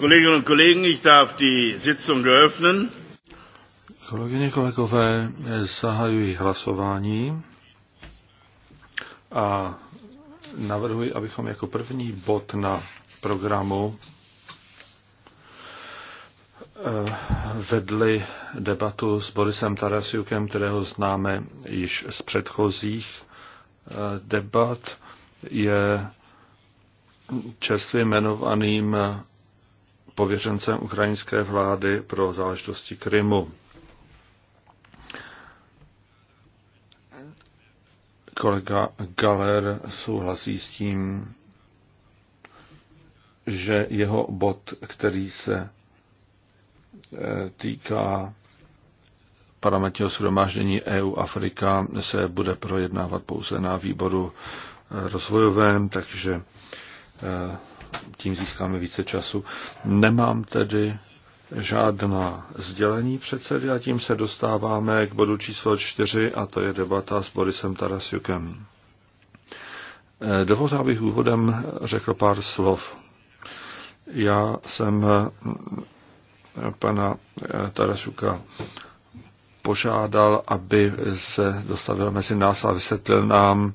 Kolleginnen und Kollegen, ich darf die Sitzung eröffnen. Kolegyně, kolegové, zahajuji hlasování a navrhuji, abychom jako první bod na programu eh, vedli debatu s Borisem Tarasiukem, kterého známe již z předchozích eh, debat. Je čerstvě jmenovaným pověřencem ukrajinské vlády pro záležitosti Krymu. Kolega Galer souhlasí s tím, že jeho bod, který se eh, týká parlamentního shromáždění EU Afrika, se bude projednávat pouze na výboru eh, rozvojovém, takže eh, tím získáme více času. Nemám tedy žádná sdělení předsedy a tím se dostáváme k bodu číslo čtyři a to je debata s Borisem Tarasjukem. Dovolte, abych úvodem řekl pár slov. Já jsem pana Tarasuka požádal, aby se dostavil mezi nás a vysvětlil nám,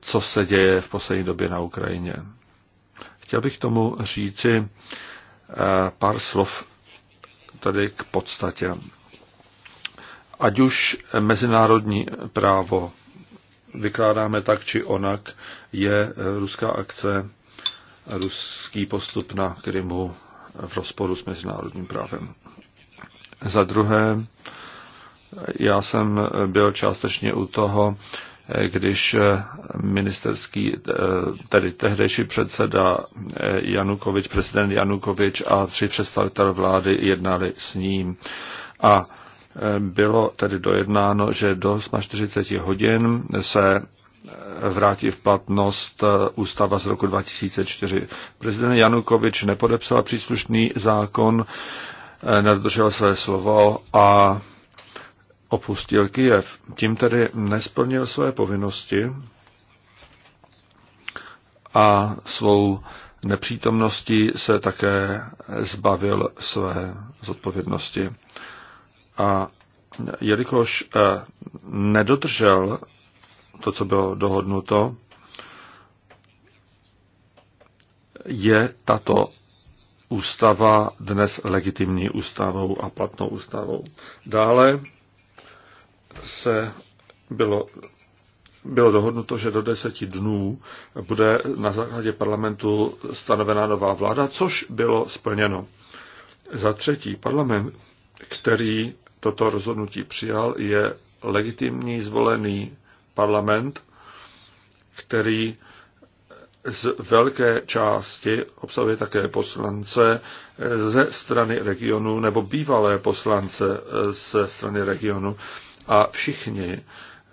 co se děje v poslední době na Ukrajině. Chtěl bych tomu říci eh, pár slov tady k podstatě. Ať už mezinárodní právo vykládáme tak či onak, je ruská akce, ruský postup na Krymu v rozporu s mezinárodním právem. Za druhé, já jsem byl částečně u toho, když eh, ministerský, eh, tedy tehdejší předseda eh, Janukovič, prezident Janukovič a tři představitelé vlády jednali s ním. A bylo tedy dojednáno, že do 40 hodin se vrátí v platnost ústava z roku 2004. Prezident Janukovič nepodepsal příslušný zákon, nedodržel své slovo a opustil Kijev. Tím tedy nesplnil své povinnosti a svou nepřítomností se také zbavil své zodpovědnosti. A jelikož eh, nedodržel to, co bylo dohodnuto, je tato ústava dnes legitimní ústavou a platnou ústavou. Dále se bylo, bylo dohodnuto, že do deseti dnů bude na základě parlamentu stanovená nová vláda, což bylo splněno. Za třetí, parlament, který toto rozhodnutí přijal, je legitimní zvolený parlament, který z velké části obsahuje také poslance ze strany regionu nebo bývalé poslance ze strany regionu a všichni,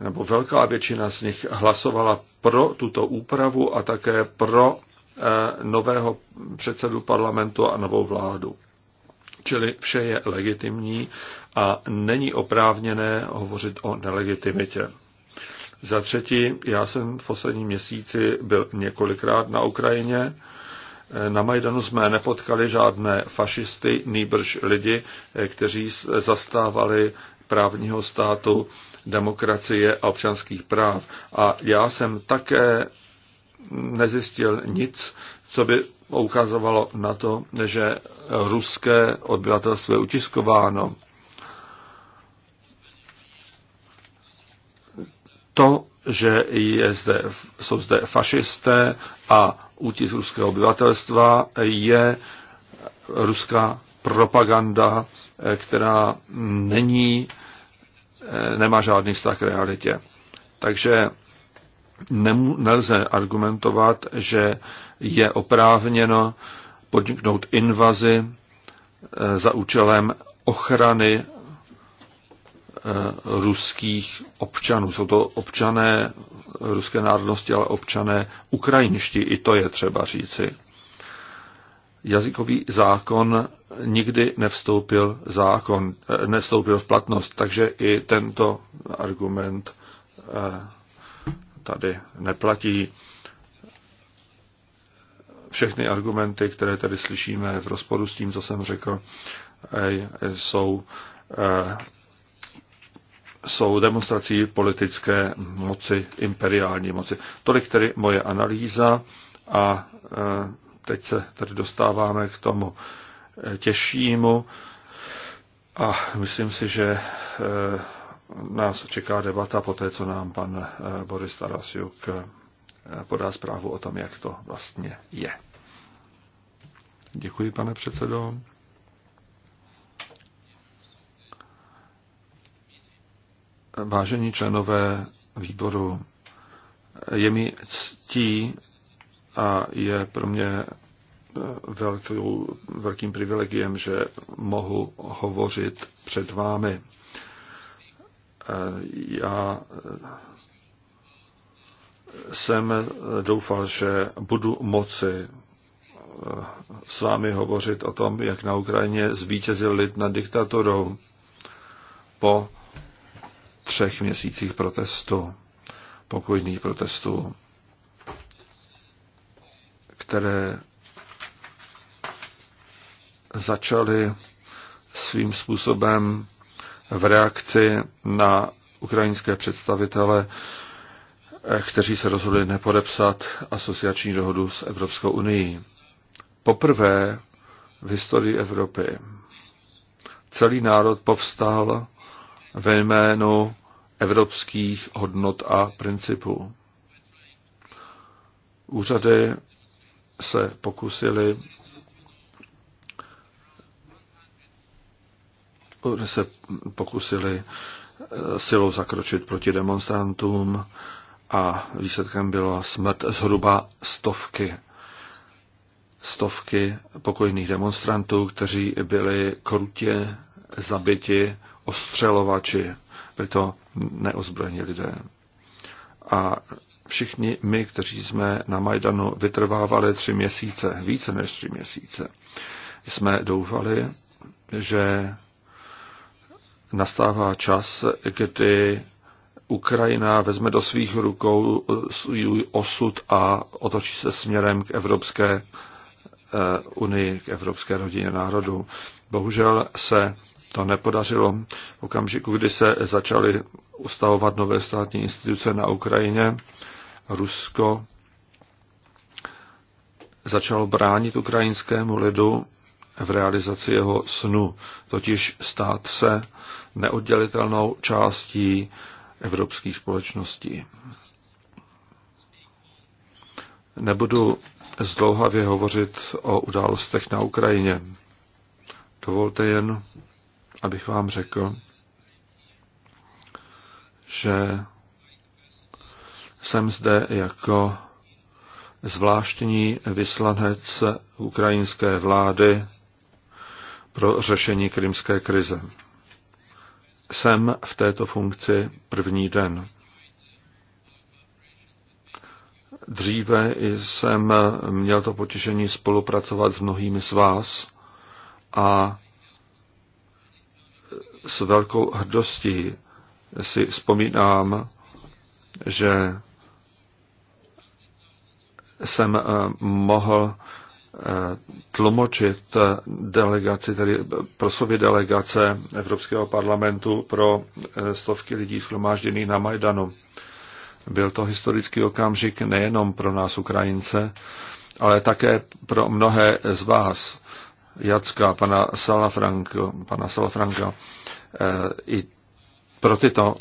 nebo velká většina z nich hlasovala pro tuto úpravu a také pro eh, nového předsedu parlamentu a novou vládu. Čili vše je legitimní a není oprávněné hovořit o nelegitimitě. Za třetí, já jsem v posledním měsíci byl několikrát na Ukrajině. Eh, na Majdanu jsme nepotkali žádné fašisty, nýbrž lidi, eh, kteří zastávali právního státu, demokracie a občanských práv. A já jsem také nezjistil nic, co by ukazovalo na to, že ruské obyvatelstvo je utiskováno. To, že je zde, jsou zde fašisté a útis ruského obyvatelstva, je ruská propaganda, eh, která není, eh, nemá žádný vztah k realitě. Takže nemů, nelze argumentovat, že je oprávněno podniknout invazi eh, za účelem ochrany ruských občanů. Jsou to občané ruské národnosti, ale občané ukrajinští, i to je třeba říci jazykový zákon nikdy nevstoupil, zákon, eh, nevstoupil v platnost, takže i tento argument eh, tady neplatí. Všechny argumenty, které tady slyšíme v rozporu s tím, co jsem řekl, eh, jsou, jsou demonstrací politické moci, imperiální moci. Tolik tedy moje analýza a teď se tady dostáváme k tomu eh, těžšímu a myslím si, že eh, nás čeká debata po té, co nám pan eh, Boris Tarasiuk podá zprávu o tom, jak to vlastně je. Děkuji, pane předsedo. Vážení členové výboru, je mi ctí a je pro mě eh, velkou, velkým privilegiem, že mohu hovořit před vámi. Eh, já eh, jsem doufal, že budu moci s vámi hovořit o tom, jak na Ukrajině zvítězil lid nad diktatorou po třech měsících protestu, pokojných protestů které začaly svým způsobem v reakci na ukrajinské představitele, kteří se rozhodli nepodepsat asociační dohodu s Evropskou unii. Poprvé v historii Evropy celý národ povstal ve jménu evropských hodnot a principů. Úřady se pokusili se pokusili eh, silou zakročit proti demonstrantům a výsledkem bylo smrt zhruba stovky stovky pokojných demonstrantů, kteří byli krutě zabiti ostřelovači, byli to neozbrojení lidé. A všichni my, kteří jsme na Majdanu vytrvávali tři měsíce, více než tři měsíce, jsme doufali, že nastává čas, kdy Ukrajina vezme do svých rukou svůj osud a otočí se směrem k Evropské eh, unii, k Evropské rodině národů. Bohužel se to nepodařilo. V okamžiku, kdy se začaly ustavovat nové státní instituce na Ukrajině, Rusko začalo bránit ukrajinskému lidu v realizaci jeho snu, totiž stát se neoddělitelnou částí evropských společností. Nebudu zdlouhavě hovořit o událostech na Ukrajině. Dovolte jen, abych vám řekl, že jsem zde jako zvláštní vyslanec ukrajinské vlády pro řešení krymské krize. Jsem v této funkci první den. Dříve jsem měl to potěšení spolupracovat s mnohými z vás a s velkou hrdostí si vzpomínám, že jsem eh, mohl eh, tlumočit eh, delegaci, tedy prosově delegace Evropského parlamentu pro stovky lidí shromážděných na Majdanu. Byl to historický okamžik nejenom pro nás Ukrajince, ale také pro mnohé z vás, Jacka, pana Salafranka, pana Salafranka. I pro tyto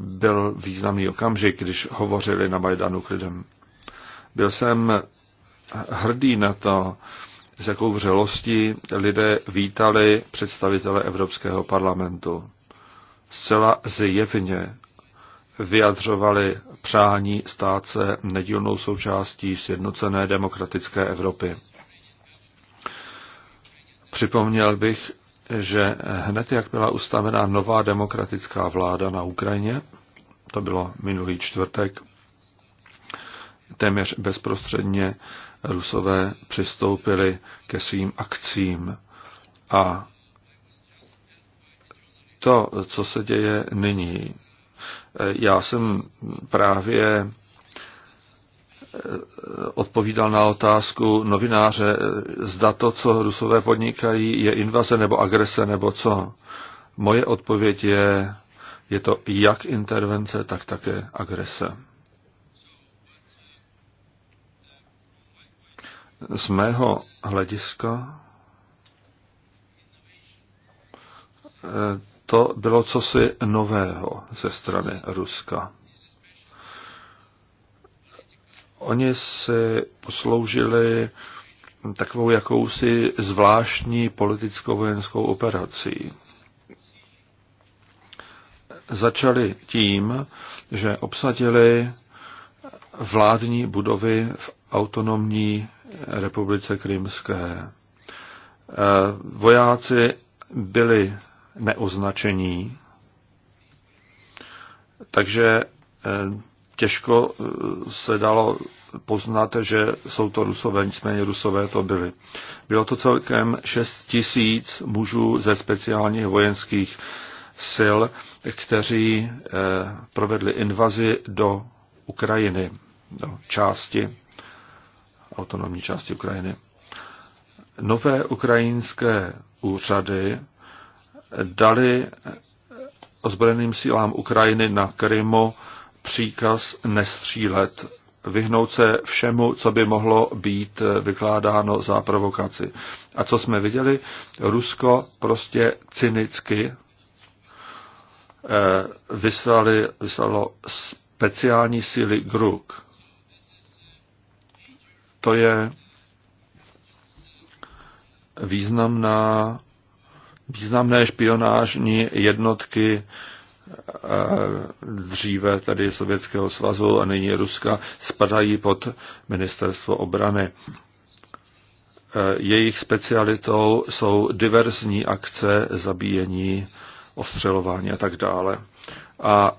byl významný okamžik, když hovořili na Majdanu k lidem. Byl jsem hrdý na to, s jakou vřelostí lidé vítali představitele Evropského parlamentu. Zcela zjevně vyjadřovali přání stát se nedílnou součástí sjednocené demokratické Evropy. Připomněl bych, že hned jak byla ustavená nová demokratická vláda na Ukrajině, to bylo minulý čtvrtek, téměř bezprostředně Rusové přistoupili ke svým akcím. A to, co se děje nyní, já jsem právě eh, odpovídal na otázku novináře, eh, zda to, co rusové podnikají, je invaze nebo agrese nebo co. Moje odpověď je, je to jak intervence, tak také agrese. Z mého hlediska eh, to bylo cosi nového ze strany Ruska. Oni si posloužili takovou jakousi zvláštní politickou vojenskou operací. Začali tím, že obsadili vládní budovy v autonomní republice krymské. Eh, vojáci byli neoznačení, takže eh, těžko eh, se dalo poznat, že jsou to rusové, nicméně rusové to byli. Bylo to celkem 6 tisíc mužů ze speciálních vojenských sil, kteří provedli invazi do Ukrajiny, do části autonomní části Ukrajiny. Nové ukrajinské úřady dali ozbrojeným sílám Ukrajiny na Krymu příkaz nestřílet, vyhnout se všemu, co by mohlo být vykládáno za provokaci. A co jsme viděli? Rusko prostě cynicky eh, vyslali, vyslalo speciální síly GRUK, to je významná, významné špionážní jednotky eh, dříve tedy Sovětského svazu a nyní Ruska spadají pod ministerstvo obrany. Eh, jejich specialitou jsou diverzní akce zabíjení, ostřelování a tak dále. A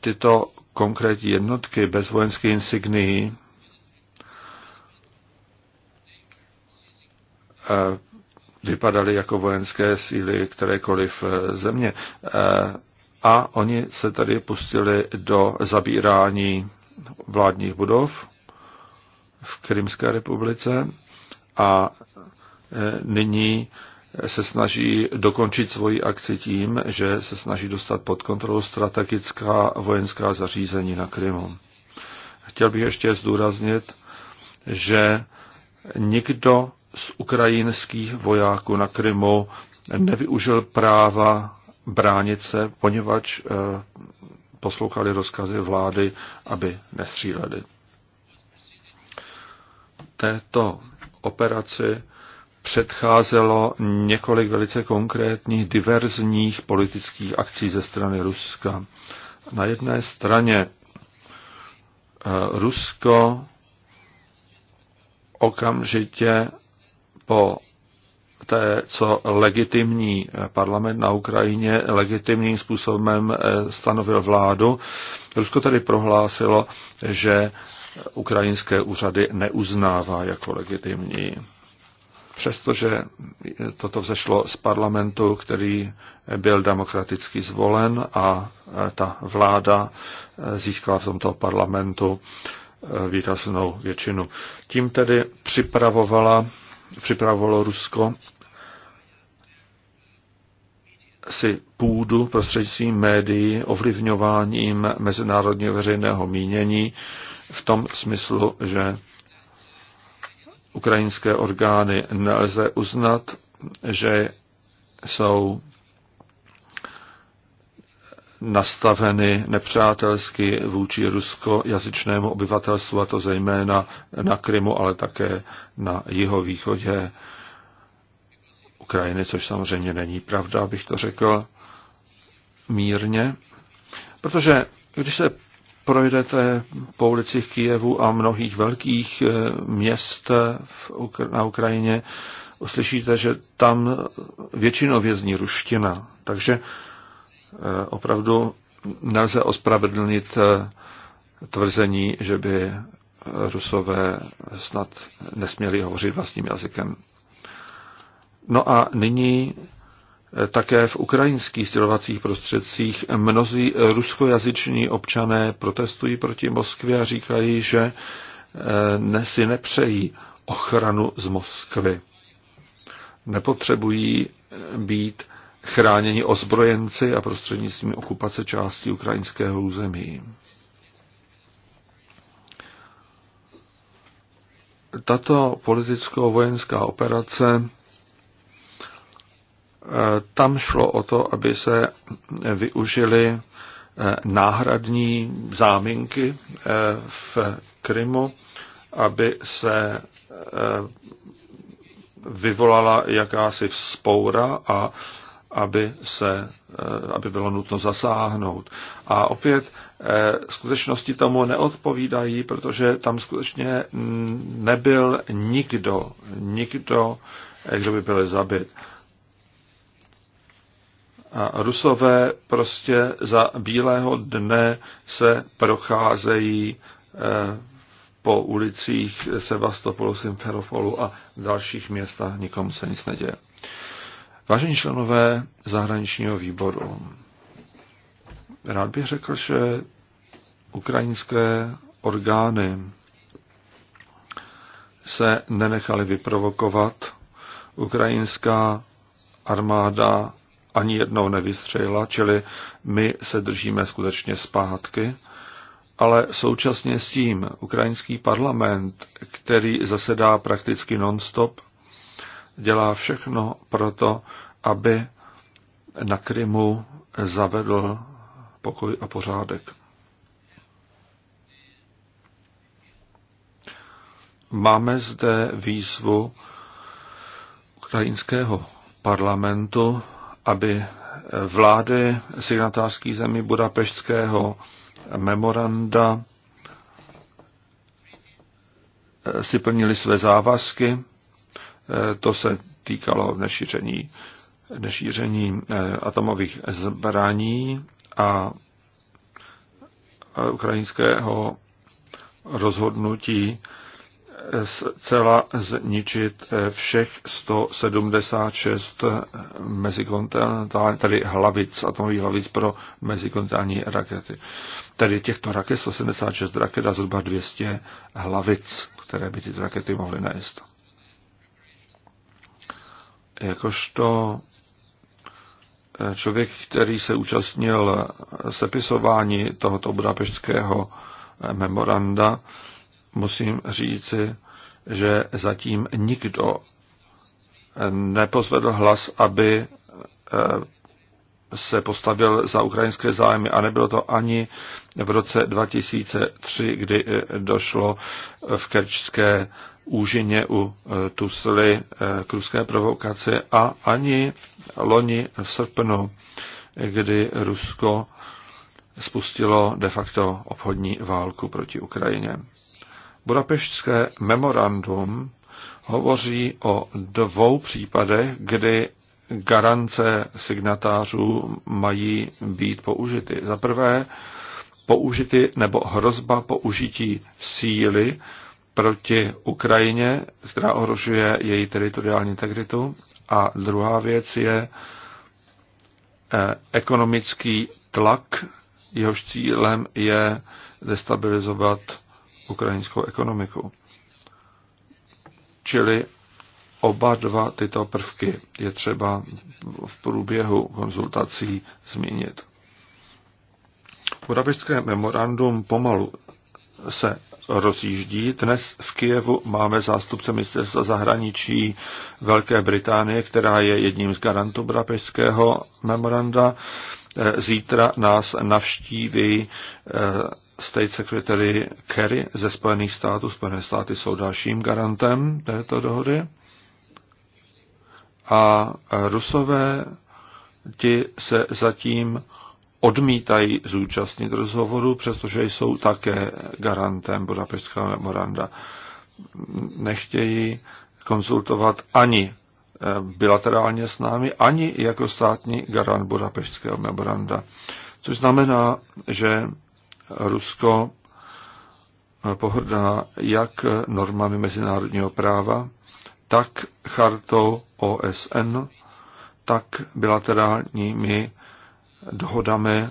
tyto konkrétní jednotky bez vojenské insignií vypadaly jako vojenské síly kterékoliv eh, země. Eh, a oni se tady pustili do zabírání vládních budov v Krymské republice a eh, nyní se snaží dokončit svoji akci tím, že se snaží dostat pod kontrolu strategická vojenská zařízení na Krymu. Chtěl bych ještě zdůraznit, že nikdo z ukrajinských vojáků na Krymu nevyužil práva bránit se, poněvadž eh, poslouchali rozkazy vlády, aby nestříleli. Této operaci předcházelo několik velice konkrétních diverzních politických akcí ze strany Ruska. Na jedné straně eh, Rusko okamžitě po té, co legitimní parlament na Ukrajině legitimním způsobem eh, stanovil vládu. Rusko tedy prohlásilo, že ukrajinské úřady neuznává jako legitimní. Přestože toto vzešlo z parlamentu, který byl demokraticky zvolen a eh, ta vláda eh, získala v tomto parlamentu výraznou většinu. Tím tedy připravovala připravovalo Rusko, si půdu prostřednictvím médií, ovlivňováním mezinárodního veřejného mínění v tom smyslu, že ukrajinské orgány nelze uznat, že jsou nastaveny nepřátelsky vůči ruskojazyčnému obyvatelstvu, a to zejména na Krymu, ale také na jihovýchodě Ukrajiny, což samozřejmě není pravda, abych to řekl mírně. Protože když se projdete po ulicích Kijevu a mnohých velkých eh, měst eh, na Ukrajině, uslyšíte, že tam většinově zní ruština. Takže Eh, opravdu nelze ospravedlnit eh, tvrzení, že by eh, Rusové snad nesměli hovořit vlastním jazykem. No a nyní také v ukrajinských sdělovacích prostředcích mnozí ruskojazyční občané protestují proti Moskvě a říkají, že si nepřejí ochranu z Moskvy. Nepotřebují být chráněni ozbrojenci a prostřednictvím okupace části ukrajinského území. Tato politicko-vojenská operace, eh, tam šlo o to, aby se využili eh, náhradní záminky eh, v Krymu, aby se vyvolala jakási vzpoura a aby, se, eh, aby bylo nutno zasáhnout. A opět eh, skutečnosti tomu neodpovídají, protože tam skutečně nebyl nikdo, nikdo, eh, kdo by byl zabit. A Rusové prostě za bílého dne se procházejí po ulicích Sevastopolu, Simferopolu a dalších městách, nikomu se nic neděje. Vážení členové zahraničního výboru, rád bych řekl, že ukrajinské orgány se nenechali vyprovokovat. Ukrajinská armáda ani jednou nevystřelila, čili my se držíme skutečně zpátky. Ale současně s tím ukrajinský parlament, který zasedá prakticky non-stop, dělá všechno proto, aby na Krymu zavedl pokoj a pořádek. Máme zde výzvu ukrajinského parlamentu, aby vlády signatářských zemí Budapeštského memoranda si plnili své závazky Eh, to se týkalo nešíření, nešíření eh, atomových zbraní a ukrajinského rozhodnutí eh, zcela zničit všech 176 mezikontinentální, tedy hlavic, atomových hlavic pro mezikontinentální rakety. Tedy těchto raket, 176 raket a zhruba 200 hlavic, které by tyto rakety mohly najít jakožto eh, člověk, který se účastnil sepisování tohoto budapeštského eh, memoranda, musím říci, že zatím nikdo eh, nepozvedl hlas, aby se postavil za ukrajinské zájmy a nebylo to ani v roce 2003, kdy došlo v kerčské úžině u e, Tusly e, k ruské provokaci a ani loni v srpnu, kdy Rusko spustilo de facto obchodní válku proti Ukrajině. Budapeštské memorandum hovoří o dvou případech, kdy garance signatářů mají být použity. Za prvé, použity nebo hrozba použití síly proti Ukrajině, která ohrožuje její teritoriální integritu. A druhá věc je eh, ekonomický tlak, jehož cílem je destabilizovat ukrajinskou ekonomiku. Čili oba dva tyto prvky je třeba v průběhu konzultací zmínit. Budapešťské memorandum pomalu se rozjíždí. Dnes v Kijevu máme zástupce ministerstva zahraničí Velké Británie, která je jedním z garantů Budapešského memoranda. Eh, zítra nás navštíví eh, State Secretary Kerry ze Spojených států. Spojené státy jsou dalším garantem této dohody. A Rusové ti se zatím odmítají zúčastnit rozhovoru, přestože jsou také garantem Budapeštského memoranda. Nechtějí konzultovat ani eh, bilaterálně s námi, ani jako státní garant Budapeštského memoranda. Což znamená, že Rusko eh, pohrdá jak normami mezinárodního práva, tak chartou OSN, tak bilaterálními dohodami.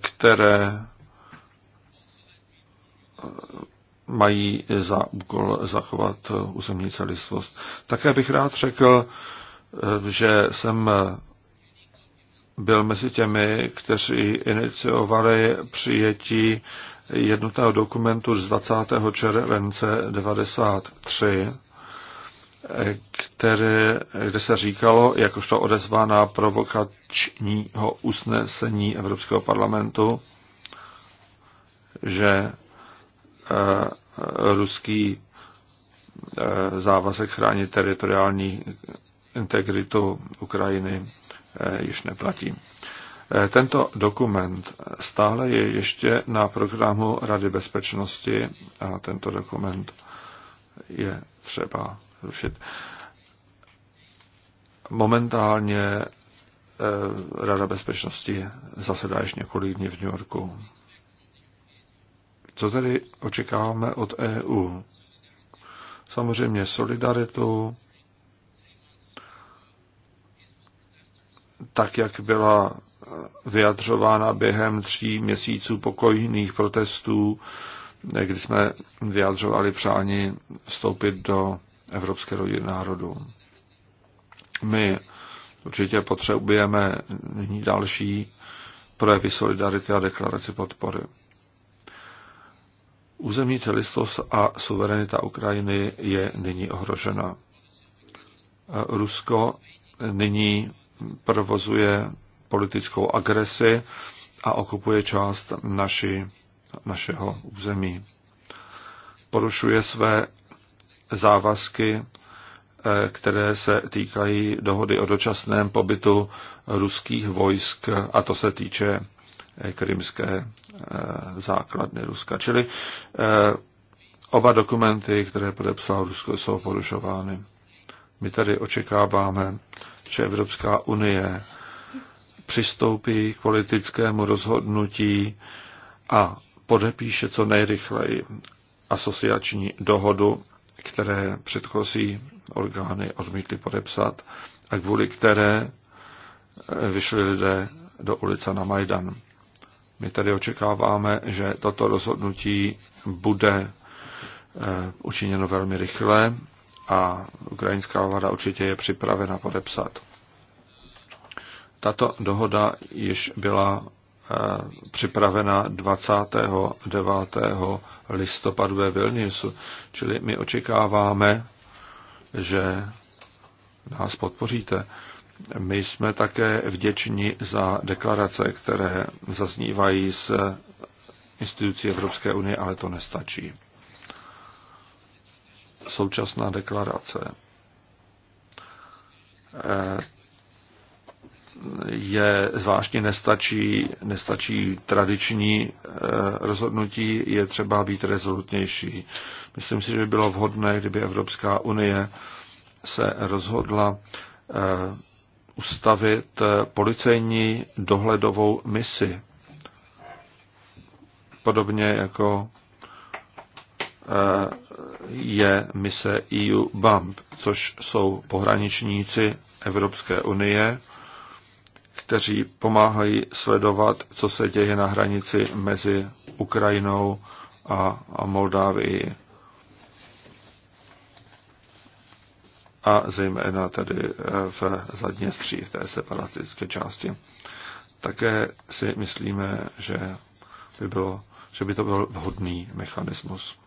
které mají za úkol zachovat územní celistvost. Také bych rád řekl, že jsem byl mezi těmi, kteří iniciovali přijetí jednotného dokumentu z 20. července 1993 které, kde se říkalo, jakožto odezva na provokačního usnesení Evropského parlamentu, že eh, ruský eh, závazek chránit teritoriální integritu Ukrajiny eh, již neplatí. Tento dokument stále je ještě na programu Rady bezpečnosti a tento dokument je třeba rušit. Momentálně eh, Rada bezpečnosti zasedá ještě několik dní v New Yorku. Co tedy očekáváme od EU? Samozřejmě solidaritu, tak jak byla eh, vyjadřována během tří měsíců pokojných protestů, eh, kdy jsme vyjadřovali přání vstoupit do Evropské rodiny národů. My určitě potřebujeme nyní další projevy solidarity a deklaraci podpory. Územní celistost a suverenita Ukrajiny je nyní ohrožena. Rusko nyní provozuje politickou agresi a okupuje část naši, našeho území. Porušuje své závazky, eh, které se týkají dohody o dočasném pobytu ruských vojsk, a to se týče eh, krymské eh, základny Ruska. Čili oba dokumenty, které podepsalo Rusko, jsou porušovány. My tady očekáváme, že Evropská unie přistoupí k politickému rozhodnutí a podepíše co nejrychleji asociační dohodu které předchozí orgány odmítly podepsat a kvůli které eh, vyšli lidé do ulice na Majdan. My tedy očekáváme, že toto rozhodnutí bude eh, učiněno velmi rychle a ukrajinská vláda určitě je připravena podepsat. Tato dohoda již byla připravena 29. listopadu ve Vilniusu. Čili my očekáváme, že nás podpoříte. My jsme také vděční za deklarace, které zaznívají z institucí Evropské unie, ale to nestačí. Současná deklarace eh, je zvláště nestačí, nestačí tradiční eh, rozhodnutí, je třeba být rezolutnější. Myslím si, že by bylo vhodné, kdyby Evropská unie se rozhodla eh, ustavit eh, policejní dohledovou misi. Podobně jako je mise EU BAMP, což jsou pohraničníci Evropské unie, kteří pomáhají sledovat, co se děje na hranici mezi Ukrajinou a, Moldávií. A zejména tedy eh, v zadně stří, v té separatistické části. Také si myslíme, že by, bylo, že by to byl vhodný mechanismus.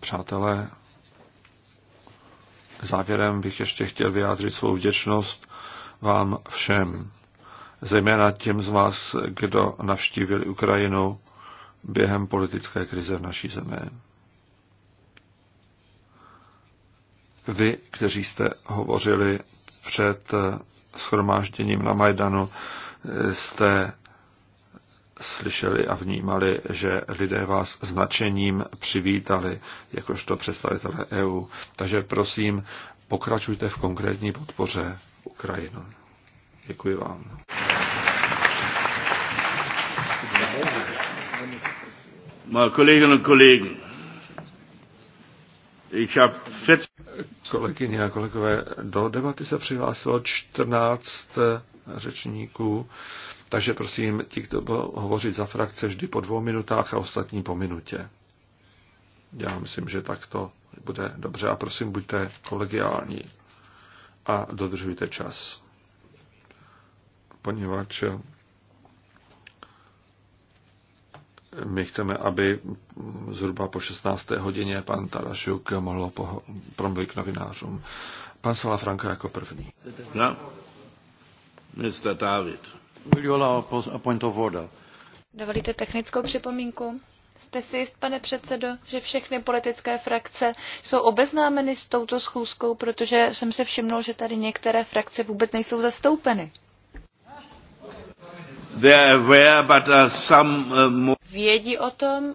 Přátelé, závěrem bych ještě chtěl vyjádřit svou vděčnost vám všem, zejména těm z vás, kdo navštívili Ukrajinu během politické krize v naší zemi. Vy, kteří jste hovořili před schromážděním na Majdanu, jste slyšeli a vnímali, že lidé vás značením přivítali, jakožto představitelé EU. Takže prosím, pokračujte v konkrétní podpoře Ukrajinu. Děkuji vám. Kolegyně a kolegové, do debaty se přihlásilo 14 řečníků, takže prosím, ti, kdo budou hovořit za frakce, vždy po dvou minutách a ostatní po minutě. Já myslím, že tak to bude dobře a prosím, buďte kolegiální a dodržujte čas. Poněvadž my chceme, aby zhruba po 16. hodině pan Tarašuk mohl promluvit k novinářům. Pan Franka jako první. No. Mr. David. Will you allow a point of order? Dovolíte technickou připomínku? Jste si jist, pane předsedo, že všechny politické frakce jsou obeznámeny s touto schůzkou, protože jsem se všimnul, že tady některé frakce vůbec nejsou zastoupeny. Uh, uh, Vědí o tom,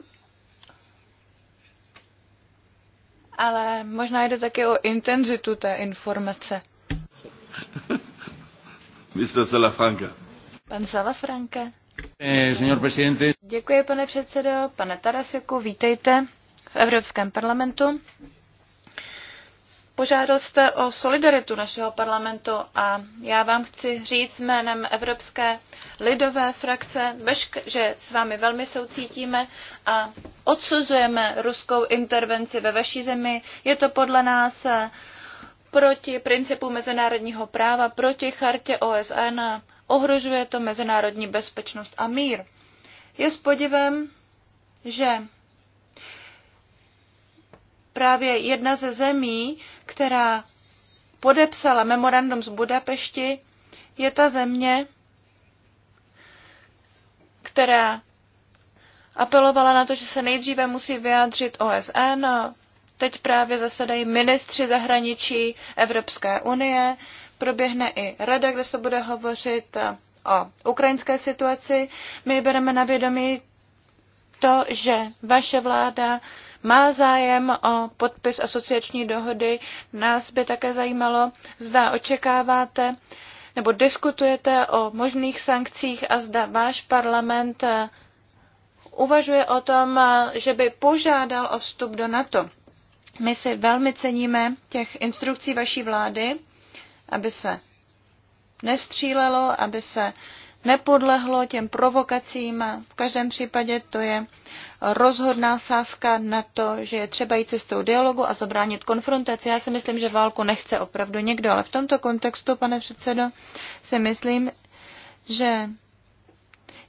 ale možná jde také o intenzitu té informace. Mr. Salafranca. Pan Salafranca. Eh, Děkuji, pane předsedo. Pane Tarasiku, vítejte v Evropském parlamentu. Požádal jste o solidaritu našeho parlamentu a já vám chci říct jménem Evropské lidové frakce, že s vámi velmi soucítíme a odsuzujeme ruskou intervenci ve vaší zemi. Je to podle nás eh, proti principu mezinárodního práva, proti chartě OSN ohrožuje to mezinárodní bezpečnost a mír. Je s podivem, že právě jedna ze zemí, která podepsala memorandum z Budapešti, je ta země, která apelovala na to, že se nejdříve musí vyjádřit OSN. Teď právě zasedají ministři zahraničí Evropské unie proběhne i rada, kde se bude hovořit eh, o ukrajinské situaci. My bereme na vědomí to, že vaše vláda má zájem o podpis asociační dohody. Nás by také zajímalo, zda očekáváte nebo diskutujete o možných sankcích a zda váš parlament eh, uvažuje o tom, eh, že by požádal o vstup do NATO. My si velmi ceníme těch instrukcí vaší vlády aby se nestřílelo, aby se nepodlehlo těm provokacím. V každém případě to je rozhodná sázka na to, že je třeba jít cestou dialogu a zabránit konfrontaci. Já si myslím, že válku nechce opravdu někdo, ale v tomto kontextu, pane předsedo, si myslím, že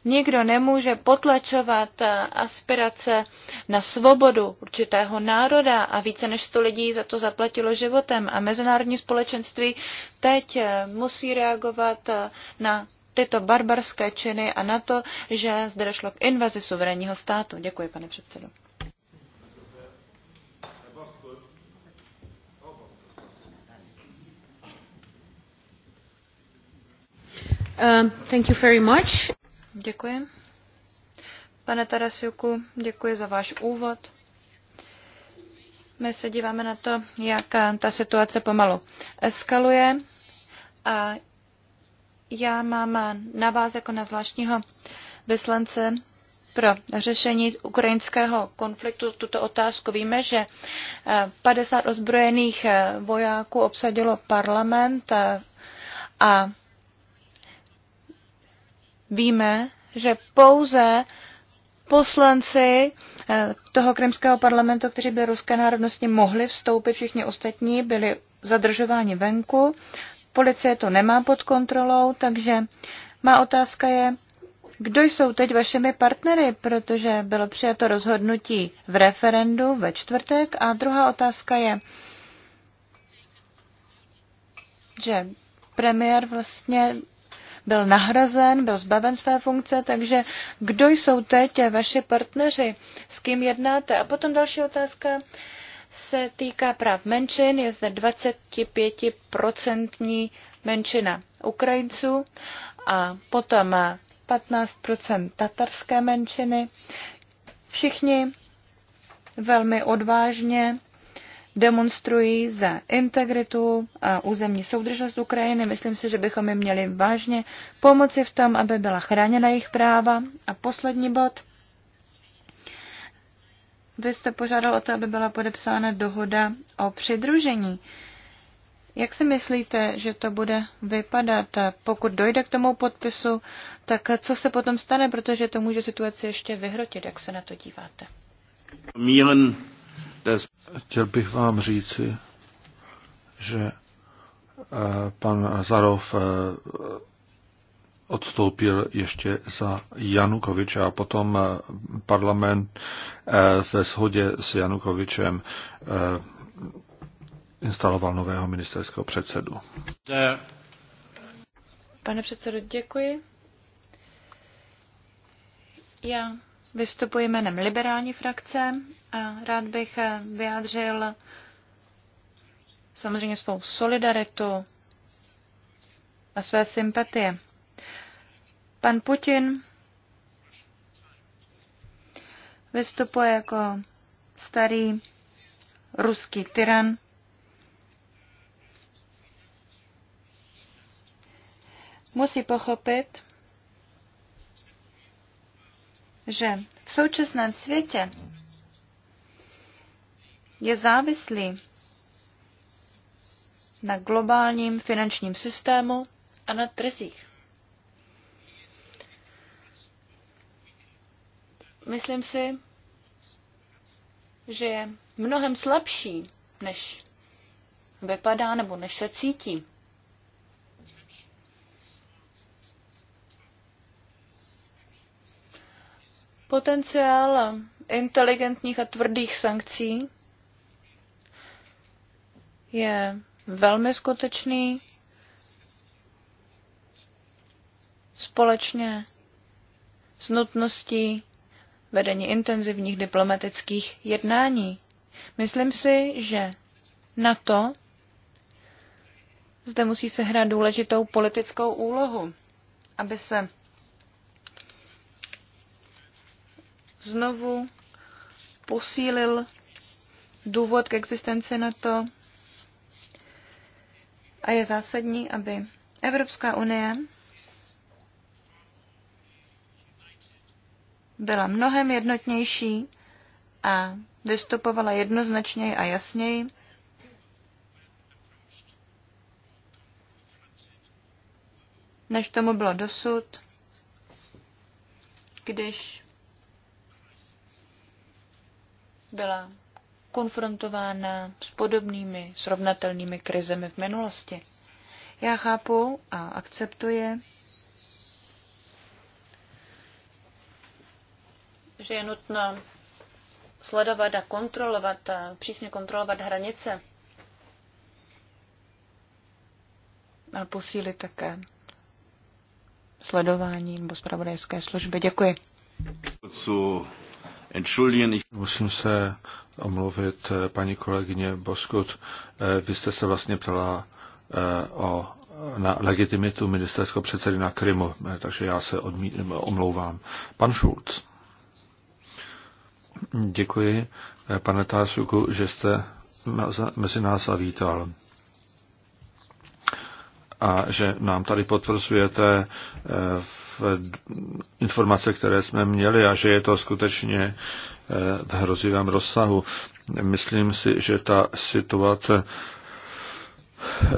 Nikdo nemůže potlačovat eh, aspirace na svobodu určitého národa a více než 100 lidí za to zaplatilo životem. A mezinárodní společenství teď eh, musí reagovat eh, na tyto barbarské činy a na to, že zde došlo k invazi suverénního státu. Děkuji, pane předsedo. Uh, thank you very much. Děkuji. Pane Tarasiuku, děkuji za váš úvod. My se díváme na to, jak ta situace pomalu eskaluje a já mám na vás jako na zvláštního vyslance pro řešení ukrajinského konfliktu tuto otázku. Víme, že 50 ozbrojených vojáků obsadilo parlament a víme, že pouze poslanci eh, toho krymského parlamentu, kteří byli ruské národnosti, mohli vstoupit, všichni ostatní byli zadržováni venku. Policie to nemá pod kontrolou, takže má otázka je, kdo jsou teď vašimi partnery, protože bylo přijato rozhodnutí v referendu ve čtvrtek. A druhá otázka je, že premiér vlastně byl nahrazen, byl zbaven své funkce, takže kdo jsou teď vaši partneři, s kým jednáte? A potom další otázka se týká práv menšin, je zde 25% menšina Ukrajinců a potom 15% tatarské menšiny. Všichni velmi odvážně demonstrují za integritu a územní soudržnost Ukrajiny. Myslím si, že bychom jim měli vážně pomoci v tom, aby byla chráněna jejich práva. A poslední bod. Vy jste požádal o to, aby byla podepsána dohoda o přidružení. Jak si myslíte, že to bude vypadat? Pokud dojde k tomu podpisu, tak co se potom stane, protože to může situaci ještě vyhrotit? Jak se na to díváte? Mílen Chtěl bych vám říci, že eh, pan Zarov eh, odstoupil ještě za Janukoviče a potom eh, parlament ve shodě s Janukovičem instaloval nového ministerského předsedu. Pane předsedo, děkuji. Já Vystupuji jménem liberální frakce a rád bych vyjádřil samozřejmě svou solidaritu a své sympatie. Pan Putin vystupuje jako starý ruský tyran. Musí pochopit, že v současném světě je závislý na globálním finančním systému a na trzích. Myslím si, že je mnohem slabší, než vypadá nebo než se cítí. Potenciál inteligentních a tvrdých sankcí je velmi skutečný. Společně s nutností vedení intenzivních diplomatických jednání. Myslím si, že na to zde musí se hrát důležitou politickou úlohu, aby se znovu posílil důvod k existenci na to a je zásadní, aby Evropská unie byla mnohem jednotnější a vystupovala jednoznačněji a jasněji. než tomu bylo dosud, když byla konfrontována s podobnými srovnatelnými krizemi v minulosti. Já chápu a akceptuji, že je nutno sledovat a kontrolovat, a přísně kontrolovat hranice a posílit také sledování nebo zpravodajské služby. Děkuji entschuldigen. Musím se omluvit, eh, paní kolegyně Boskut. Eh, vy jste se vlastně ptala eh, o, na legitimitu ministerského předsedy na Krymu, takže já se odmí, omlouvám. Pan Schulz. Děkuji, pane Tásuku, že jste mezi nás zavítal a že nám tady potvrzujete eh, v informace, které jsme měli a že je to skutečně eh, v hrozivém rozsahu. Myslím si, že ta situace eh,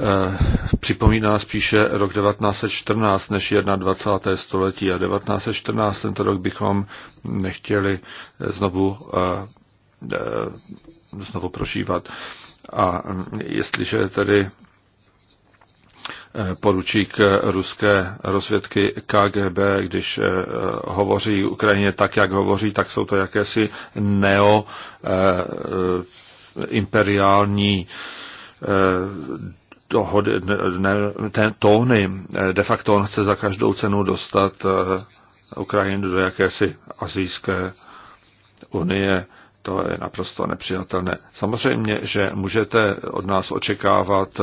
připomíná spíše rok 1914 než 21. století a 1914 tento rok bychom nechtěli znovu, znovu prožívat. A jestliže tedy poručík ruské rozvědky KGB, když eh, hovoří Ukrajině tak, jak hovoří, tak jsou to jakési neo eh, imperiální eh, dohody, ne, ten tóny. De facto on chce za každou cenu dostat Ukrajinu do jakési azijské unie. To je naprosto nepřijatelné. Samozřejmě, že můžete od nás očekávat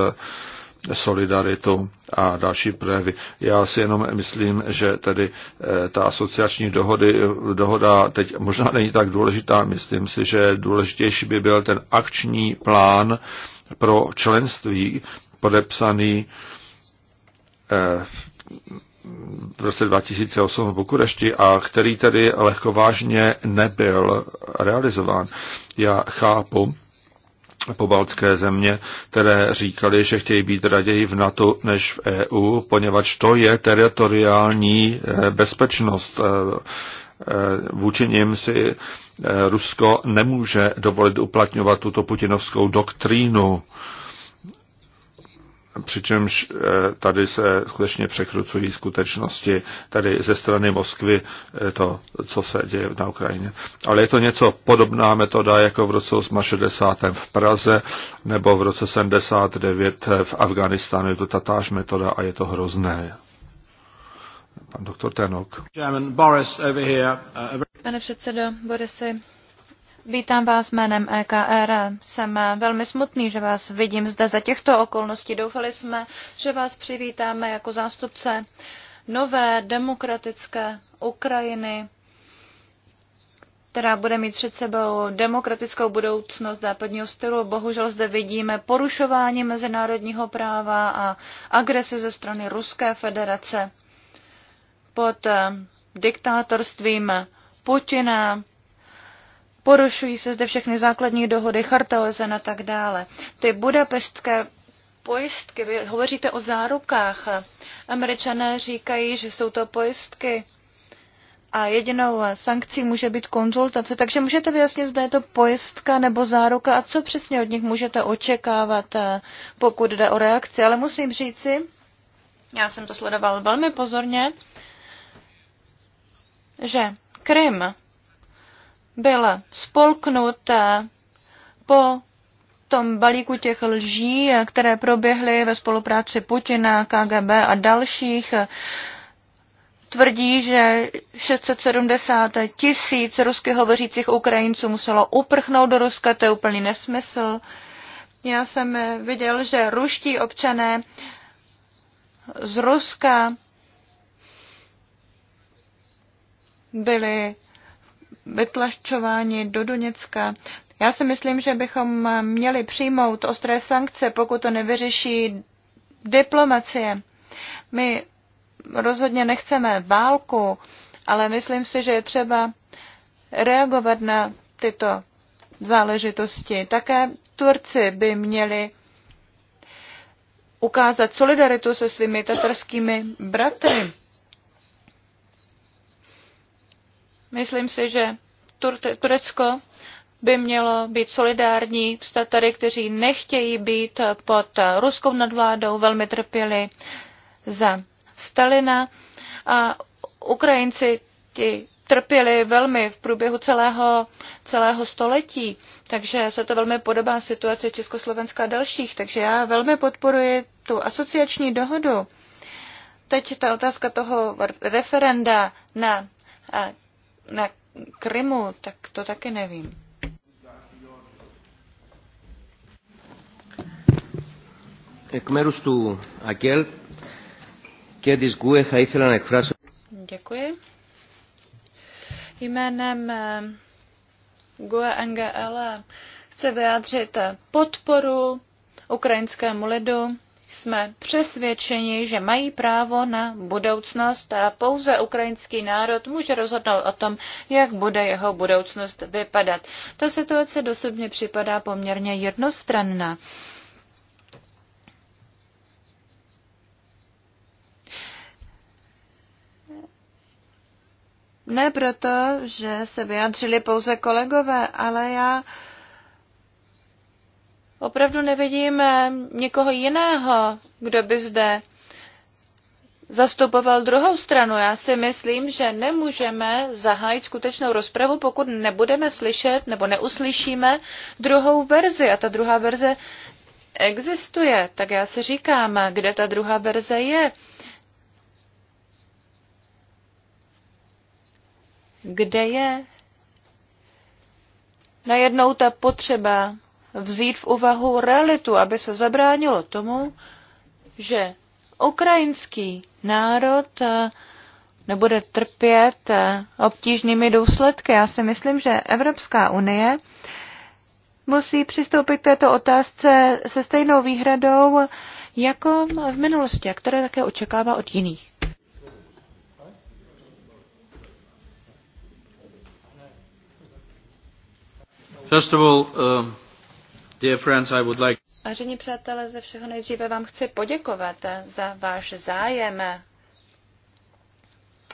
solidaritu a další projevy. Já si jenom myslím, že tedy eh, ta asociační dohody, dohoda teď možná není tak důležitá. Myslím si, že důležitější by byl ten akční plán pro členství podepsaný eh, v roce 2008 v Bukurešti a který tedy lehkovážně nebyl realizován. Já chápu, pobaltské země, které říkali, že chtějí být raději v NATO než v EU, poněvadž to je teritoriální eh, bezpečnost. Eh, eh, vůči nim si Rusko nemůže dovolit uplatňovat tuto putinovskou doktrínu přičemž eh, tady se skutečně překrucují skutečnosti tady ze strany Moskvy eh, to, co se děje na Ukrajině. Ale je to něco podobná metoda jako v roce 60. v Praze nebo v roce 79 eh, v Afganistánu. Je to tatáž metoda a je to hrozné. Pan doktor Tenok. Uh, Pane předsedo Borisy, Vítám vás jménem EKR. Jsem velmi smutný, že vás vidím zde za těchto okolností. Doufali jsme, že vás přivítáme jako zástupce nové demokratické Ukrajiny, která bude mít před sebou demokratickou budoucnost západního stylu. Bohužel zde vidíme porušování mezinárodního práva a agresi ze strany Ruské federace pod diktátorstvím Putina porušují se zde všechny základní dohody, charta OSN a tak dále. Ty budapestské pojistky, vy hovoříte o zárukách. Američané říkají, že jsou to pojistky a jedinou sankcí může být konzultace. Takže můžete vyjasnit, zda je to pojistka nebo záruka a co přesně od nich můžete očekávat, eh, pokud jde o reakci. Ale musím říci, já jsem to sledoval velmi pozorně, že Krim byl spolknut eh, po tom balíku těch lží, eh, které proběhly ve spolupráci Putina, KGB a dalších, eh, tvrdí, že 670 tisíc rusky hovořících Ukrajinců muselo uprchnout do Ruska, to je úplný nesmysl. Já jsem viděl, že ruští občané z Ruska byli vytlačováni do Doněcka. Já si myslím, že bychom měli přijmout ostré sankce, pokud to nevyřeší diplomacie. My rozhodně nechceme válku, ale myslím si, že je třeba reagovat na tyto záležitosti. Také Turci by měli ukázat solidaritu se svými tatarskými bratry. Myslím si, že Turecko by mělo být solidární s Tatary, kteří nechtějí být pod ruskou nadvládou, velmi trpěli za Stalina a Ukrajinci ti trpěli velmi v průběhu celého, celého století, takže se to velmi podobá situaci Československa a dalších, takže já velmi podporuji tu asociační dohodu. Teď ta otázka toho referenda na na Krymu, tak to taky nevím. Εκ μέρους του ΑΚΕΛ και της ΓΚΟΕ θα ήθελα να εκφράσω... Děkuji. Jménem GUE eh, NGL chci vyjádřit eh, podporu ukrajinskému lidu jsme přesvědčeni, že mají právo na budoucnost a pouze ukrajinský národ může rozhodnout o tom, jak bude jeho budoucnost vypadat. Ta situace dosud mě připadá poměrně jednostranná. Ne proto, že se vyjádřili pouze kolegové, ale já uh, opravdu nevidím eh, někoho jiného, kdo by zde zastupoval druhou stranu. Já si myslím, že nemůžeme zahájit skutečnou rozpravu, pokud nebudeme slyšet nebo neuslyšíme druhou verzi. A ta druhá verze existuje. Tak já si říkám, kde ta druhá verze je. Kde je najednou ta potřeba vzít v úvahu realitu, aby se zabránilo tomu, že ukrajinský národ eh, nebude trpět eh, obtížnými důsledky. Já si myslím, že Evropská unie musí přistoupit k této otázce se stejnou výhradou jako v minulosti, a které také očekává od jiných. First of all, um... Vážení přátelé, ze všeho nejdříve vám chci poděkovat za váš zájem,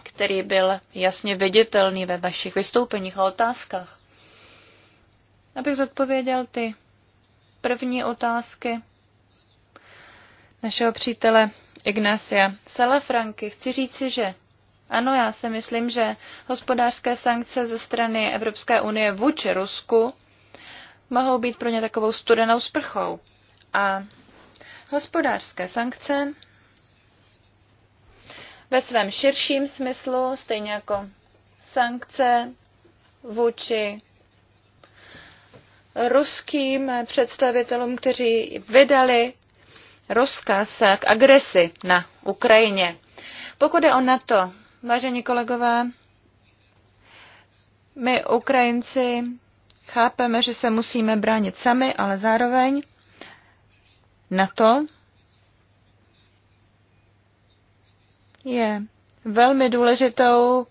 který byl jasně viditelný ve vašich vystoupeních a otázkách. Abych zodpověděl ty první otázky našeho přítele Ignacia Salafranky, chci říci, že ano, já si myslím, že hospodářské sankce ze strany Evropské unie vůči Rusku mohou být pro ně takovou studenou sprchou. A hospodářské sankce ve svém širším smyslu, stejně jako sankce vůči ruským představitelům, kteří vydali rozkaz k agresi na Ukrajině. Pokud je o NATO, vážení kolegové, my Ukrajinci Chápeme, že se musíme bránit sami, ale zároveň na to je velmi důležitou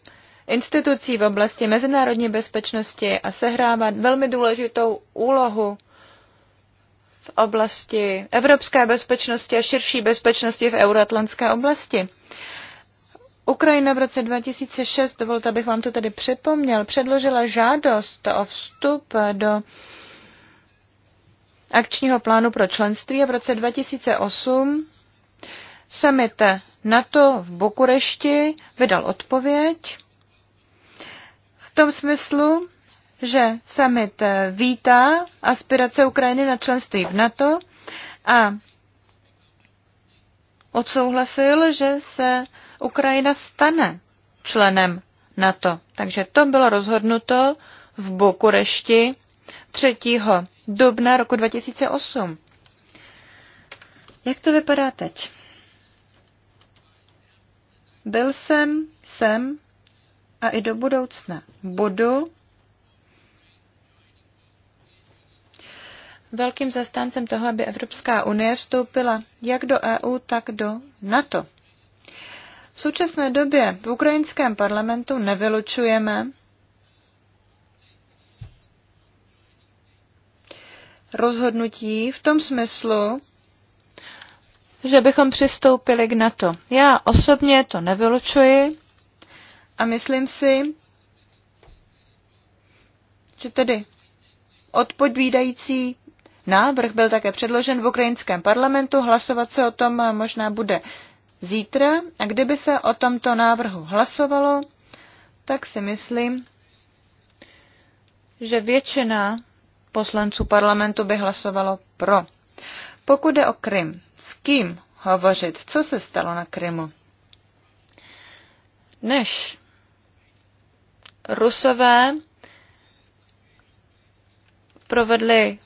institucí v oblasti mezinárodní bezpečnosti a sehrává velmi důležitou úlohu v oblasti evropské bezpečnosti a širší bezpečnosti v euroatlantské oblasti. Ukrajina v roce 2006, dovolte, abych vám to tady připomněl, předložila žádost o vstup do akčního plánu pro členství a v roce 2008 summit NATO v Bukurešti vydal odpověď v tom smyslu, že summit vítá aspirace Ukrajiny na členství v NATO a odsouhlasil, že se Ukrajina stane členem NATO. Takže to bylo rozhodnuto v Bukurešti 3. dubna roku 2008. Jak to vypadá teď? Byl jsem, jsem a i do budoucna budu velkým zastáncem toho, aby Evropská unie vstoupila jak do EU, tak do NATO. V současné době v ukrajinském parlamentu nevylučujeme rozhodnutí v tom smyslu, že bychom přistoupili k NATO. Já osobně to nevylučuji a myslím si, že tedy odpovídající návrh byl také předložen v ukrajinském parlamentu. Hlasovat se o tom možná bude zítra a kdyby se o tomto návrhu hlasovalo, tak si myslím, že většina poslanců parlamentu by hlasovalo pro. Pokud je o Krym, s kým hovořit, co se stalo na Krymu? Než Rusové provedli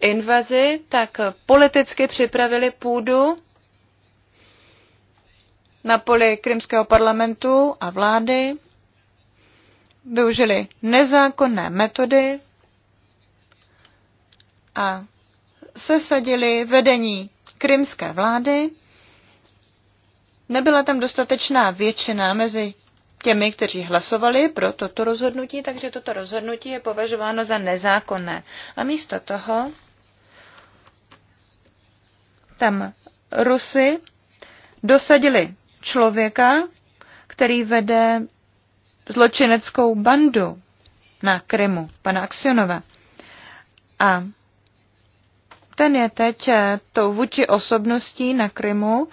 invazi, tak politicky připravili půdu na poli krymského parlamentu a vlády využili nezákonné metody a sesadili vedení krymské vlády. Nebyla tam dostatečná většina mezi těmi, kteří hlasovali pro toto rozhodnutí, takže toto rozhodnutí je považováno za nezákonné. A místo toho tam Rusy dosadili člověka, který vede zločineckou bandu na Krymu, pana Aksionova. A ten je teď eh, tou vůči osobností na Krymu,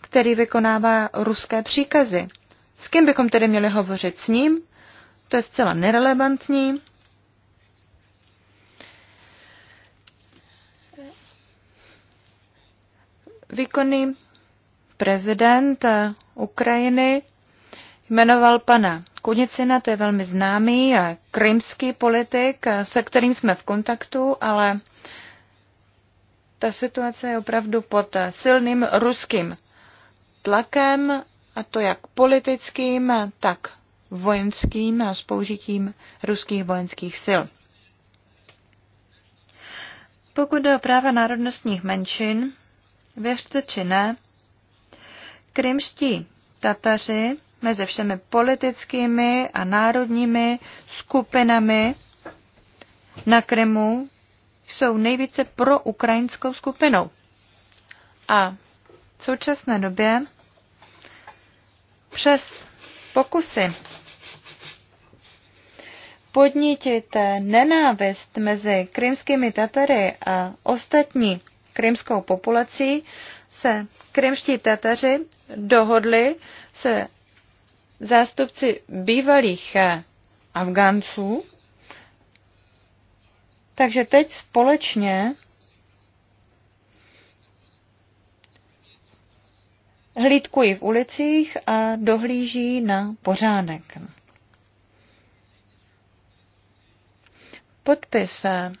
který vykonává ruské příkazy. S kým bychom tedy měli hovořit s ním? To je zcela nerelevantní. Výkonný prezident eh, Ukrajiny jmenoval pana Kunicina, to je velmi známý krymský politik, eh, se kterým jsme v kontaktu, ale ta situace je opravdu pod eh, silným ruským tlakem, a to jak politickým, tak vojenským a s použitím ruských vojenských sil. Pokud jde o práva národnostních menšin, věřte či ne, Krymští Tataři mezi všemi politickými a národními skupinami na Krymu jsou nejvíce pro ukrajinskou skupinou. A v současné době přes pokusy podnítit nenávist mezi krymskými Tatary a ostatní krymskou populací se krymští Tataři dohodli se zástupci bývalých eh, Afgánců, takže teď společně hlídkují v ulicích a dohlíží na pořádek. Podpis eh,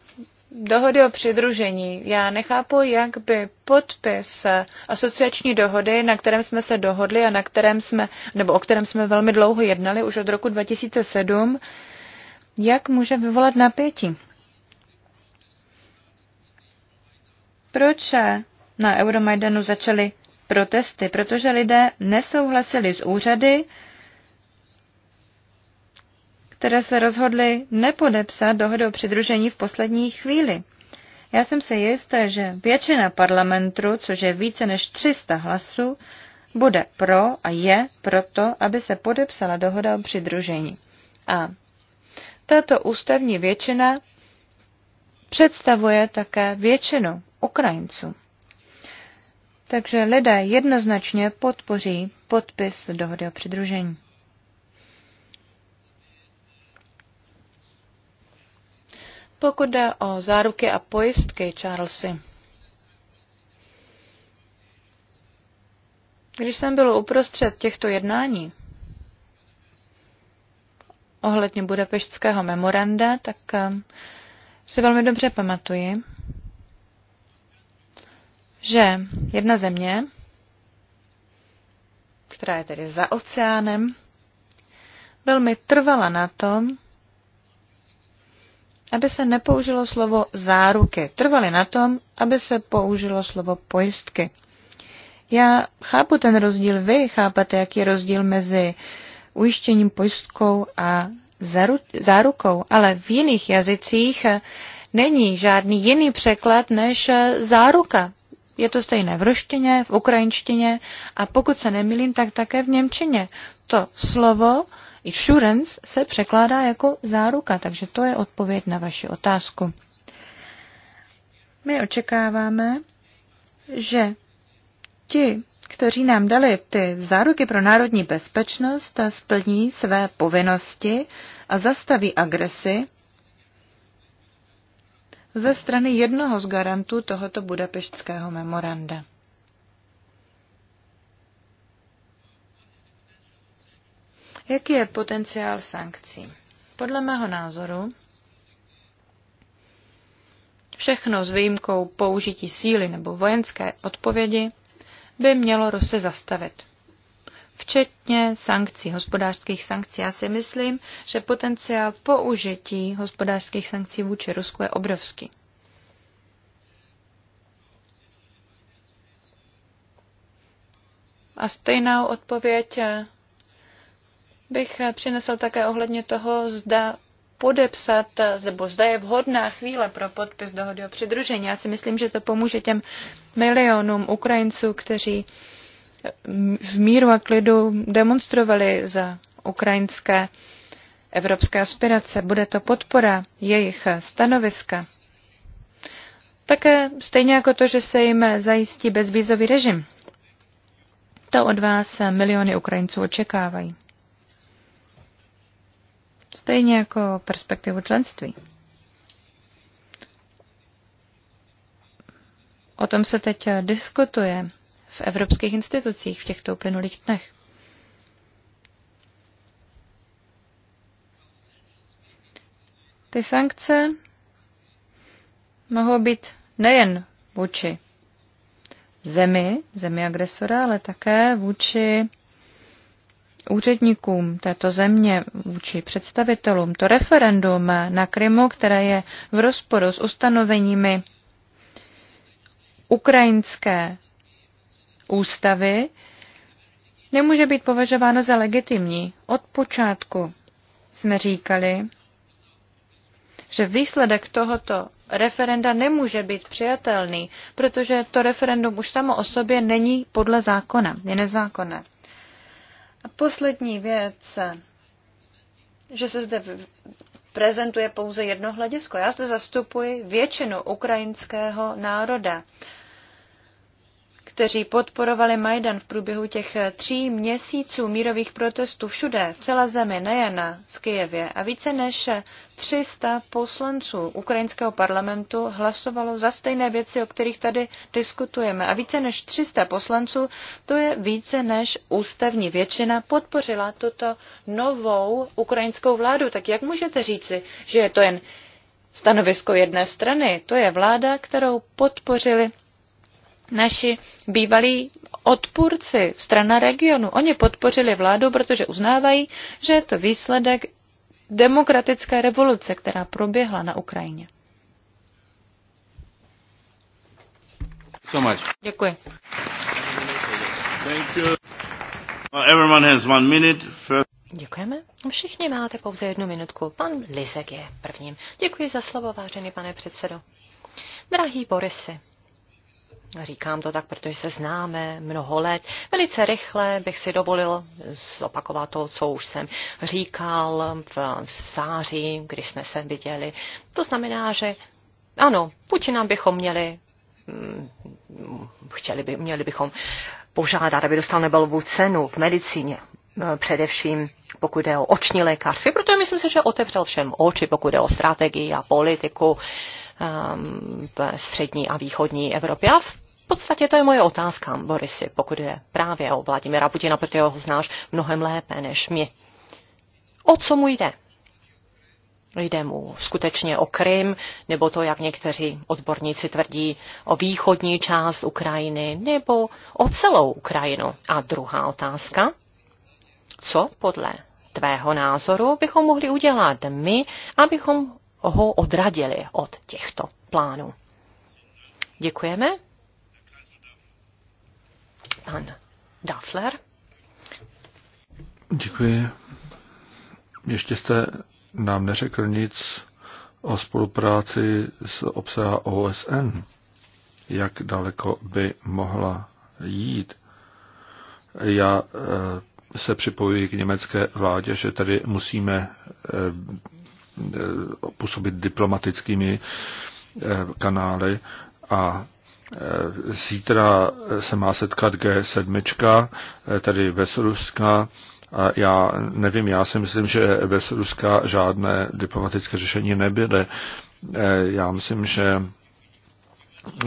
dohody o přidružení. Já nechápu, jak by podpis asociační dohody, na kterém jsme se dohodli a na kterém jsme, nebo o kterém jsme velmi dlouho jednali už od roku 2007, jak může vyvolat napětí. Proč na Euromajdanu začaly protesty? Protože lidé nesouhlasili s úřady, které se rozhodly nepodepsat dohodu o přidružení v poslední chvíli. Já jsem se jistá, že většina parlamentu, což je více než 300 hlasů, bude pro a je proto, aby se podepsala dohoda o přidružení. A tato ústavní většina představuje také většinu Ukrajinců. Takže lidé jednoznačně podpoří podpis dohody o přidružení. Pokud jde o záruky a pojistky, Charlesy, když jsem byl uprostřed těchto jednání ohledně budapeštského memoranda, tak eh, si velmi dobře pamatuji, že jedna země, která je tedy za oceánem, velmi trvala na tom, aby se nepoužilo slovo záruky. Trvali na tom, aby se použilo slovo pojistky. Já chápu ten rozdíl, vy chápete, jaký je rozdíl mezi ujištěním pojistkou a záru- zárukou, ale v jiných jazycích není žádný jiný překlad než záruka. Je to stejné v ruštině, v ukrajinštině a pokud se nemýlím, tak také v němčině. To slovo Insurance se překládá jako záruka, takže to je odpověď na vaši otázku. My očekáváme, že ti, kteří nám dali ty záruky pro národní bezpečnost, a splní své povinnosti a zastaví agresi ze strany jednoho z garantů tohoto budapeštského memoranda. Jaký je potenciál sankcí? Podle mého názoru všechno s výjimkou použití síly nebo vojenské odpovědi by mělo Rusy zastavit. Včetně sankcí, hospodářských sankcí. Já si myslím, že potenciál použití hospodářských sankcí vůči Rusku je obrovský. A stejnou odpověď bych eh, přinesl také ohledně toho, zda podepsat, eh, nebo zda je vhodná chvíle pro podpis dohody o přidružení. Já si myslím, že to pomůže těm milionům Ukrajinců, kteří eh, v míru a klidu demonstrovali za ukrajinské evropské aspirace. Bude to podpora jejich stanoviska. Také stejně jako to, že se jim zajistí bezvízový režim. To od vás miliony Ukrajinců očekávají stejně jako perspektivu členství. O tom se teď diskutuje v evropských institucích v těchto uplynulých dnech. Ty sankce mohou být nejen vůči zemi, zemi agresora, ale také vůči úředníkům této země, vůči představitelům, to referendum na Krymu, které je v rozporu s ustanoveními ukrajinské ústavy, nemůže být považováno za legitimní. Od počátku jsme říkali, že výsledek tohoto referenda nemůže být přijatelný, protože to referendum už samo o sobě není podle zákona, je nezákonné. A poslední věc, že se zde prezentuje pouze jedno hledisko. Já zde zastupuji většinu ukrajinského národa kteří podporovali Majdan v průběhu těch tří měsíců mírových protestů všude, v celé zemi, nejen v Kijevě. A více než 300 poslanců ukrajinského parlamentu hlasovalo za stejné věci, o kterých tady diskutujeme. A více než 300 poslanců, to je více než ústavní většina, podpořila tuto novou ukrajinskou vládu. Tak jak můžete říci, že je to jen stanovisko jedné strany? To je vláda, kterou podpořili naši bývalí odpůrci, strana regionu. Oni podpořili vládu, protože uznávají, že je to výsledek demokratické revoluce, která proběhla na Ukrajině. So much. Děkuji. Thank you. Everyone has one minute. First... Děkujeme. Všichni máte pouze jednu minutku. Pan Lizek je prvním. Děkuji za slovo, vážený pane předsedo. Drahý Borisy, Říkám to tak, protože se známe mnoho let. Velice rychle bych si dovolil zopakovat to, co už jsem říkal v, v září, když jsme se viděli. To znamená, že ano, Putina bychom měli, mm, chtěli by, měli bychom požádat, aby dostal Nobelovu cenu v medicíně eh, především pokud jde o oční lékařství, protože myslím si, že otevřel všem oči, pokud jde o strategii a politiku um, ehm, v střední a východní Evropě a v v podstatě to je moje otázka, Borisy, pokud je právě o Vladimira Putina, protože ho znáš mnohem lépe než my. O co mu jde? Jde mu skutečně o Krym, nebo to, jak někteří odborníci tvrdí, o východní část Ukrajiny, nebo o celou Ukrajinu. A druhá otázka, co podle tvého názoru bychom mohli udělat my, abychom ho odradili od těchto plánů? Děkujeme pan Daffler. Děkuji. Ještě jste nám neřekl nic o spolupráci s obsaha OSN. Jak daleko by mohla jít? Já eh, se připojuji k německé vládě, že tady musíme eh, působit diplomatickými eh, kanály a Eh, zítra se má setkat G7, eh, tedy bez Ruska. A já nevím, já si myslím, že bez Ruska žádné diplomatické řešení nebyly. Eh, já myslím, že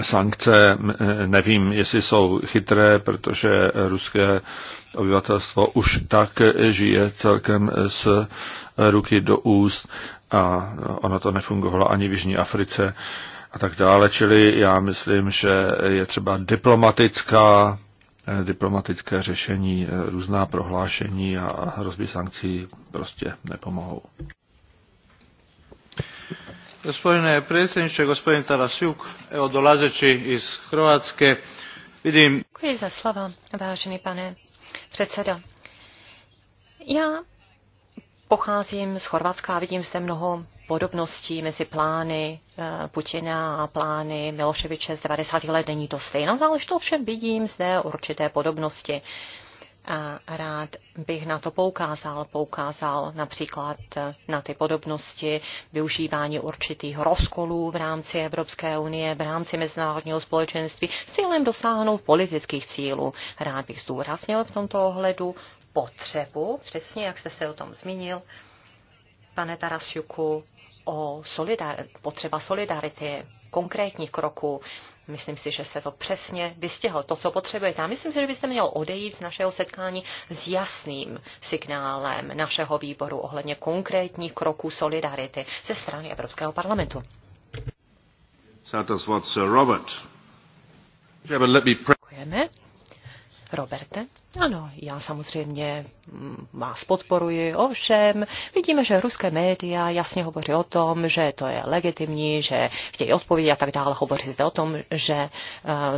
sankce, nevím, jestli jsou chytré, protože ruské obyvatelstvo už tak žije celkem z ruky do úst a ono to nefungovalo ani v Jižní Africe a tak dále. Čili já myslím, že je třeba diplomatická, eh, diplomatické řešení, eh, různá prohlášení a hrozby sankcí prostě nepomohou. Gospodine predsjedniče, gospodin Tarasjuk, evo dolazeći iz Hrvatske, vidím... je za slovo, vážený pane predsedo. Já Pocházím z Chorvatska a vidím zde mnoho podobností mezi plány eh, Putina a plány Miloševiče z 90. let. Není to stejná záležitost, ovšem vidím zde určité podobnosti rád bych na to poukázal. Poukázal například na ty podobnosti využívání určitých rozkolů v rámci Evropské unie, v rámci mezinárodního společenství s cílem dosáhnout politických cílů. Rád bych zdůraznil v tomto ohledu potřebu, přesně jak jste se o tom zmínil, pane Tarasiuku, o solidar- potřeba solidarity, konkrétních kroků Myslím si, že jste to přesně vystihl, to, co potřebujete. A myslím si, že byste měl odejít z našeho setkání s jasným signálem našeho výboru ohledně konkrétních kroků solidarity ze strany Evropského parlamentu. Děkujeme. Roberte. Ano, já samozřejmě mm, vás podporuji, ovšem vidíme, že ruské média jasně hovoří o tom, že to je legitimní, že chtějí odpovědi a tak dále. Hovoříte o tom, že eh,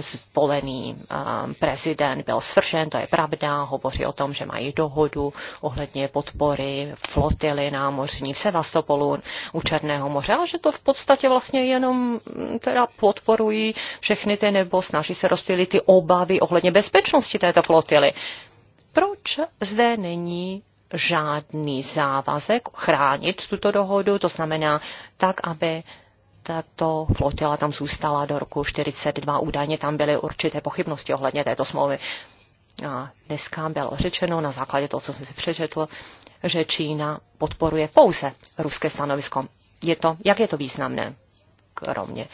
zvolený eh, prezident byl svršen, to je pravda. Hovoří o tom, že mají dohodu ohledně podpory flotily námořní v Sevastopolu u Černého moře a že to v podstatě vlastně jenom mm, teda podporují všechny ty nebo snaží se rozptýlit ty obavy ohledně bezpečnosti této flotily. Proč zde není žádný závazek chránit tuto dohodu, to znamená tak, aby tato flotila tam zůstala do roku 42. Údajně tam byly určité pochybnosti ohledně této smlouvy. A dneska bylo řečeno na základě toho, co jsem si přečetl, že Čína podporuje pouze ruské stanovisko. Je to, jak je to významné? Kromě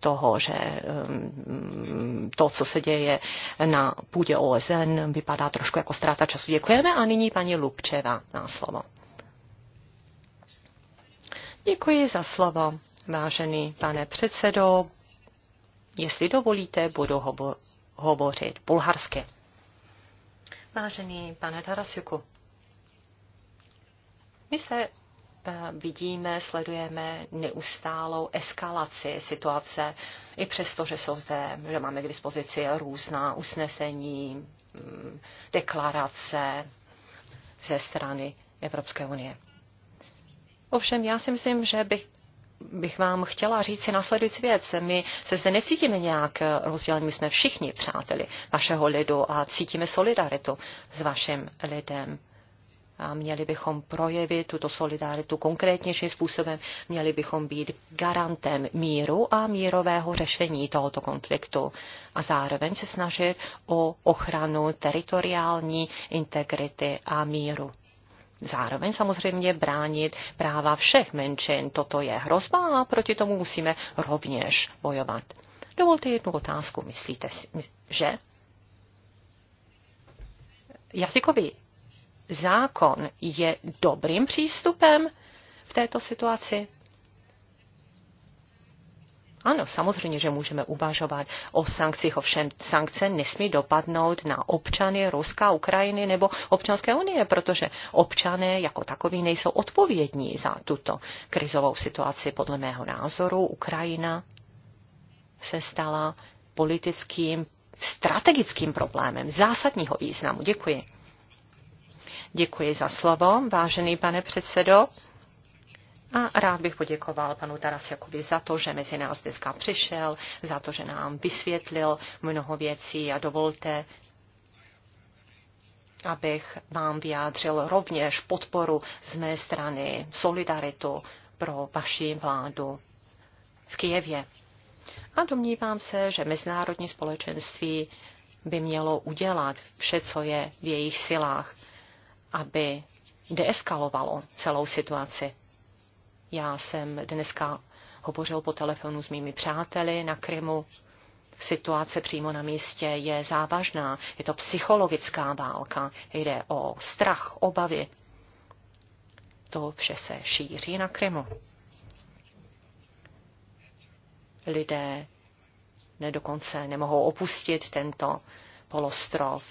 toho, že mm, to, co se děje na půdě OSN, vypadá trošku jako ztráta času. Děkujeme a nyní paní Lubčeva na slovo. Děkuji za slovo, vážený pane předsedo. Jestli dovolíte, budu hovo- hovořit bulharsky. Vážený pane Tarasiuku, my se Eh, vidíme, sledujeme neustálou eskalaci situace, i přesto, že jsou zde, že máme k dispozici různá usnesení, mm, deklarace ze strany Evropské unie. Ovšem, já si myslím, že bych bych vám chtěla říct si následující věc. My se zde necítíme nějak rozdělení, my jsme všichni přáteli vašeho lidu a cítíme solidaritu s vaším lidem a měli bychom projevit tuto solidaritu konkrétnějším způsobem, měli bychom být garantem míru a mírového řešení tohoto konfliktu a zároveň se snažit o ochranu teritoriální integrity a míru. Zároveň samozřejmě bránit práva všech menšin. Toto je hrozba a proti tomu musíme rovněž bojovat. Dovolte jednu otázku. Myslíte si, že jazykový zákon je dobrým přístupem v této situaci? Ano, samozřejmě, že můžeme uvažovat o sankcích, ovšem sankce nesmí dopadnout na občany Ruska, Ukrajiny nebo občanské unie, protože občané jako takoví nejsou odpovědní za tuto krizovou situaci. Podle mého názoru Ukrajina se stala politickým strategickým problémem zásadního významu. Děkuji. Děkuji za slovo, vážený pane předsedo. A rád bych poděkoval panu Taras Jakubi za to, že mezi nás dneska přišel, za to, že nám vysvětlil mnoho věcí a dovolte, abych vám vyjádřil rovněž podporu z mé strany, solidaritu pro vaši vládu v Kijevě. A domnívám se, že mezinárodní společenství by mělo udělat vše, co je v jejich silách, aby deeskalovalo celou situaci. Já jsem dneska hovořil po telefonu s mými přáteli na Krymu. Situace přímo na místě je závažná. Je to psychologická válka. Jde o strach, obavy. To vše se šíří na Krymu. Lidé nedokonce nemohou opustit tento polostrov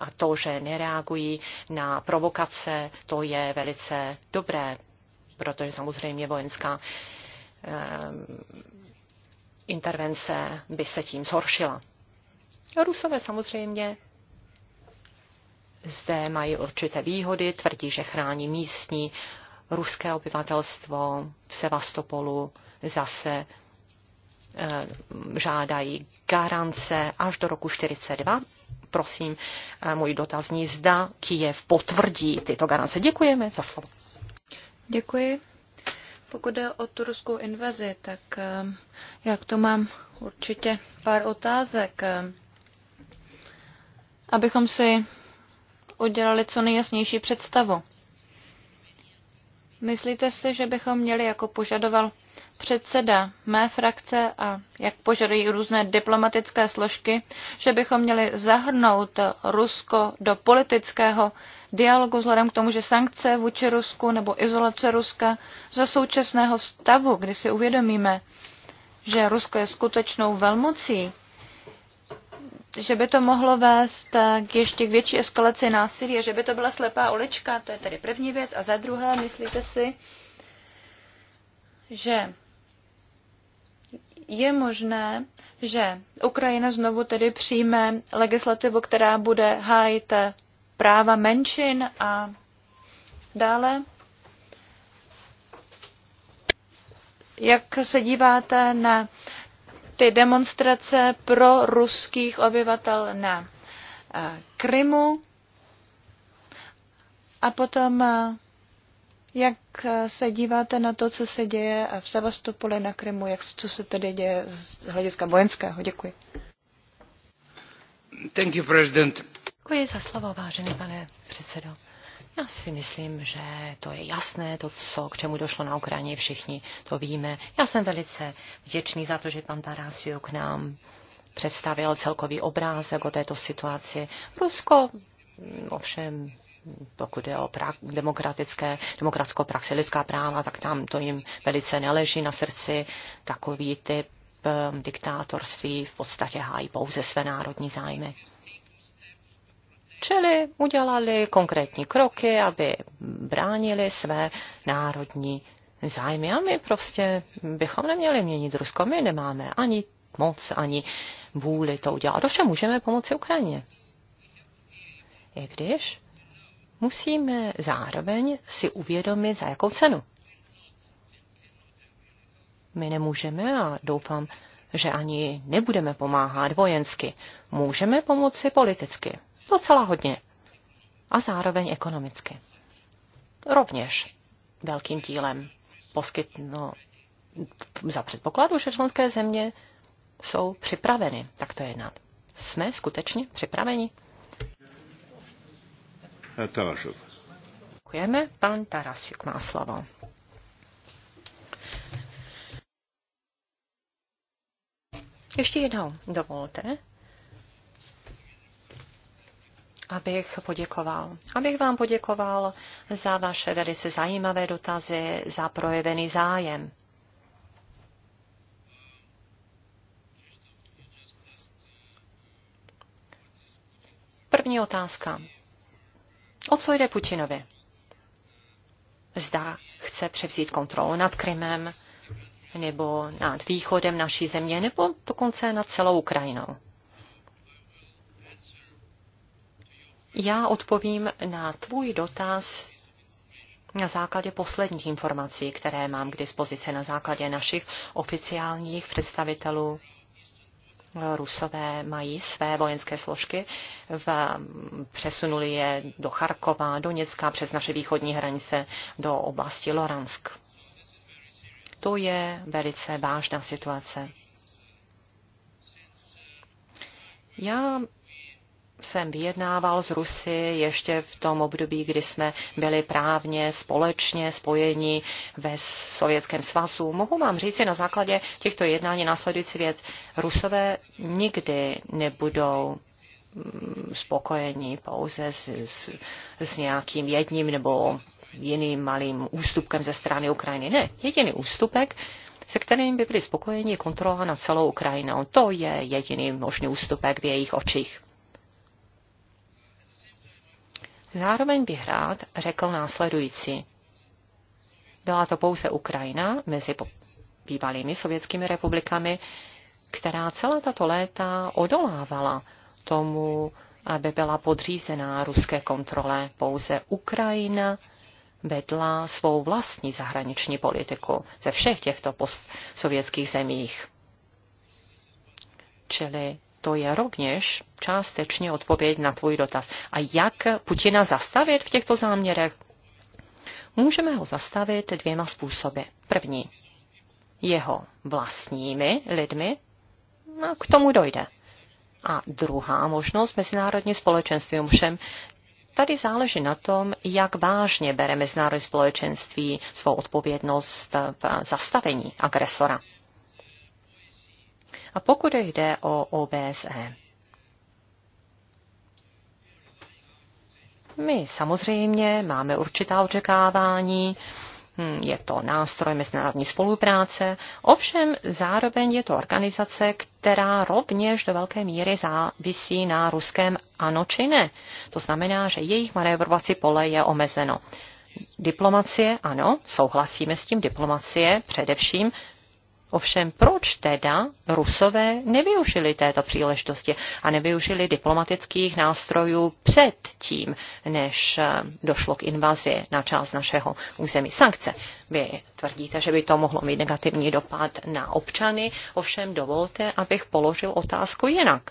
a to, že nereagují na provokace, to je velice dobré, protože samozřejmě vojenská eh, intervence by se tím zhoršila. Rusové samozřejmě zde mají určité výhody, tvrdí, že chrání místní ruské obyvatelstvo v Sevastopolu zase eh, žádají garance až do roku 42 prosím můj dotazní zda Kijev potvrdí tyto garance. Děkujeme za slovo. Děkuji. Pokud jde o tu ruskou invazi, tak eh, jak tomu mám určitě pár otázek. Eh, abychom si udělali co nejjasnější představu. Myslíte si, že bychom měli, jako požadoval předseda mé frakce a jak požadují různé diplomatické složky, že bychom měli zahrnout Rusko do politického dialogu vzhledem k tomu, že sankce vůči Rusku nebo izolace Ruska za současného stavu, kdy si uvědomíme, že Rusko je skutečnou velmocí, že by to mohlo vést k ještě k větší eskalaci násilí a že by to byla slepá ulička, to je tedy první věc. A za druhé, myslíte si, že je možné, že Ukrajina znovu tedy přijme legislativu, která bude hájit práva menšin a dále. Jak se díváte na ty demonstrace pro ruských obyvatel na eh, Krymu a potom eh, jak eh, se díváte na to, co se děje v Sevastopole na Krymu, jak, co se tedy děje z hlediska vojenského? Děkuji. Thank you, president. Děkuji za slovo, vážený pane předsedo. Já si myslím, že to je jasné, to, co, k čemu došlo na Ukrajině, všichni to víme. Já jsem velice vděčný za to, že pan Tarasiu k nám představil celkový obrázek o této situaci. Rusko mm, ovšem pokud je o pra- demokratické, demokratickou praxi lidská práva, tak tam to jim velice neleží na srdci. Takový typ eh, diktátorství v podstatě hájí pouze své národní zájmy. Čili udělali konkrétní kroky, aby bránili své národní zájmy. A my prostě bychom neměli měnit Rusko. My nemáme ani moc, ani vůli to udělat. Ovšem můžeme pomoci Ukrajině. I když musíme zároveň si uvědomit, za jakou cenu. My nemůžeme a doufám, že ani nebudeme pomáhat vojensky. Můžeme pomoci politicky. Docela hodně. A zároveň ekonomicky. Rovněž velkým dílem poskytno za předpokladu, že členské země jsou připraveny takto jednat. Jsme skutečně připraveni? Tarašuk. Děkujeme. Pan Tarasjuk má slovo. Ještě jednou dovolte, abych poděkoval. Abych vám poděkoval za vaše velice zajímavé dotazy, za projevený zájem. První otázka. O co jde Putinovi? Zda chce převzít kontrolu nad Krymem, nebo nad východem naší země, nebo dokonce nad celou Ukrajinou. Já odpovím na tvůj dotaz na základě posledních informací, které mám k dispozici na základě našich oficiálních představitelů Rusové mají své vojenské složky, v, přesunuli je do Charkova, Něcka, přes naše východní hranice do oblasti Loransk. To je velice vážná situace. Já jsem vyjednával s Rusy ještě v tom období, kdy jsme byli právně společně spojeni ve Sovětském svazu. Mohu vám říct, že na základě těchto jednání následující věc. Rusové nikdy nebudou mm, spokojení pouze s, s, s nějakým jedním nebo jiným malým ústupkem ze strany Ukrajiny. Ne, jediný ústupek se kterým by byli spokojeni kontrola nad celou Ukrajinou. To je jediný možný ústupek v jejich očích. Zároveň bych rád řekl následující. Byla to pouze Ukrajina mezi bývalými sovětskými republikami, která celá tato léta odolávala tomu, aby byla podřízená ruské kontrole. Pouze Ukrajina vedla svou vlastní zahraniční politiku ze všech těchto postsovětských zemích. Čili to je rovněž částečně odpověď na tvůj dotaz. A jak Putina zastavit v těchto záměrech? Můžeme ho zastavit dvěma způsoby. První, jeho vlastními lidmi, a no, k tomu dojde. A druhá možnost mezinárodní společenství. Ovšem, tady záleží na tom, jak vážně bere mezinárodní společenství svou odpovědnost v zastavení agresora. A pokud jde o OBSE, my samozřejmě máme určitá očekávání, hm, je to nástroj mezinárodní spolupráce, ovšem zároveň je to organizace, která rovněž do velké míry závisí na ruském ano či ne. To znamená, že jejich manévrovací pole je omezeno. Diplomacie, ano, souhlasíme s tím, diplomacie především Ovšem proč teda Rusové nevyužili této příležitosti a nevyužili diplomatických nástrojů před tím, než eh, došlo k invazi na část našeho území? Sankce. Vy tvrdíte, že by to mohlo mít negativní dopad na občany, ovšem dovolte, abych položil otázku jinak.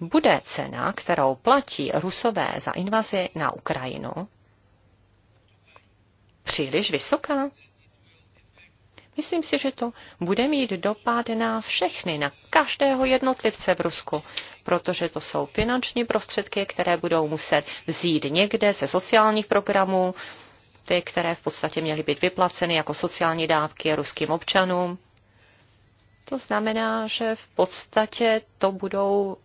Bude cena, kterou platí Rusové za invazi na Ukrajinu, příliš vysoká? Myslím si, že to bude mít dopad na všechny, na každého jednotlivce v Rusku, protože to jsou finanční prostředky, které budou muset vzít někde ze sociálních programů, ty, které v podstatě měly být vyplaceny jako sociální dávky ruským občanům. To znamená, že v podstatě to budou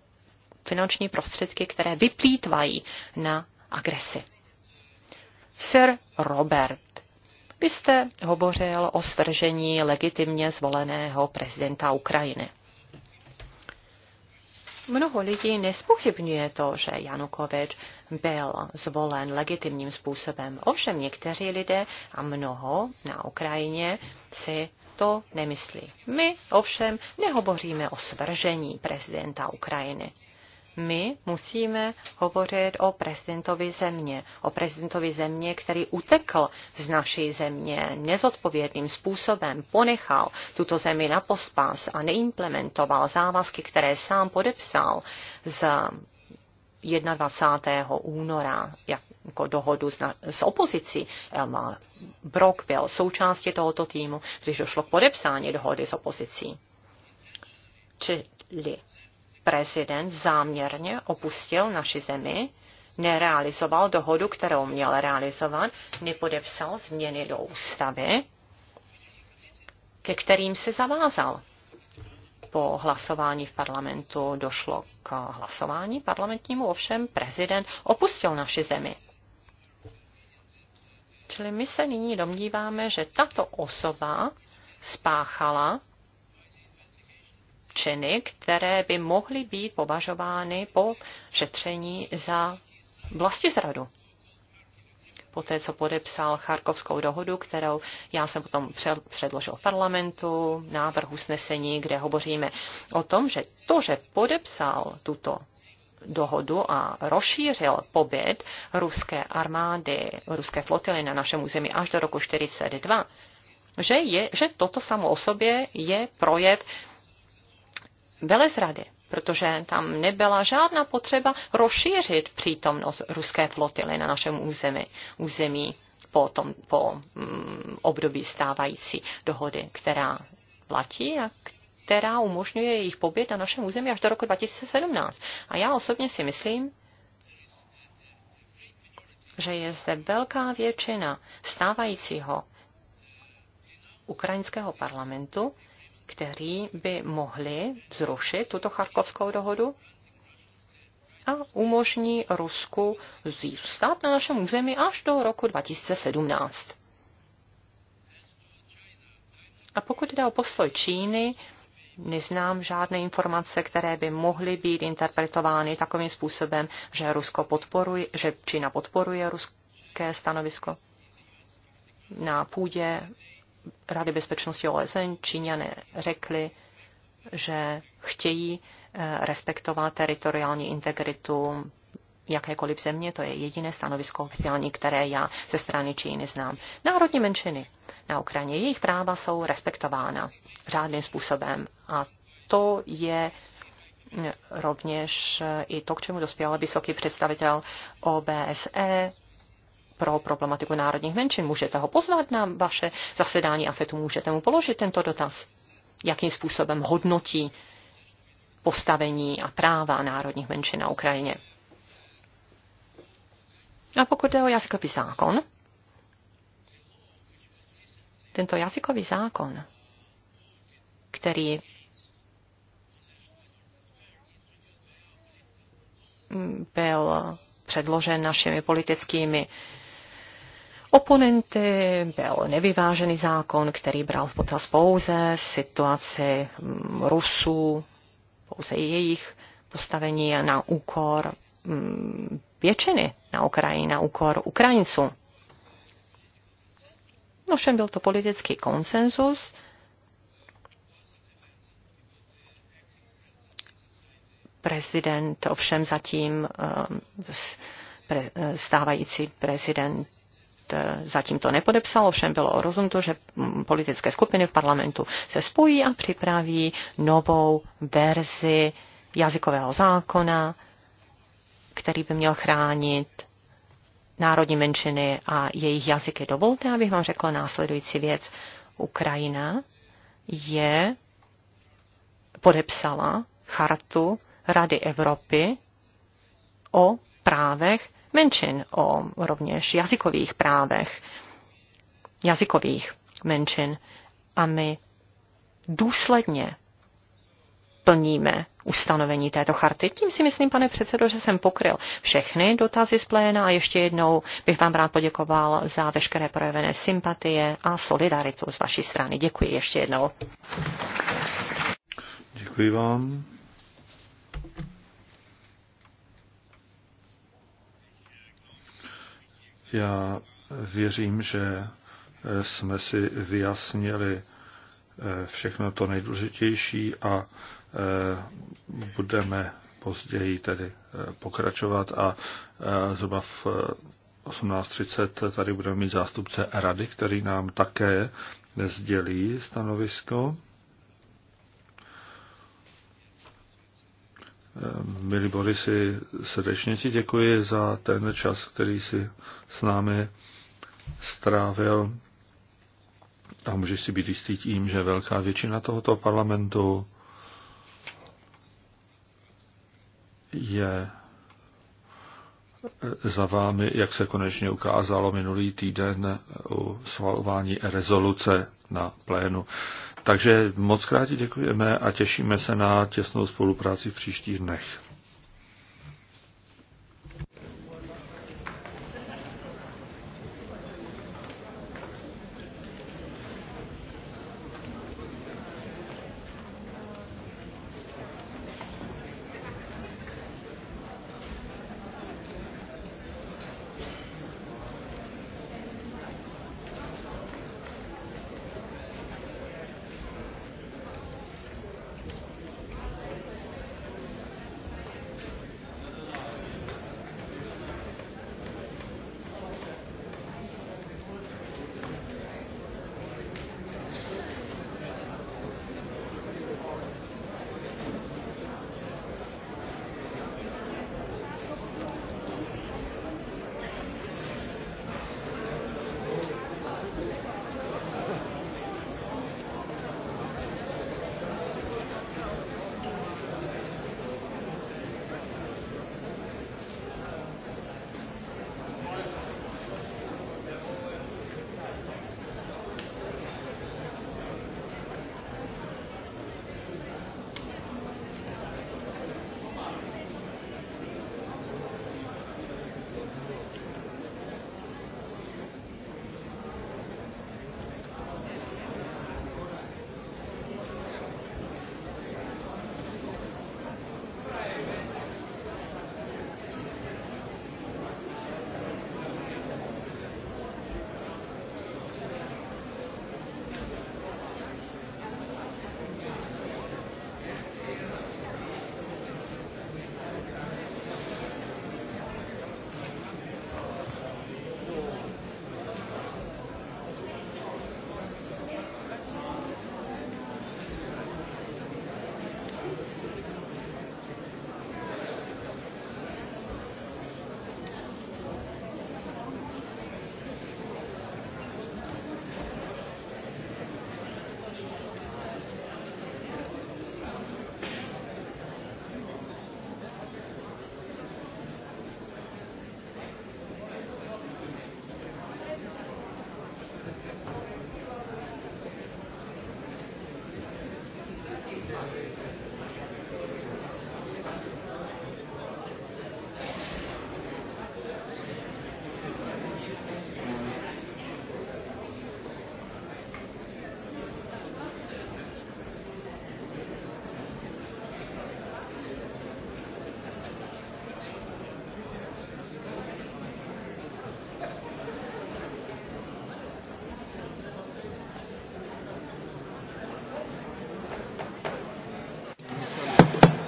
finanční prostředky, které vyplýtvají na agresi. Sir Robert byste hovořil o svržení legitimně zvoleného prezidenta Ukrajiny. Mnoho lidí nespochybňuje to, že Janukovič byl zvolen legitimním způsobem. Ovšem někteří lidé a mnoho na Ukrajině si to nemyslí. My ovšem nehovoříme o svržení prezidenta Ukrajiny my musíme hovořit o prezidentovi země. O prezidentovi země, který utekl z naší země nezodpovědným způsobem, ponechal tuto zemi na pospas a neimplementoval závazky, které sám podepsal z 21. února jako dohodu s, opozicí. Elmar Brock byl součástí tohoto týmu, když došlo k podepsání dohody s opozicí. Čili prezident záměrně opustil naši zemi, nerealizoval dohodu, kterou měl realizovat, nepodepsal změny do ústavy, ke kterým se zavázal. Po hlasování v parlamentu došlo k hlasování parlamentnímu, ovšem prezident opustil naši zemi. Čili my se nyní domníváme, že tato osoba spáchala činy, které by mohly být považovány po šetření za zradu. Poté, co podepsal Charkovskou dohodu, kterou já jsem potom předložil parlamentu, návrh usnesení, kde hovoříme o tom, že to, že podepsal tuto dohodu a rozšířil pobyt ruské armády, ruské flotily na našem území až do roku 1942, že, je, že toto samo o sobě je projev velezrady, protože tam nebyla žádná potřeba rozšířit přítomnost ruské flotily na našem území, území po, tom, po mm, období stávající dohody, která platí a která umožňuje jejich pobyt na našem území až do roku 2017. A já osobně si myslím, že je zde velká většina stávajícího ukrajinského parlamentu, kteří by mohli zrušit tuto charkovskou dohodu a umožní Rusku zůstat na našem území až do roku 2017. A pokud jde o postoj Číny, neznám žádné informace, které by mohly být interpretovány takovým způsobem, že Rusko podporuje, že Čína podporuje ruské stanovisko na půdě Rady bezpečnosti OSN Číňané řekli, že chtějí eh, respektovat teritoriální integritu jakékoliv země, to je jediné stanovisko oficiální, které já ze strany Číny znám. Národní menšiny na Ukrajině, jejich práva jsou respektována řádným způsobem a to je hm, rovněž eh, i to, k čemu dospěl vysoký představitel OBSE pro problematiku národních menšin. Můžete ho pozvat na vaše zasedání AFETu, můžete mu položit tento dotaz. Jakým způsobem hodnotí postavení a práva národních menšin na Ukrajině. A pokud jde o jazykový zákon, tento jazykový zákon, který byl předložen našimi politickými Oponenty byl nevyvážený zákon, který bral v potaz pouze situaci mm, Rusů, pouze jejich postavení na úkor mm, většiny na Ukrajině, na úkor Ukrajinců. všem byl to politický konsenzus, prezident, ovšem zatím eh, eh, stávající prezident Eh, zatím to nepodepsalo, všem bylo rozumto, že mm, politické skupiny v parlamentu se spojí a připraví novou verzi jazykového zákona, který by měl chránit národní menšiny a jejich jazyky. Dovolte, abych vám řekla následující věc. Ukrajina je podepsala chartu Rady Evropy o právech menšin, o rovněž jazykových právech, jazykových menšin. A my důsledně plníme ustanovení této charty. Tím si myslím, pane předsedo, že jsem pokryl všechny dotazy z pléna a ještě jednou bych vám rád poděkoval za veškeré projevené sympatie a solidaritu z vaší strany. Děkuji ještě jednou. Děkuji vám. Já věřím, že eh, jsme si vyjasnili eh, všechno to nejdůležitější a eh, budeme později tedy pokračovat a zhruba v 18.30 tady budeme mít zástupce rady, který nám také sdělí stanovisko. Eh, milí Borisi, srdečně ti děkuji za ten čas, který si s námi strávil. A můžeš si být jistý tím, že velká většina tohoto parlamentu je za vámi, jak se konečně ukázalo minulý týden u svalování rezoluce na plénu. Takže moc krát děkujeme a těšíme se na těsnou spolupráci v příštích dnech.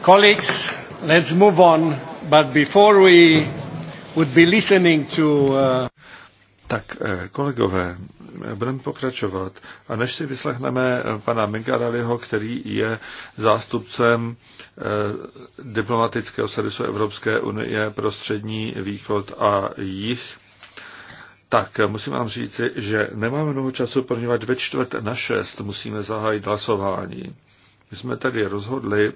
Colleagues, let's move on, but before we would be listening to... Uh... Tak, eh, kolegové, budeme pokračovat. A než si vyslechneme pana Mingaraliho, který je zástupcem eh, diplomatického servisu Evropské unie pro střední východ a jich, tak musím vám říci, že nemáme mnoho času, poněvadž ve čtvrt na šest musíme zahájit hlasování. My jsme tedy rozhodli,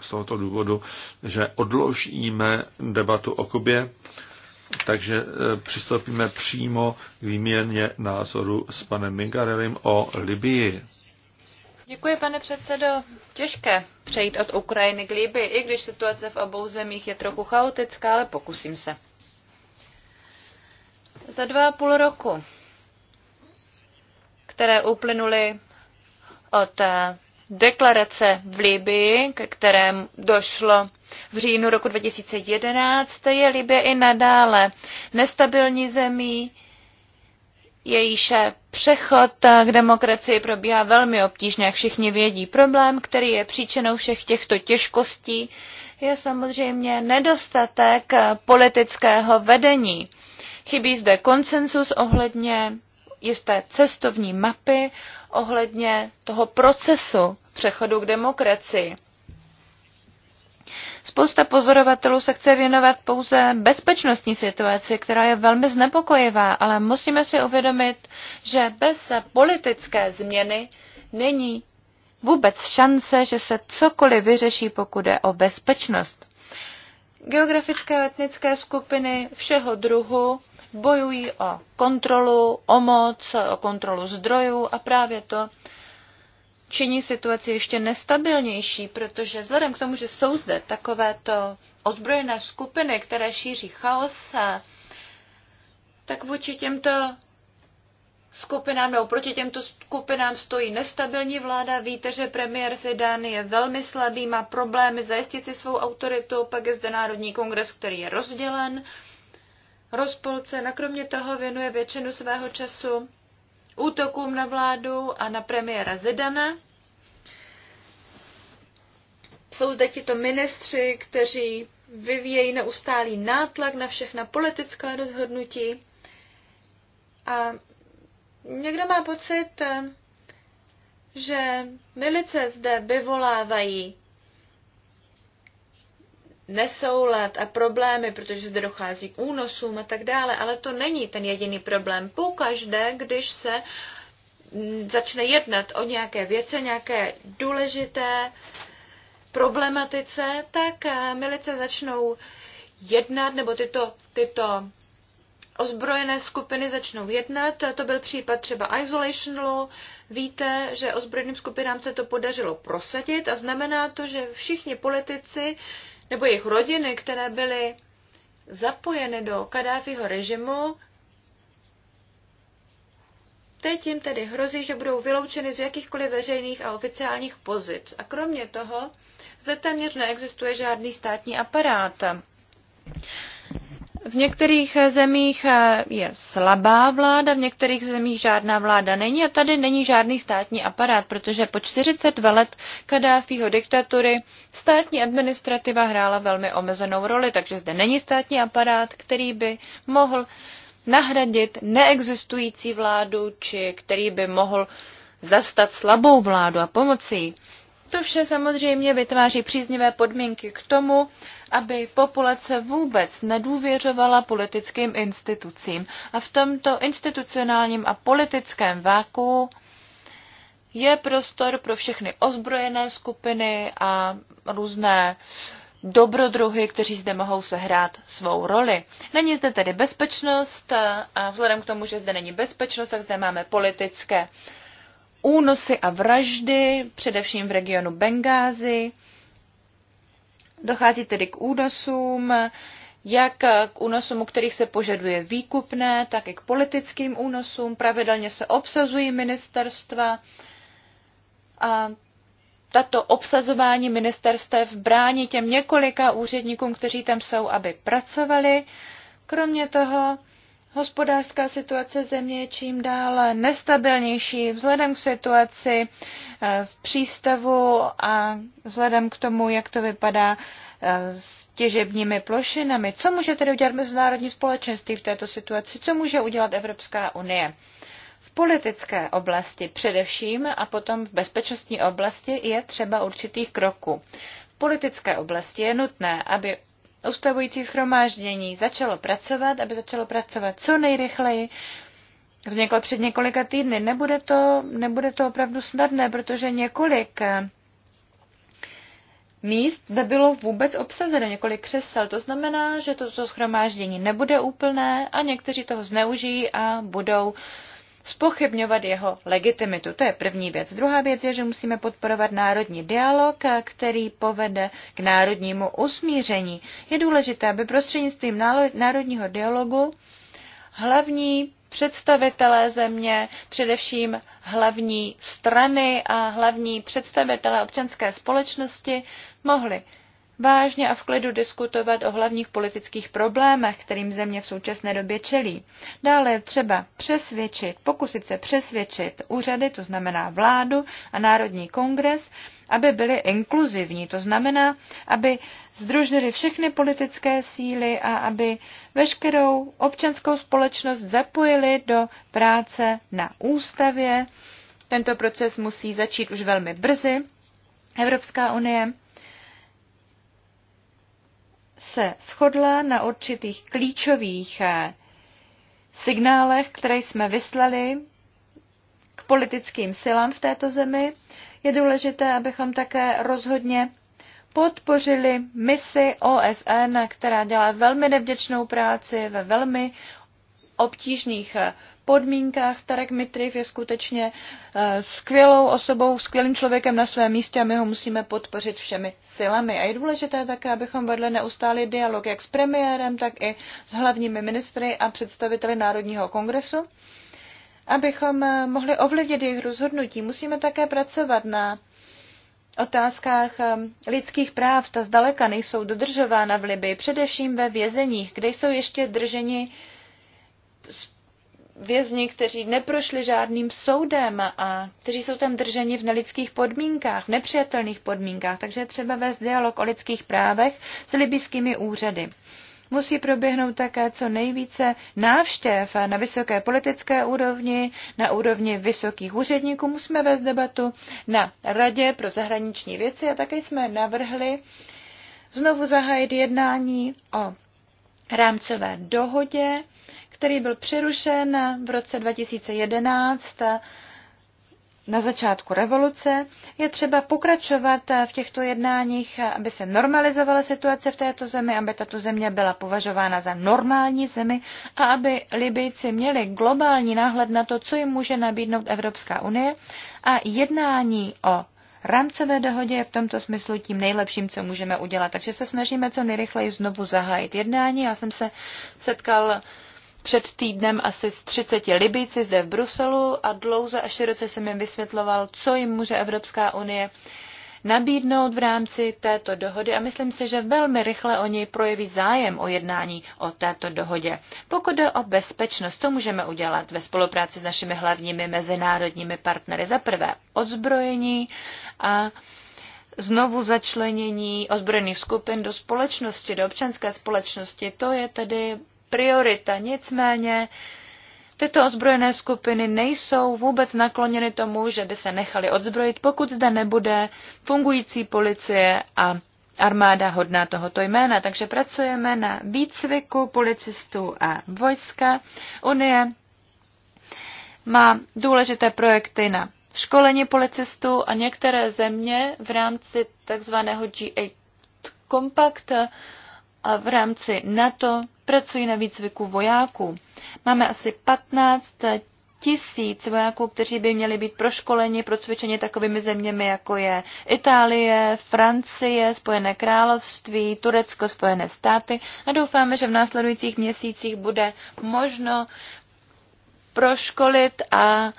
z tohoto důvodu, že odložíme debatu o Kubě, takže eh, přistoupíme přímo k výměně názoru s panem Mingarelem o Libii. Děkuji, pane předsedo. Těžké přejít od Ukrajiny k Libii, i když situace v obou zemích je trochu chaotická, ale pokusím se. Za dva a půl roku, které uplynuly od eh, deklarace v Libii, ke kterém došlo v říjnu roku 2011, je Libie i nadále nestabilní zemí, Jejíše přechod k demokracii probíhá velmi obtížně, jak všichni vědí. Problém, který je příčinou všech těchto těžkostí, je samozřejmě nedostatek politického vedení. Chybí zde koncensus ohledně jisté cestovní mapy, ohledně toho procesu přechodu k demokracii. Spousta pozorovatelů se chce věnovat pouze bezpečnostní situaci, která je velmi znepokojivá, ale musíme si uvědomit, že bez politické změny není vůbec šance, že se cokoliv vyřeší, pokud je o bezpečnost. Geografické etnické skupiny všeho druhu bojují o kontrolu, o moc, o kontrolu zdrojů a právě to činí situaci ještě nestabilnější, protože vzhledem k tomu, že jsou zde takovéto ozbrojené skupiny, které šíří chaos, tak vůči těmto skupinám nebo proti těmto skupinám stojí nestabilní vláda. Víte, že premiér Zidane je velmi slabý, má problémy zajistit si svou autoritu, pak je zde Národní kongres, který je rozdělen rozpolcen a kromě toho věnuje většinu svého času útokům na vládu a na premiéra Zidana. Jsou zde tito ministři, kteří vyvíjejí neustálý nátlak na všechna politická rozhodnutí. A někdo má pocit, že milice zde vyvolávají nesoulad a problémy, protože zde dochází k únosům a tak dále, ale to není ten jediný problém. Pokaždé, když se mm, začne jednat o nějaké věce, nějaké důležité problematice, tak eh, milice začnou jednat, nebo tyto, tyto ozbrojené skupiny začnou jednat. To byl případ třeba Isolation Law. Víte, že ozbrojeným skupinám se to podařilo prosadit a znamená to, že všichni politici, nebo jejich rodiny, které byly zapojeny do Kadáfiho režimu, Teď jim tedy hrozí, že budou vyloučeny z jakýchkoliv veřejných a oficiálních pozic. A kromě toho, zde téměř neexistuje žádný státní aparát. V některých zemích eh, je slabá vláda, v některých zemích žádná vláda není a tady není žádný státní aparát, protože po 42 let Kadáfího diktatury státní administrativa hrála velmi omezenou roli, takže zde není státní aparát, který by mohl nahradit neexistující vládu, či který by mohl zastat slabou vládu a pomoci jí. To vše samozřejmě vytváří příznivé podmínky k tomu, aby populace vůbec nedůvěřovala politickým institucím. A v tomto institucionálním a politickém váku je prostor pro všechny ozbrojené skupiny a různé dobrodruhy, kteří zde mohou sehrát svou roli. Není zde tedy bezpečnost a vzhledem k tomu, že zde není bezpečnost, tak zde máme politické uh, únosy a vraždy, především v regionu Bengázy. Dochází tedy k únosům, jak k únosům, u kterých se požaduje výkupné, tak i k politickým únosům. Pravidelně se obsazují ministerstva a tato obsazování ministerstev brání těm několika úředníkům, kteří tam jsou, aby pracovali. Kromě toho Hospodářská situace země je čím dál nestabilnější vzhledem k situaci eh, v přístavu a vzhledem k tomu, jak to vypadá eh, s těžebními plošinami. Co může tedy udělat mezinárodní společenství v této situaci? Co může udělat Evropská unie? V politické oblasti především a potom v bezpečnostní oblasti je třeba určitých kroků. V politické oblasti je nutné, aby ustavující schromáždění začalo pracovat, aby začalo pracovat co nejrychleji, vzniklo před několika týdny. Nebude to, nebude to opravdu snadné, protože několik eh, míst nebylo vůbec obsazeno, několik křesel. To znamená, že toto schromáždění nebude úplné a někteří toho zneužijí a budou uh, spochybňovat jeho legitimitu. To je první věc. Druhá věc je, že musíme podporovat národní dialog, který povede k národnímu usmíření. Je důležité, aby prostřednictvím národního dialogu hlavní představitelé země, především hlavní strany a hlavní představitelé občanské společnosti mohli vážně a v klidu diskutovat o hlavních politických problémech, kterým země v současné době čelí. Dále je třeba přesvědčit, pokusit se přesvědčit úřady, to znamená vládu a Národní kongres, aby byly inkluzivní, to znamená, aby združili všechny politické síly a aby veškerou občanskou společnost zapojili do práce na ústavě. Tento proces musí začít už velmi brzy. Evropská unie se shodla na určitých klíčových eh, signálech, které jsme vyslali k politickým silám v této zemi. Je důležité, abychom také rozhodně podpořili misi OSN, která dělá velmi nevděčnou práci ve velmi obtížných eh, podmínkách. Tarek Mitriv je skutečně eh, skvělou osobou, skvělým člověkem na svém místě a my ho musíme podpořit všemi silami. A je důležité také, abychom vedli neustálý dialog jak s premiérem, tak i s hlavními ministry a představiteli Národního kongresu. Abychom eh, mohli ovlivnit jejich rozhodnutí, musíme také pracovat na otázkách eh, lidských práv. Ta zdaleka nejsou dodržována v Libii, především ve vězeních, kde jsou ještě drženi vězni, kteří neprošli žádným soudem a kteří jsou tam drženi v nelidských podmínkách, v nepřijatelných podmínkách, takže je třeba vést dialog o lidských právech s libijskými úřady. Musí proběhnout také co nejvíce návštěv na vysoké politické úrovni, na úrovni vysokých úředníků. Musíme vést debatu na Radě pro zahraniční věci a také jsme navrhli znovu zahájit jednání o rámcové dohodě který byl přerušen v roce 2011 na začátku revoluce. Je třeba pokračovat v těchto jednáních, aby se normalizovala situace v této zemi, aby tato země byla považována za normální zemi a aby Libyjci měli globální náhled na to, co jim může nabídnout Evropská unie a jednání o rámcové dohodě je v tomto smyslu tím nejlepším, co můžeme udělat. Takže se snažíme co nejrychleji znovu zahájit jednání. Já jsem se setkal před týdnem asi s 30 Libíci zde v Bruselu a dlouze a široce jsem jim vysvětloval, co jim může Evropská unie nabídnout v rámci této dohody a myslím si, že velmi rychle o něj projeví zájem o jednání o této dohodě. Pokud jde o bezpečnost, to můžeme udělat ve spolupráci s našimi hlavními mezinárodními partnery. Za prvé odzbrojení a znovu začlenění ozbrojených skupin do společnosti, do občanské společnosti, to je tedy priorita. Nicméně tyto ozbrojené skupiny nejsou vůbec nakloněny tomu, že by se nechali odzbrojit, pokud zde nebude fungující policie a armáda hodná tohoto jména. Takže pracujeme na výcviku policistů a vojska. Unie má důležité projekty na školení policistů a některé země v rámci takzvaného G8 Compact a v rámci NATO pracují na výcviku vojáků. Máme asi 15 tisíc vojáků, kteří by měli být proškoleni, procvičeni takovými zeměmi, jako je Itálie, Francie, Spojené království, Turecko, Spojené státy a doufáme, že v následujících měsících bude možno proškolit a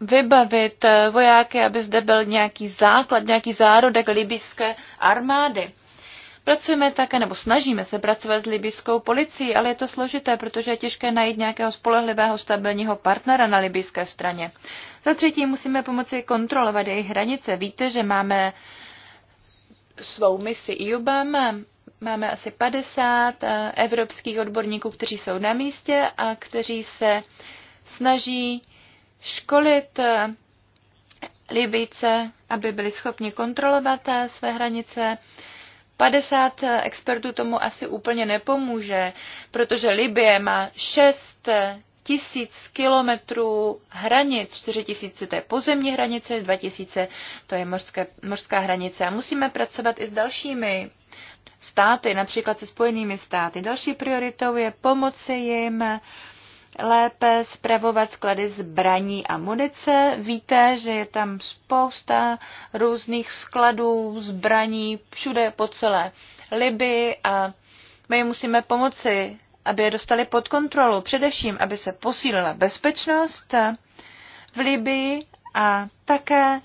vybavit vojáky, aby zde byl nějaký základ, nějaký zárodek libijské armády. Pracujeme také, nebo snažíme se pracovat s libyskou policií, ale je to složité, protože je těžké najít nějakého spolehlivého stabilního partnera na libyské straně. Za třetí musíme pomoci kontrolovat jejich hranice. Víte, že máme svou misi IUBAM, máme asi 50 eh, evropských odborníků, kteří jsou na místě a kteří se snaží školit eh, Libijce, aby byli schopni kontrolovat eh, své hranice, 50 eh, expertů tomu asi úplně nepomůže, protože Libie má 6 eh, tisíc kilometrů hranic, 4 tisíce to je pozemní hranice, 2 tisíce to je mořské, mořská hranice a musíme pracovat i s dalšími státy, například se spojenými státy. Další prioritou je pomoci jim lépe spravovat sklady zbraní a munice. Víte, že je tam spousta různých skladů zbraní všude po celé Liby a my jim musíme pomoci, aby je dostali pod kontrolu, především, aby se posílila bezpečnost v Libii a také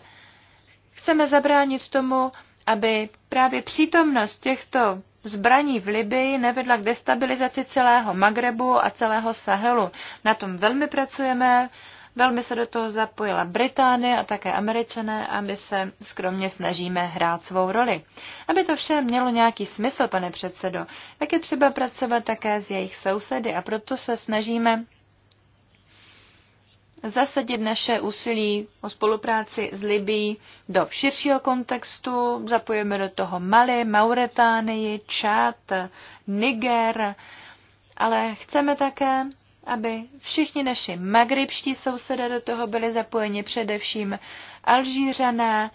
chceme zabránit tomu, aby právě přítomnost těchto zbraní v Libii nevedla k destabilizaci celého Magrebu a celého Sahelu. Na tom velmi pracujeme, velmi se do toho zapojila Británie a také Američané a my se skromně snažíme hrát svou roli. Aby to vše mělo nějaký smysl, pane předsedo, tak je třeba pracovat také s jejich sousedy a proto se snažíme zasadit naše úsilí o spolupráci s Libií do širšího kontextu. Zapojíme do toho Mali, Mauretánii, Čát, Niger, ale chceme také, aby všichni naši magribští sousedé do toho byli zapojeni, především Alžířané,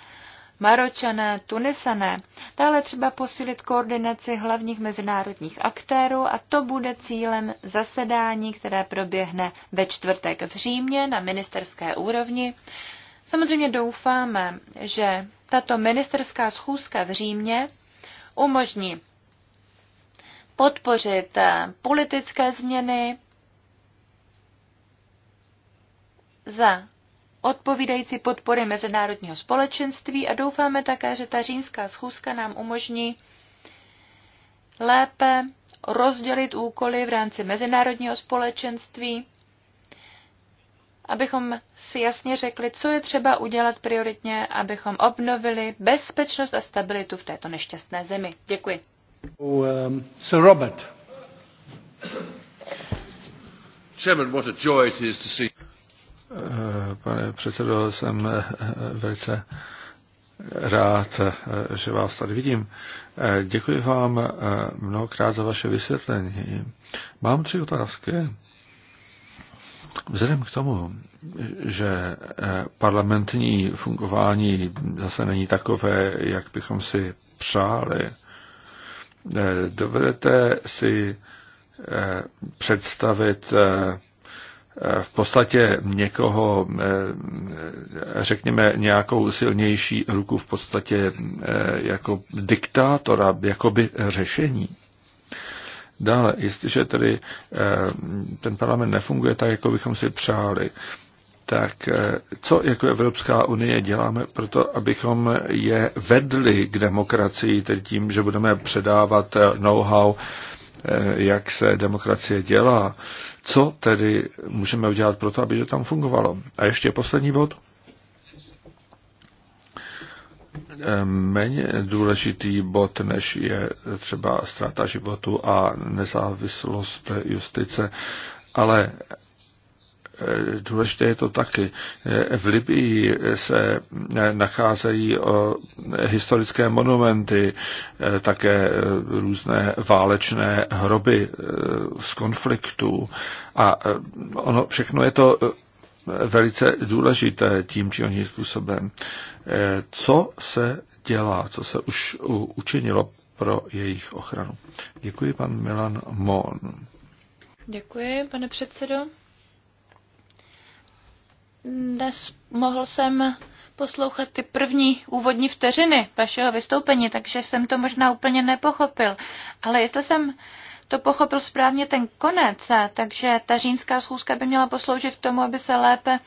Maročané, Tunisané. Dále třeba posílit koordinaci hlavních mezinárodních aktérů a to bude cílem zasedání, které proběhne ve čtvrtek v Římě na ministerské úrovni. Samozřejmě doufáme, že tato ministerská schůzka v Římě umožní podpořit eh, politické změny za odpovídající podpory mezinárodního společenství a doufáme také, že ta římská schůzka nám umožní lépe rozdělit úkoly v rámci mezinárodního společenství, abychom si jasně řekli, co je třeba udělat prioritně, abychom obnovili bezpečnost a stabilitu v této nešťastné zemi. Děkuji. Oh, um, Sir Robert. Chairman, what a joy it is to see Eh, pane předsedo, jsem eh, velice rád, eh, že vás tady vidím. Děkuji vám mnohokrát za vaše vysvětlení. Mám tři otázky. Vzhledem k tomu, že parlamentní fungování zase není takové, jak bychom si přáli, dovedete si představit v podstatě někoho, eh, řekněme, nějakou silnější ruku v podstatě eh, jako diktátora, jakoby řešení. Dále, jestliže tedy eh, ten parlament nefunguje tak, jako bychom si přáli, tak co jako Evropská unie děláme pro to, abychom je vedli k demokracii, tedy tím, že budeme předávat know-how Eh, jak se demokracie dělá, co tedy můžeme udělat pro to, aby to tam fungovalo. A ještě poslední bod. Eh, méně důležitý bod, než je třeba ztráta životu a nezávislost justice, ale Eh, důležité je to taky. Eh, v Libii se eh, nacházejí historické monumenty, také různé válečné hroby z konfliktů a ono všechno je to velice důležité tím či oním způsobem. Co se dělá, co se už učinilo pro jejich ochranu? Děkuji, pan Milan Mon. Děkuji, pane předsedo. Dnes mohl jsem poslouchat ty první úvodní vteřiny vašeho vystoupení, takže jsem to možná úplně nepochopil. Ale jestli jsem to pochopil správně ten konec, takže ta římská schůzka by měla posloužit k tomu, aby se lépe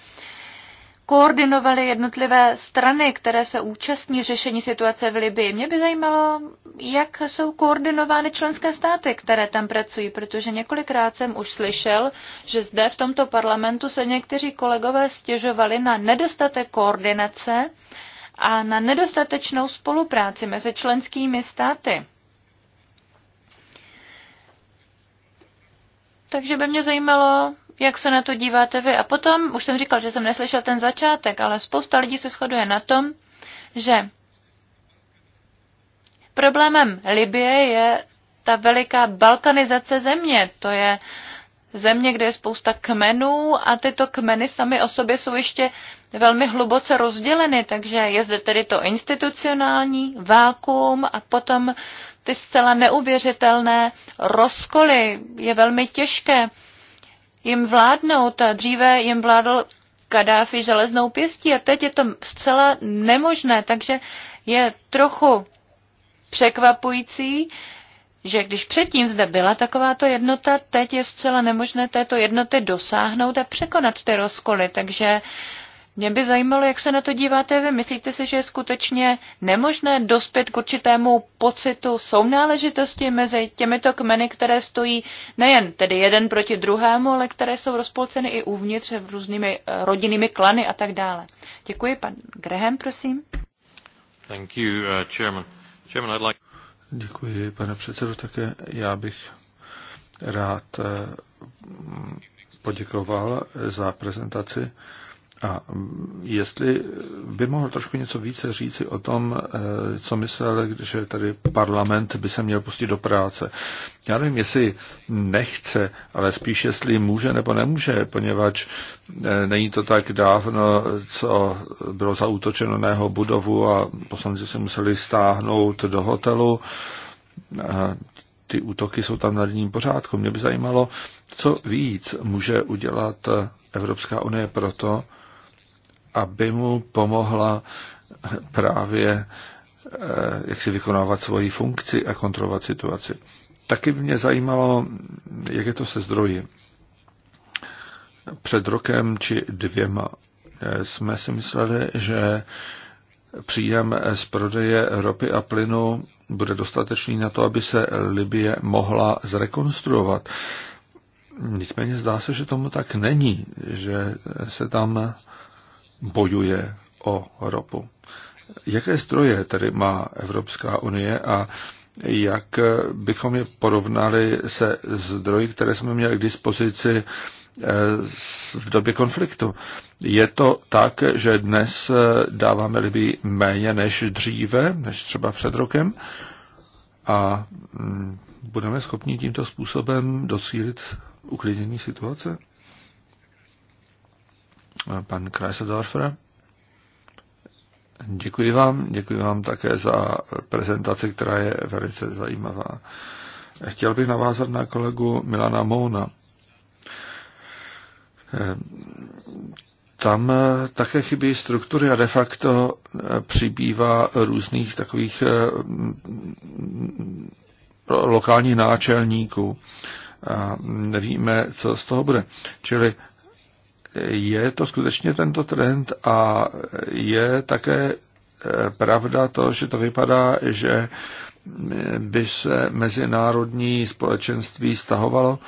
koordinovaly jednotlivé strany, které se účastní řešení situace v Libii. Mě by zajímalo, jak jsou koordinovány členské státy, které tam pracují, protože několikrát jsem už slyšel, že zde v tomto parlamentu se někteří kolegové stěžovali na nedostatek koordinace a na nedostatečnou spolupráci mezi členskými státy. Takže by mě zajímalo, jak se na to díváte vy. A potom, už jsem říkal, že jsem neslyšel ten začátek, ale spousta lidí se shoduje na tom, že problémem Libie je ta veliká balkanizace země. To je země, kde je spousta kmenů a tyto kmeny sami o sobě jsou ještě velmi hluboce rozděleny, takže je zde tedy to institucionální vákuum a potom ty zcela neuvěřitelné rozkoly. Je velmi těžké jim vládnout. Dříve jim vládl Kadáfi železnou pěstí a teď je to zcela nemožné, takže je trochu překvapující, že když předtím zde byla takováto jednota, teď je zcela nemožné této jednoty dosáhnout a překonat ty rozkoly. Takže mě by zajímalo, jak se na to díváte vy. Myslíte si, že je skutečně nemožné dospět k určitému pocitu sounáležitosti mezi těmito kmeny, které stojí nejen tedy jeden proti druhému, ale které jsou rozpolceny i uvnitř v různými eh, rodinnými klany a tak dále. Děkuji. Pan Graham, prosím. Thank you, uh, chairman. Chairman, I'd like... Děkuji, pane předsedu. Také já bych rád eh, poděkoval za prezentaci. A jestli by mohl trošku něco více říci o tom, eh, co myslel, že tady parlament by se měl pustit do práce. Já nevím, jestli nechce, ale spíš jestli může nebo nemůže, poněvadž eh, není to tak dávno, co bylo zautočeno na jeho budovu a poslanci se museli stáhnout do hotelu. A ty útoky jsou tam na denním pořádku. Mě by zajímalo, co víc může udělat Evropská unie proto, aby mu pomohla právě eh, jak si vykonávat svoji funkci a kontrolovat situaci. Taky mě zajímalo, jak je to se zdroji. Před rokem či dvěma eh, jsme si mysleli, že příjem z prodeje ropy a plynu bude dostatečný na to, aby se Libie mohla zrekonstruovat. Nicméně zdá se, že tomu tak není, že se tam bojuje o ropu. Jaké stroje tedy má Evropská unie a jak bychom je porovnali se zdroji, které jsme měli k dispozici eh, v době konfliktu. Je to tak, že dnes eh, dáváme Libii méně než dříve, než třeba před rokem a mm, budeme schopni tímto způsobem docílit uklidnění situace? pan Kreisdorfer. Děkuji vám, děkuji vám také za prezentaci, která je velice zajímavá. Chtěl bych navázat na kolegu Milana Mouna. Tam také chybí struktury a de facto přibývá různých takových mm, lokálních náčelníků. A nevíme, co z toho bude. Čili je to skutečně tento trend a je také eh, pravda to, že to vypadá, že by se mezinárodní společenství stahovalo.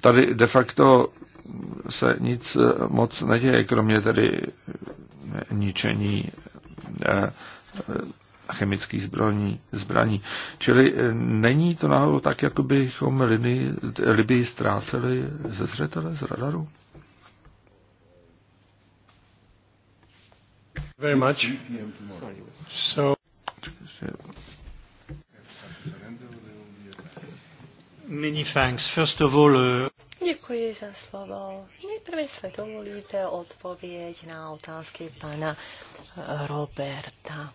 Tady de facto se nic eh, moc neděje, kromě tedy eh, ničení chemických zbraní. zbraní. Čili není to náhodou tak, jako bychom Libii ztráceli ze zřetele, z radaru? Very much. So... Many thanks. First of all, uh, Děkuji za slovo. Nejprve se dovolíte odpověď na otázky pana Roberta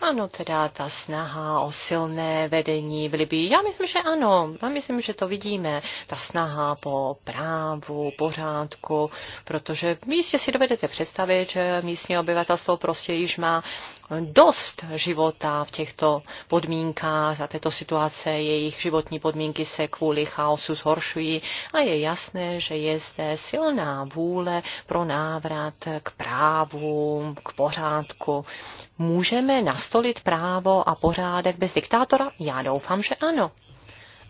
ano, teda ta snaha o silné vedení v Libii. Já myslím, že ano. Já myslím, že to vidíme. Ta snaha po právu, pořádku, protože jistě si dovedete představit, že místní obyvatelstvo prostě již má dost života v těchto podmínkách a této situace. Jejich životní podmínky se kvůli chaosu zhoršují a je jasné, že je zde silná vůle pro návrat k právu, k pořádku. Můžeme nastolit právo a pořádek bez diktátora? Já doufám, že ano.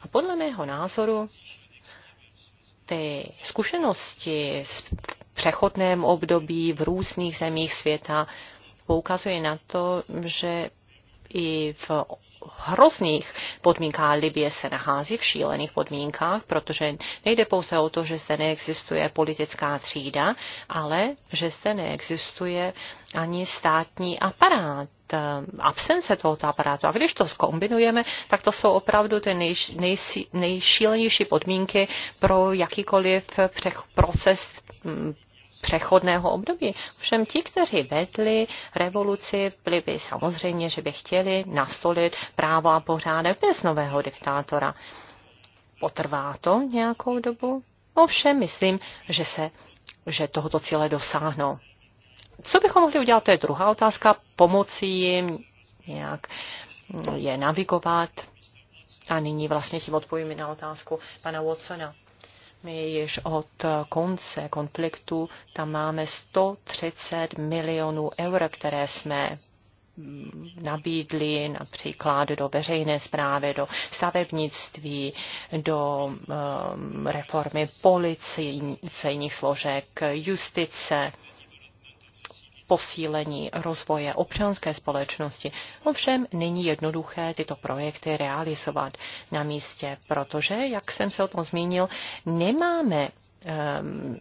A podle mého názoru ty zkušenosti s přechodném období v různých zemích světa poukazuje na to, že i v hrozných podmínkách Libie se nachází v šílených podmínkách, protože nejde pouze o to, že zde neexistuje politická třída, ale že zde neexistuje ani státní aparát eh, absence tohoto aparátu. A když to zkombinujeme, tak to jsou opravdu ty nej, nej, nejšílenější podmínky pro jakýkoliv proces hm, přechodného období. Všem ti, kteří vedli revoluci, byli by samozřejmě, že by chtěli nastolit právo a pořádek bez nového diktátora. Potrvá to nějakou dobu? Ovšem, myslím, že se že tohoto cíle dosáhnou. Co bychom mohli udělat, to je druhá otázka, pomoci jim nějak mm, je navigovat. A nyní vlastně tím odpovíme na otázku pana Watsona. My již od konce konfliktu tam máme 130 milionů eur, které jsme nabídli například do veřejné zprávy, do stavebnictví, do um, reformy policejních složek, justice, posílení rozvoje občanské společnosti. Ovšem není jednoduché tyto projekty realizovat na místě, protože, jak jsem se o tom zmínil, nemáme ehm,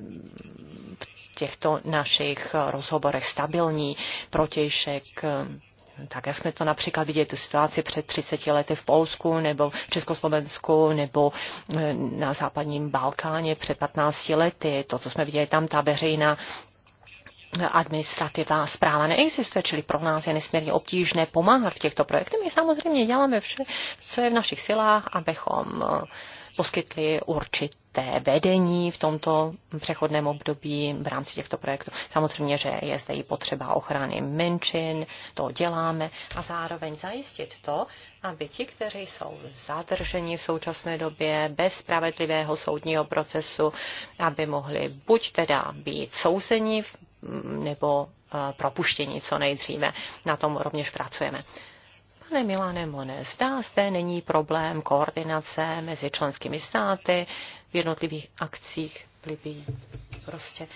v těchto našich rozhovorech stabilní protějšek ehm, tak jak jsme to například viděli tu situaci před 30 lety v Polsku nebo v Československu nebo ehm, na západním Balkáně před 15 lety, to, co jsme viděli tam, ta veřejná administrativa správa neexistuje, čili pro nás je nesmírně obtížné pomáhat v těchto projektech. My samozřejmě děláme vše, co je v našich silách, abychom poskytli určité vedení v tomto přechodném období v rámci těchto projektů. Samozřejmě, že je zde i potřeba ochrany menšin, to děláme a zároveň zajistit to, aby ti, kteří jsou zadrženi v současné době bez spravedlivého soudního procesu, aby mohli buď teda být souzeni nebo eh, propuštěni co nejdříve. Na tom rovněž pracujeme. Pane Milane Mone, zdá se, není problém koordinace mezi členskými státy v jednotlivých akcích v Libii. Prostě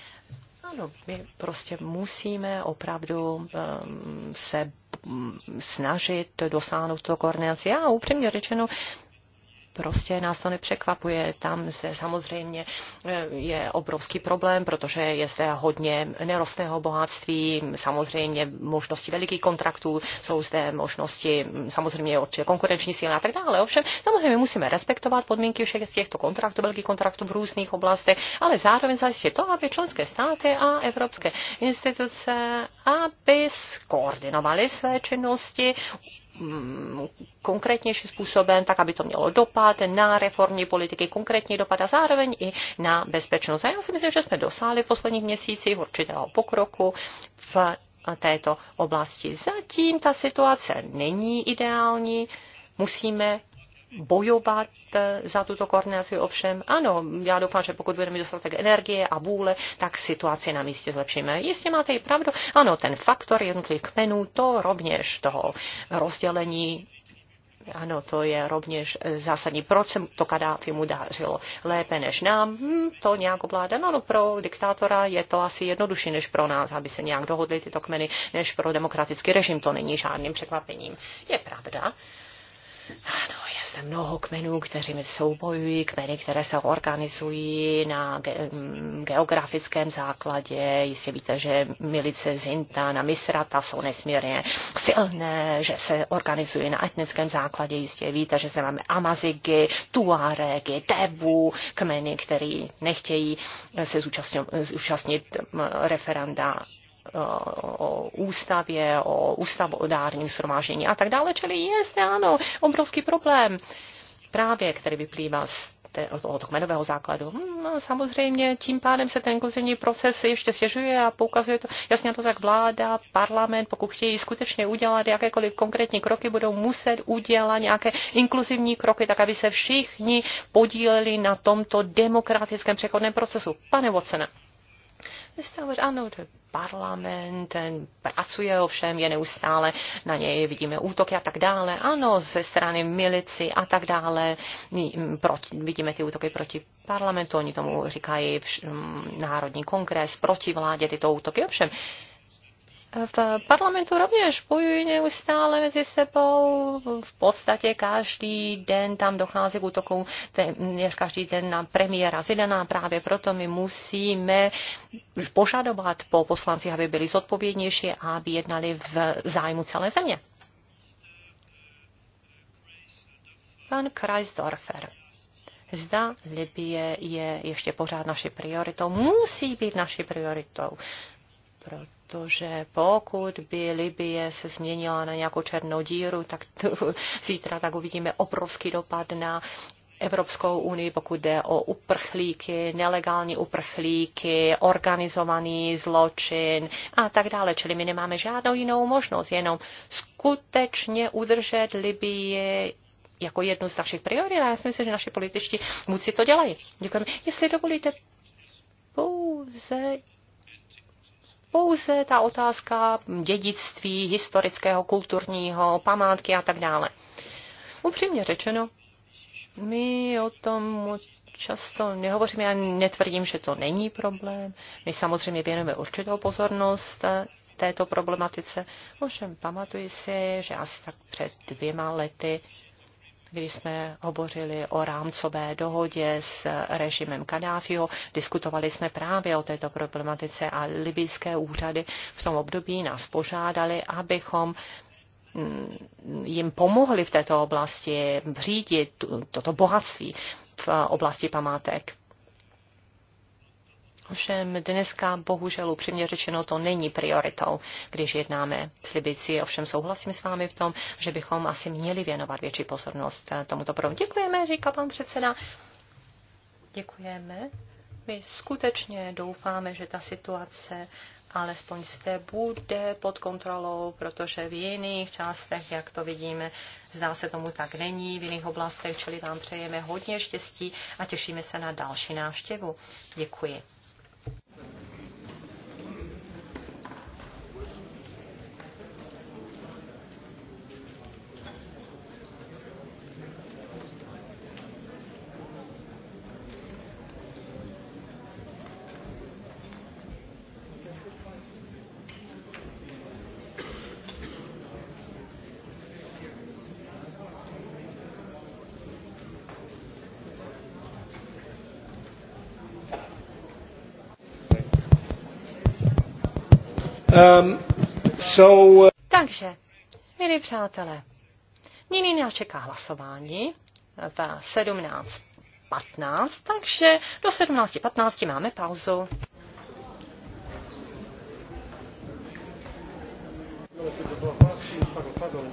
ano, my prostě musíme opravdu um, se mm, snažit dosáhnout tu koordinaci. Já upřímně řečeno prostě nás to nepřekvapuje. Tam zde samozřejmě e, je obrovský problém, protože je zde hodně nerostného bohatství, samozřejmě možnosti velikých kontraktů, jsou zde možnosti samozřejmě určitě konkurenční síly a tak dále. Ovšem, samozřejmě musíme respektovat podmínky všech těchto kontraktů, velkých kontraktů v různých oblastech, ale zároveň zajistit to, aby členské státy a evropské instituce, aby skoordinovaly své činnosti, Mm, konkrétnější způsobem, tak aby to mělo dopad na reformní politiky, konkrétní dopad a zároveň i na bezpečnost. A já si myslím, že jsme dosáhli v posledních měsících určitého pokroku v této oblasti. Zatím ta situace není ideální, musíme bojovat eh, za tuto koordinaci. Ovšem, ano, já doufám, že pokud budeme mít dostatek energie a vůle, tak situaci na místě zlepšíme. Jistě máte i pravdu. Ano, ten faktor jednotlivých kmenů, to rovněž toho rozdělení ano, to je rovněž eh, zásadní. Proč se to Kadáfi mu dářilo lépe než nám? Hm, to nějak ovládá. No, no, pro diktátora je to asi jednodušší než pro nás, aby se nějak dohodli tyto kmeny, než pro demokratický režim. To není žádným překvapením. Je pravda, ano, je zde mnoho kmenů, kteří mi soubojují, kmeny, které se organizují na ge- mm, geografickém základě. Jistě víte, že milice Zinta na Misrata jsou nesmírně silné, že se organizují na etnickém základě. Jistě víte, že zde máme Amazigy, Tuaregy, Tebu, kmeny, které nechtějí se zúčastnit mm, referenda o ústavě, o ústavodárním shromáždění a tak dále. Čili je zde ano obrovský problém právě, který vyplývá z toho kmenového základu. Hmm, no, samozřejmě tím pádem se ten inkluzivní proces ještě stěžuje a poukazuje to jasně to tak vláda, parlament, pokud chtějí skutečně udělat jakékoliv konkrétní kroky, budou muset udělat nějaké inkluzivní kroky, tak aby se všichni podíleli na tomto demokratickém přechodném procesu. Pane Vocene. Vy jste hovořil, ano, to je parlament ten pracuje ovšem, je neustále, na něj vidíme útoky a tak dále. Ano, ze strany milici a tak dále. Proti, vidíme ty útoky proti parlamentu, oni tomu říkají vš, národní kongres, proti vládě tyto útoky. Ovšem, v parlamentu rovněž bojují neustále mezi sebou. V podstatě každý den tam dochází k útokům, téměř každý den na premiéra Zidana. Právě proto my musíme požadovat po poslanci, aby byli zodpovědnější a aby jednali v zájmu celé země. Pan Kreisdorfer zda Libie je ještě pořád naší prioritou, musí být naší prioritou, protože pokud by Libie se změnila na nějakou černou díru, tak tu, zítra tak uvidíme obrovský dopad na Evropskou unii, pokud jde o uprchlíky, nelegální uprchlíky, organizovaný zločin a tak dále. Čili my nemáme žádnou jinou možnost, jenom skutečně udržet Libii jako jednu z našich priorit. A já si myslím, že naši političtí vůdci to dělají. Děkujeme. Jestli dovolíte pouze pouze ta otázka dědictví, historického, kulturního, památky a tak dále. Upřímně řečeno, my o tom často nehovoříme, já netvrdím, že to není problém. My samozřejmě věnujeme určitou pozornost této problematice. Ovšem, pamatuji si, že asi tak před dvěma lety kdy jsme hovořili o rámcové dohodě s režimem Kadáfiho. Diskutovali jsme právě o této problematice a libijské úřady v tom období nás požádali, abychom mm, jim pomohli v této oblasti řídit toto bohatství v oblasti památek. Ovšem dneska bohužel upřímně řečeno to není prioritou, když jednáme s Libici. Ovšem souhlasím s vámi v tom, že bychom asi měli věnovat větší pozornost eh, tomuto problému. Děkujeme, říká pan předseda. Děkujeme. My skutečně doufáme, že ta situace alespoň zde bude pod kontrolou, protože v jiných částech, jak to vidíme, zdá se tomu tak není, v jiných oblastech, čili vám přejeme hodně štěstí a těšíme se na další návštěvu. Děkuji. Um, uh, takže, milí přátelé, nyní nás čeká hlasování v 17.15, takže do 17.15 máme pauzu. Pardon,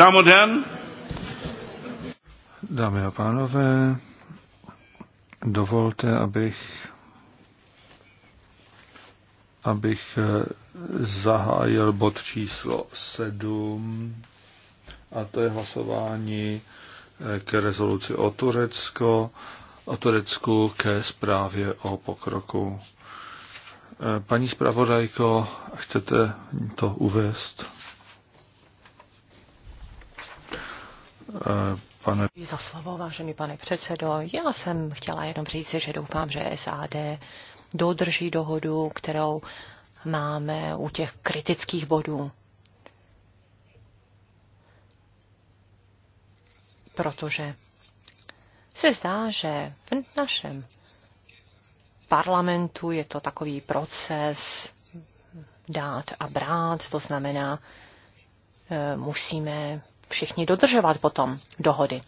Damen und Herren, Dámy a pánové, dovolte, abych, abych eh, zahájil bod číslo 7, a to je hlasování eh, k rezoluci o Turecko, o Turecku ke zprávě o pokroku. Eh, paní zpravodajko, chcete to uvést? za slovo, vážený pane předsedo. Já jsem chtěla jenom říct, že doufám, že SAD dodrží dohodu, kterou máme u těch kritických bodů. Protože se zdá, že v našem parlamentu je to takový proces dát a brát, to znamená, e, musíme všichni dodržovat potom dohody.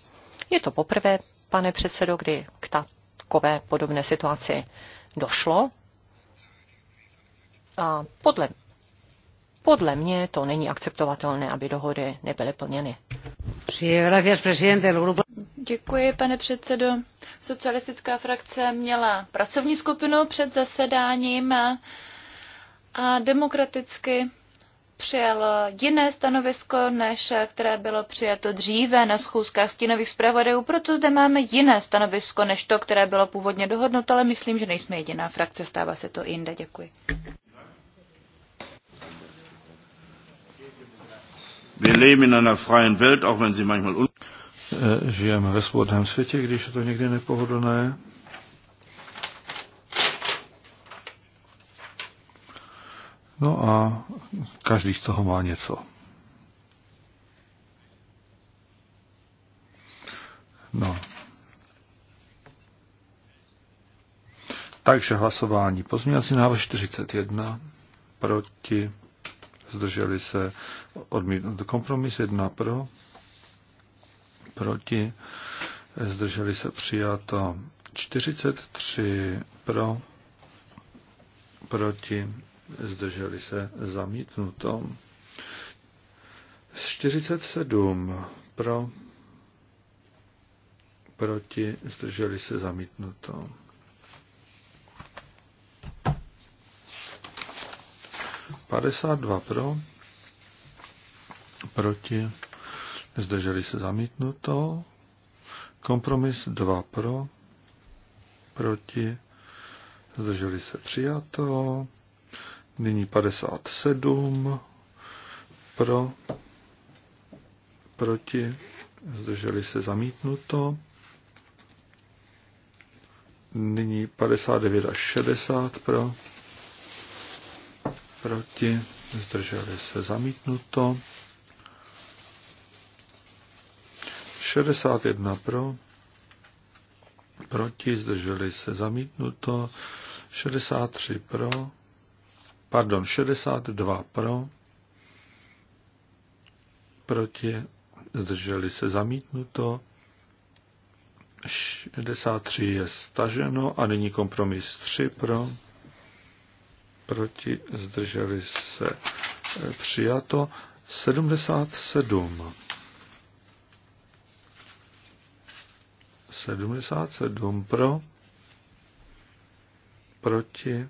Je to poprvé, pane předsedo, kdy k takové podobné situaci došlo. A podle, podle mě to není akceptovatelné, aby dohody nebyly plněny. Děkuji, pane předsedo. Socialistická frakce měla pracovní skupinu před zasedáním a demokraticky přijal jiné stanovisko, než které bylo přijato dříve na schůzkách stínových zpravodajů, proto zde máme jiné stanovisko, než to, které bylo původně dohodnuto, ale myslím, že nejsme jediná frakce, stává se to jinde. Děkuji. Eh, žijeme ve svobodném světě, když je to někdy nepohodlné. No a každý z toho má něco. No. Takže hlasování. Pozměňovací návrh 41. Proti. Zdrželi se. Odmítnout kompromis 1 pro. Proti. Zdrželi se přijato 43 pro. Proti zdrželi se zamítnuto. 47 pro, proti, zdrželi se zamítnuto. Padesát dva pro, proti, zdrželi se zamítnuto. Kompromis 2 pro, proti, zdrželi se přijato. Nyní 57 pro, proti, zdrželi se zamítnuto. Nyní 59 až 60 pro, proti, zdrželi se zamítnuto. 61 pro, proti, zdrželi se zamítnuto. 63 pro, pardon, 62 pro, proti, zdrželi se zamítnuto, 63 je staženo a nyní kompromis 3 pro, proti, zdrželi se eh, přijato, 77. 77 pro, proti,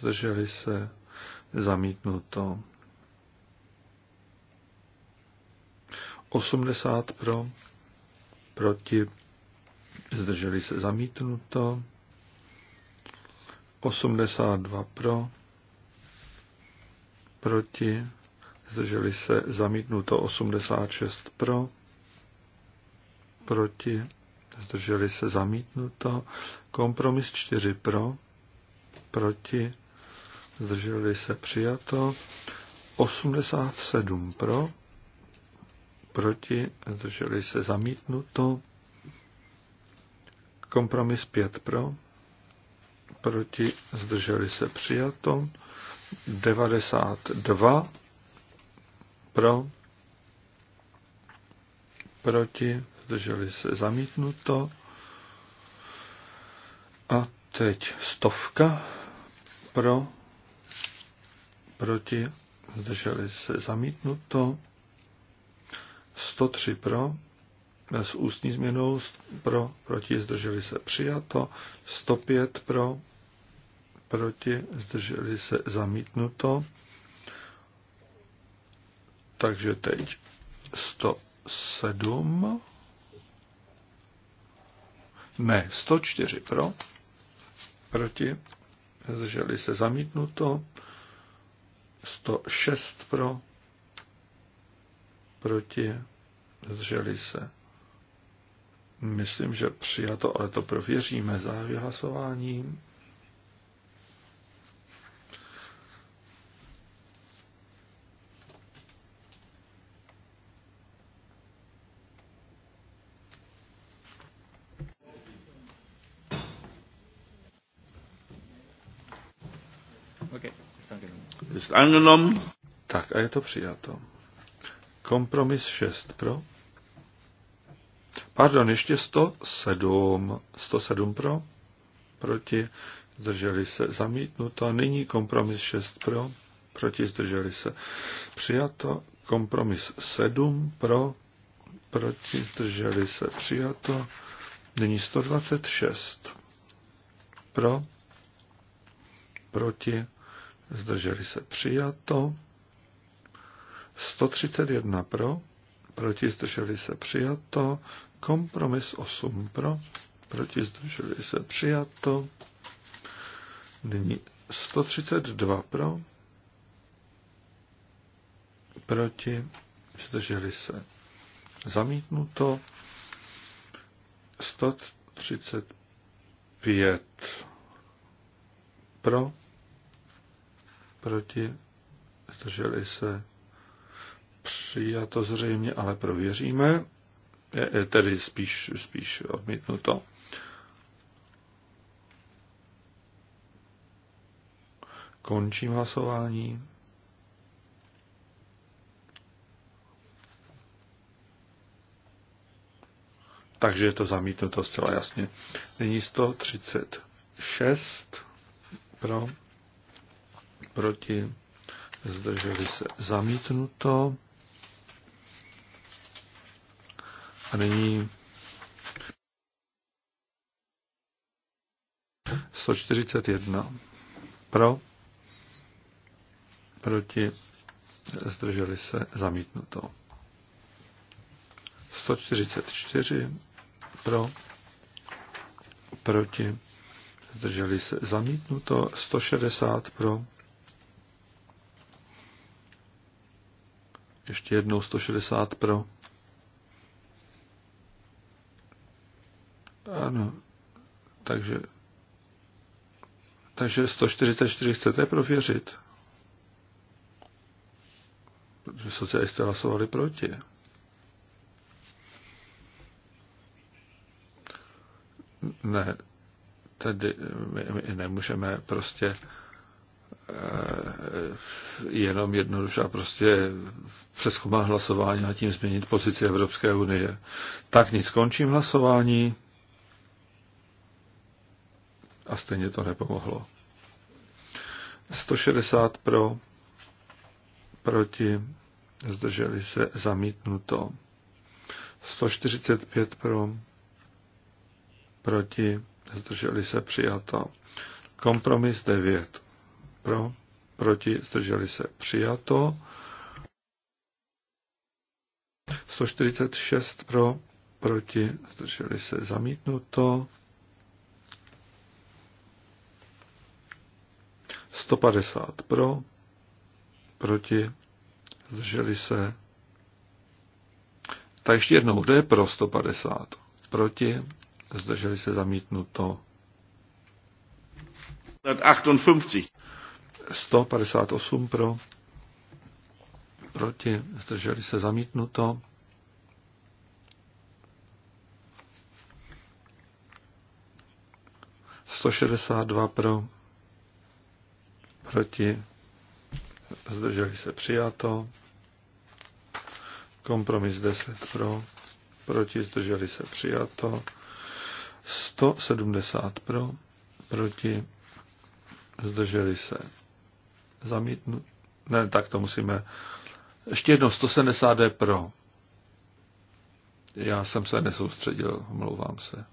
zdrželi se, zamítnuto. 80 pro, proti, zdrželi se, zamítnuto. 82 pro, proti, zdrželi se, zamítnuto 86 pro, proti, zdrželi se, zamítnuto, kompromis 4 pro, proti, zdrželi se přijato, 87 pro, proti, zdrželi se zamítnuto, kompromis 5 pro, proti, zdrželi se přijato, 92 pro, proti, zdrželi se zamítnuto. A teď stovka pro, proti, zdrželi se zamítnuto, 103 pro, s ústní změnou pro, proti, zdrželi se přijato, 105 pro, proti, zdrželi se zamítnuto. Takže teď 107, ne, 104 pro, proti, zdrželi se zamítnuto, 106 pro, proti, zdrželi se. Myslím, že přijato, ale to prověříme. za hlasováním. angenommen. Tak a je to přijato. Kompromis 6 pro. Pardon, ještě 107. 107 pro. Proti. Zdrželi se. Zamítnuto. Nyní kompromis 6 pro. Proti. Zdrželi se. Přijato. Kompromis 7 pro. Proti. Zdrželi se. Přijato. Nyní 126 pro. Proti zdrželi se přijato, 131 pro, proti zdrželi se přijato, kompromis 8 pro, proti zdrželi se přijato, nyní 132 pro, proti zdrželi se zamítnuto, 135 pro, proti, zdrželi se, přijato zřejmě, ale prověříme, je, tedy spíš, spíš odmítnuto. Končím hlasování. Takže je to zamítnuto zcela jasně. Nyní 136 pro, proti, zdrželi se zamítnuto. A nyní 141 pro, proti, zdrželi se zamítnuto. 144 pro, proti, zdrželi se zamítnuto, 160 pro, Ještě jednou 160 pro. Ano, takže, takže 144 chcete prověřit. Protože socialisté hlasovali proti. Ne, tedy my, my nemůžeme prostě Eh, jenom jednoduše a prostě přeskumat hlasování a tím změnit pozici Evropské unie. Tak nic, končím hlasování a stejně to nepomohlo. 160 pro, proti, zdrželi se zamítnuto. 145 pro, proti, zdrželi se přijato. Kompromis 9 pro, proti, zdrželi se přijato. 146 pro, proti, zdrželi se zamítnuto. 150 pro, proti, zdrželi se. Tak ještě jednou, kdo je pro 150? Proti, zdrželi se zamítnuto. 158. 158 pro, proti, zdrželi se zamítnuto. Sto šedesát dva pro, proti, zdrželi se přijato. Kompromis 10 pro, proti, zdrželi se přijato. 170 pro, proti, zdrželi se zamítnu. Ne, tak to musíme. Ještě jedno, 170 D pro. Já jsem se nesoustředil, mluvám se.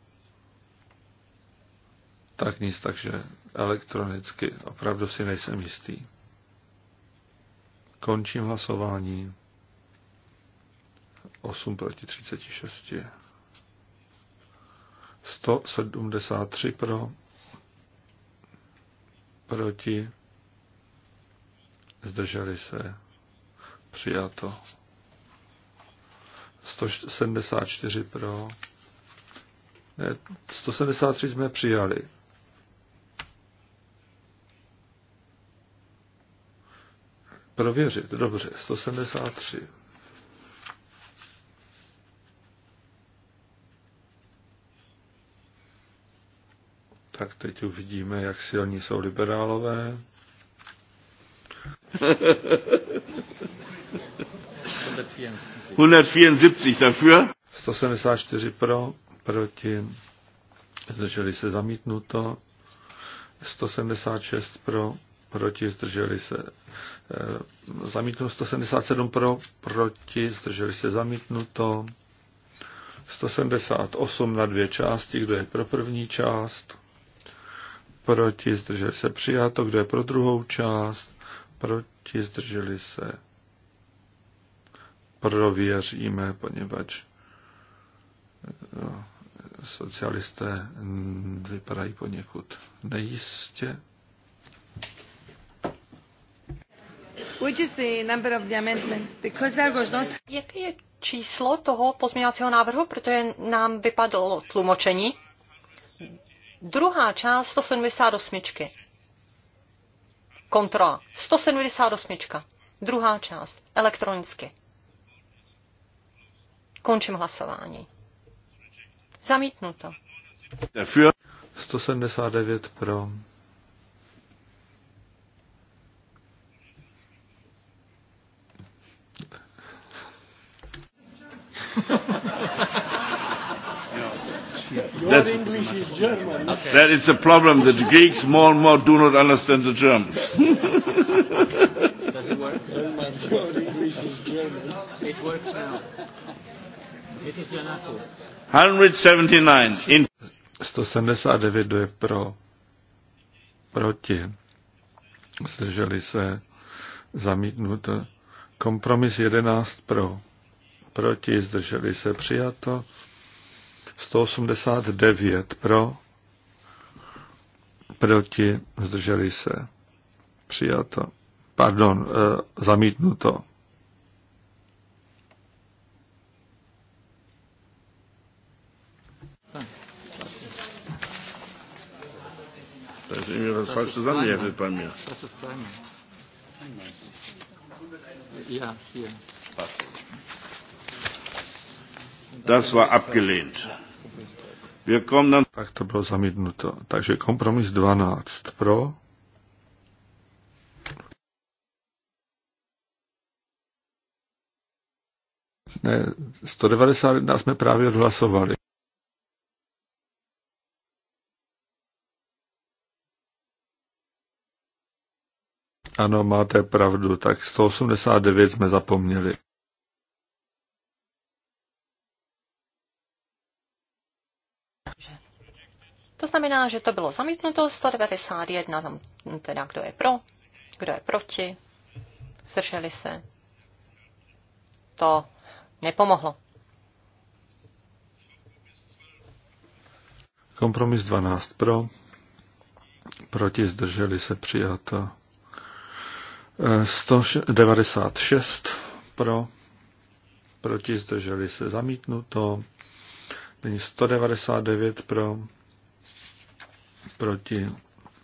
Tak nic, takže elektronicky. Opravdu si nejsem jistý. Končím hlasování. 8 proti 36. 173 pro. Proti zdrželi se, přijato. 174 pro, ne, 173 jsme přijali. Prověřit, dobře, 173. Tak teď uvidíme, jak silní jsou liberálové. 174 dafür. 174 pro, proti, zdrželi se zamítnuto. 176 pro, proti, zdrželi se e, zamítnuto. 177 pro, proti, zdrželi se zamítnuto. 178 na dvě části, kdo je pro první část, proti, zdrželi se přijato, kdo je pro druhou část, proti, zdrželi se. Prověříme, poněvadž eh, socialisté vypadají poněkud nejistě. Jaké je číslo toho pozměňovacího návrhu, protože nám vypadlo tlumočení? Druhá část 178. Kontrola. 178. Druhá část. Elektronicky. Končím hlasování. Zamítnuto. 179 pro. Your English is German. Okay. That it's a problem that the Greeks more and more do not understand the Germans. Does it work? German. Your English is German. It works now. It is Janaku. 179. In 179 je pro. Proti. Zdrželi se zamítnout Kompromis 11 pro. Proti zdrželi se přijato. 189 pro, proti, zdrželi se. Přijato. Pardon, eh, zamítnuto. Das falsch zusammengeheftet bei mir. Das ist zweimal. Ja, hier. Das war abgelehnt. Tak to bylo zamítnuto. Takže kompromis 12 pro. Ne, 191 jsme právě odhlasovali. Ano, máte pravdu, tak 189 jsme zapomněli. znamená, že to bylo zamítnuto 191, tam teda kdo je pro, kdo je proti, zdrželi se. To nepomohlo. Kompromis 12 pro, proti zdrželi se přijata e, 196 pro, proti zdrželi se zamítnuto, Není 199 pro, proti,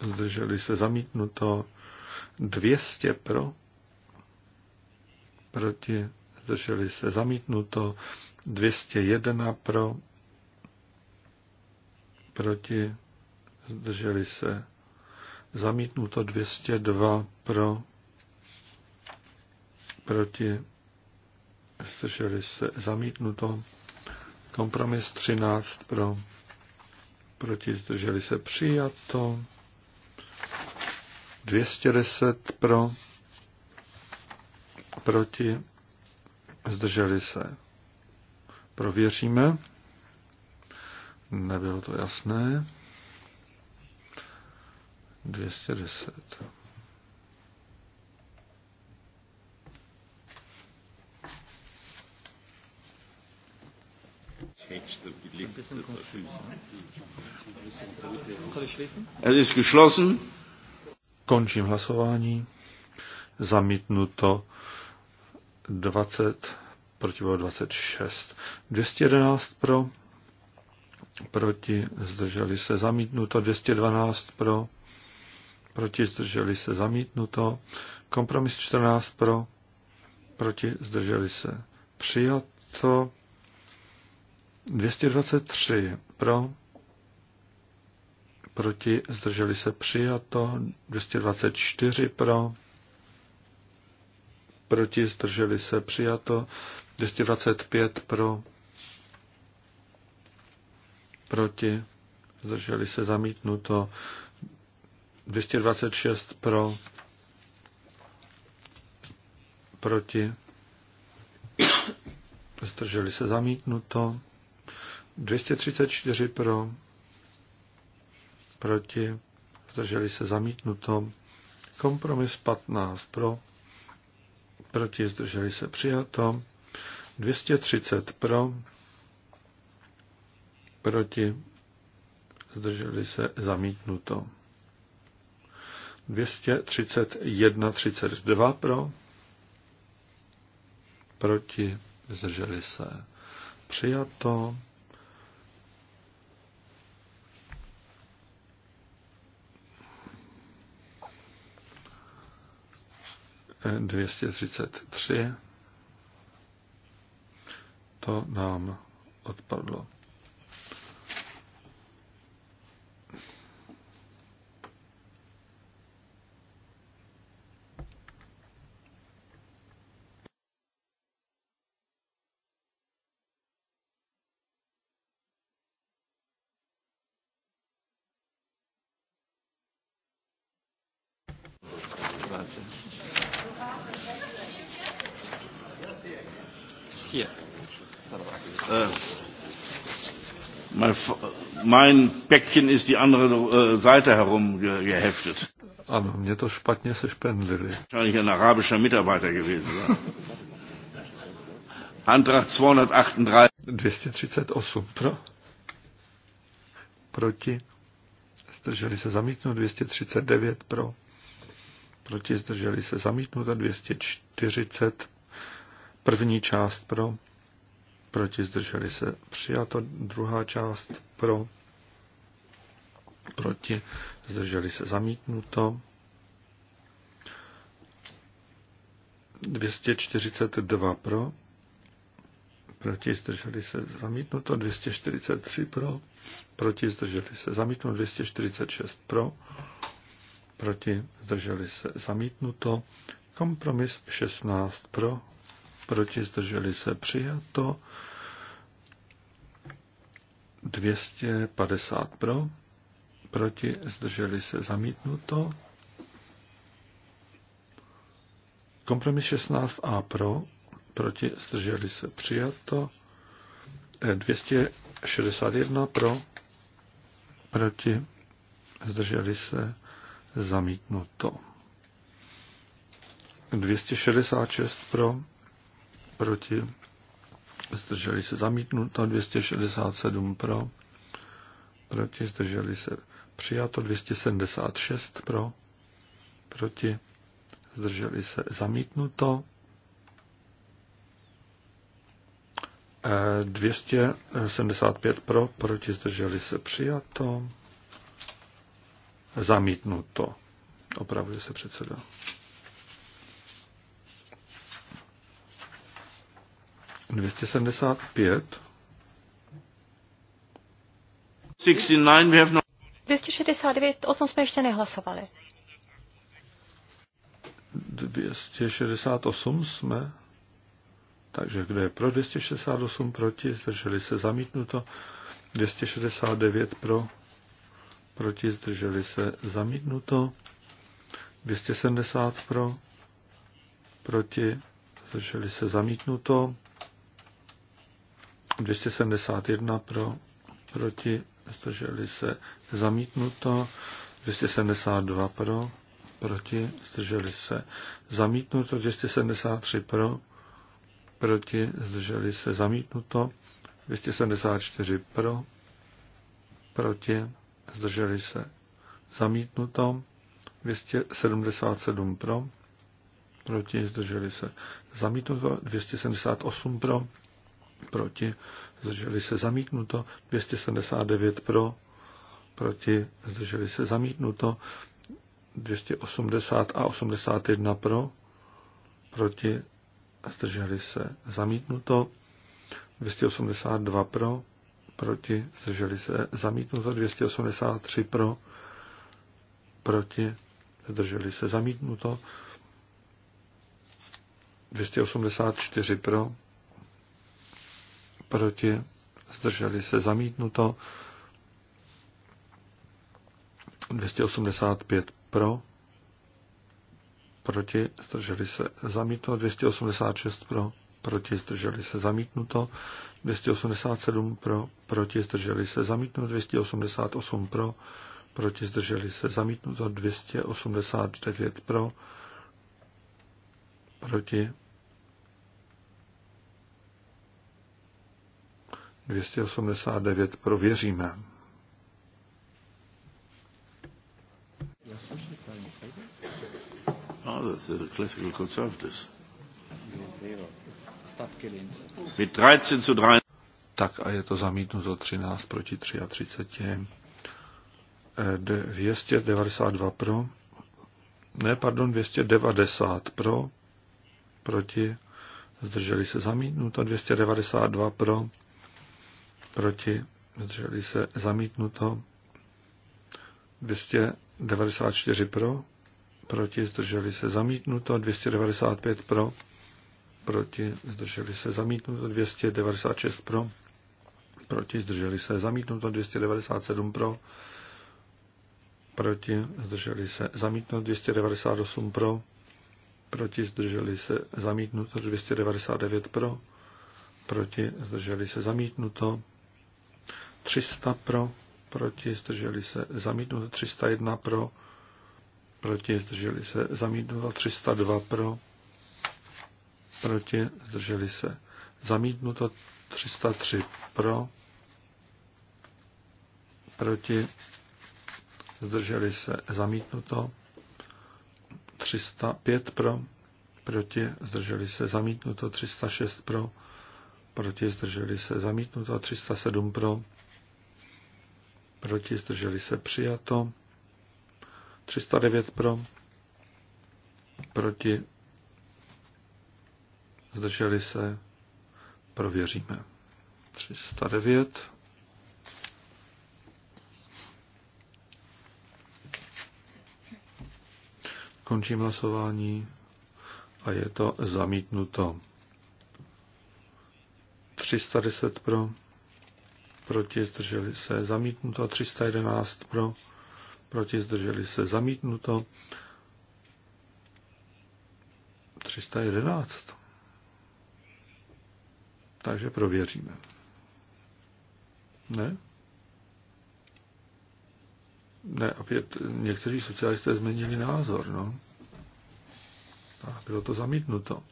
zdrželi se zamítnuto, 200 pro, proti, zdrželi se zamítnuto, 201 pro, proti, zdrželi se zamítnuto, 202 pro, proti, zdrželi se zamítnuto, kompromis 13 pro, proti, zdrželi se přijato. 210 pro, proti, zdrželi se. Prověříme. Nebylo to jasné. 210. Er ist geschlossen. Končím hlasování. Zamítnuto 20 proti 26. 211 pro, proti zdrželi se zamítnuto, 212 pro, proti zdrželi se zamítnuto, kompromis 14 pro, proti zdrželi se přijato, 223 pro, proti, zdrželi se přijato, 224 pro, proti, zdrželi se přijato, 225 pro, proti, zdrželi se zamítnuto, 226 pro, proti, zdrželi se zamítnuto, 234 pro, proti, zdrželi se zamítnuto. Kompromis 15 pro, proti, zdrželi se přijato. 230 pro, proti, zdrželi se zamítnuto. 231, 32 pro, proti, zdrželi se přijato. 233. To nám odpadlo. mein Päckchen ist die andere äh, Seite herum geheftet. Ano, mě to špatně sešpendlili. Wahrscheinlich ein arabischer Mitarbeiter gewesen. Antrag 238. 238 pro. Proti. Zdrželi se zamítnout 239 pro. Proti zdrželi se zamítnout za 240 první část pro proti zdrželi se přijato, druhá část pro, proti, zdrželi se zamítnuto. 242 pro, proti zdrželi se zamítnuto, 243 pro, proti zdrželi se zamítnuto, 246 pro, proti zdrželi se zamítnuto, kompromis 16 pro, proti zdrželi se přijato, 250 pro, proti, zdrželi se zamítnuto. Kompromis 16a pro, proti, zdrželi se přijato. 261 e, pro, proti, zdrželi se zamítnuto. 266 pro, proti, zdrželi se zamítnuto, 267 pro, proti, zdrželi se Přijato 276 pro, proti, zdrželi se zamítnuto. 275 e, pro, proti zdrželi se přijato. Zamítnuto. Opravuje se předseda. Dvěstě sedmdesát pět. 269, o tom jsme ještě nehlasovali. 268 jsme. Takže kdo je pro 268 proti, zdrželi se zamítnuto. 269 pro, proti, zdrželi se zamítnuto. 270 pro, proti, zdrželi se zamítnuto. 271 pro, proti, zdrželi se zamítnuto, 272 pro, proti, zdrželi se zamítnuto, 273 pro, proti, zdrželi se zamítnuto, 274 pro, proti, zdrželi se zamítnuto, 277 pro, proti, zdrželi se zamítnuto, 278 pro, proti, zdrželi se zamítnuto, 279 pro, proti, zdrželi se zamítnuto, 280 a 81 pro, proti, zdrželi se zamítnuto, 282 pro, proti, zdrželi se zamítnuto, 283 pro, proti, zdrželi se zamítnuto, 284 pro, proti, zdrželi se zamítnuto, 285 pro, proti, zdrželi se zamítnuto, 286 pro, proti, zdrželi se zamítnuto, 287 pro, proti, zdrželi se zamítnuto, 288 pro, proti, zdrželi se zamítnuto, 289 pro, proti, 289 prověříme. No, classical Tak a je to zamítnuto 13 proti 33. 292 eh, pro. Ne, pardon, 290 pro. Proti. Zdrželi se zamítnuto 292 pro proti, zdrželi se, zamítnuto. 294 pro, proti, zdrželi se, zamítnuto. 295 pro, proti, zdrželi se, zamítnuto. 296 pro, proti, zdrželi se, zamítnuto. 297 pro, proti, zdrželi se, zamítnuto. 298 pro, proti, zdrželi se, zamítnuto. 299 pro, proti, zdrželi se, zamítnuto. 300 pro, proti, zdrželi se, zamítnuto 301 pro, proti, zdrželi se, zamítnuto 302 pro, proti, zdrželi se, zamítnuto 303 pro, proti, zdrželi se, zamítnuto 305 pro, proti, zdrželi se, zamítnuto 306 pro, proti, zdrželi se, zamítnuto 307 pro, proti, zdrželi se přijato. 309 pro, proti, zdrželi se, prověříme. 309. Končím hlasování a je to zamítnuto. 310 pro, proti zdrželi se zamítnuto, 311 pro, proti zdrželi se zamítnuto, 311. Takže prověříme. Ne? Ne, opět někteří socialisté změnili názor, no. A bylo to zamítnuto.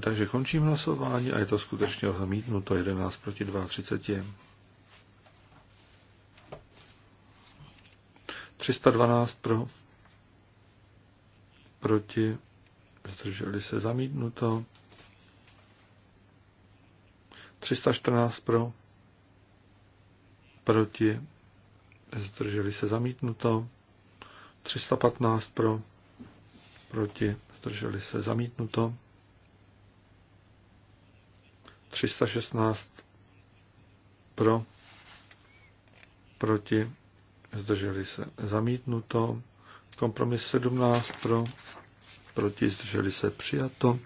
Takže končím hlasování a je to skutečně zamítnuto 11 proti 32. 312 pro, proti, zdrželi se zamítnuto. 314 pro, proti, zdrželi se zamítnuto. 315 pro, proti, zdrželi se zamítnuto. 316 pro, proti, zdrželi se zamítnuto, kompromis 17 pro, proti, zdrželi se přijato,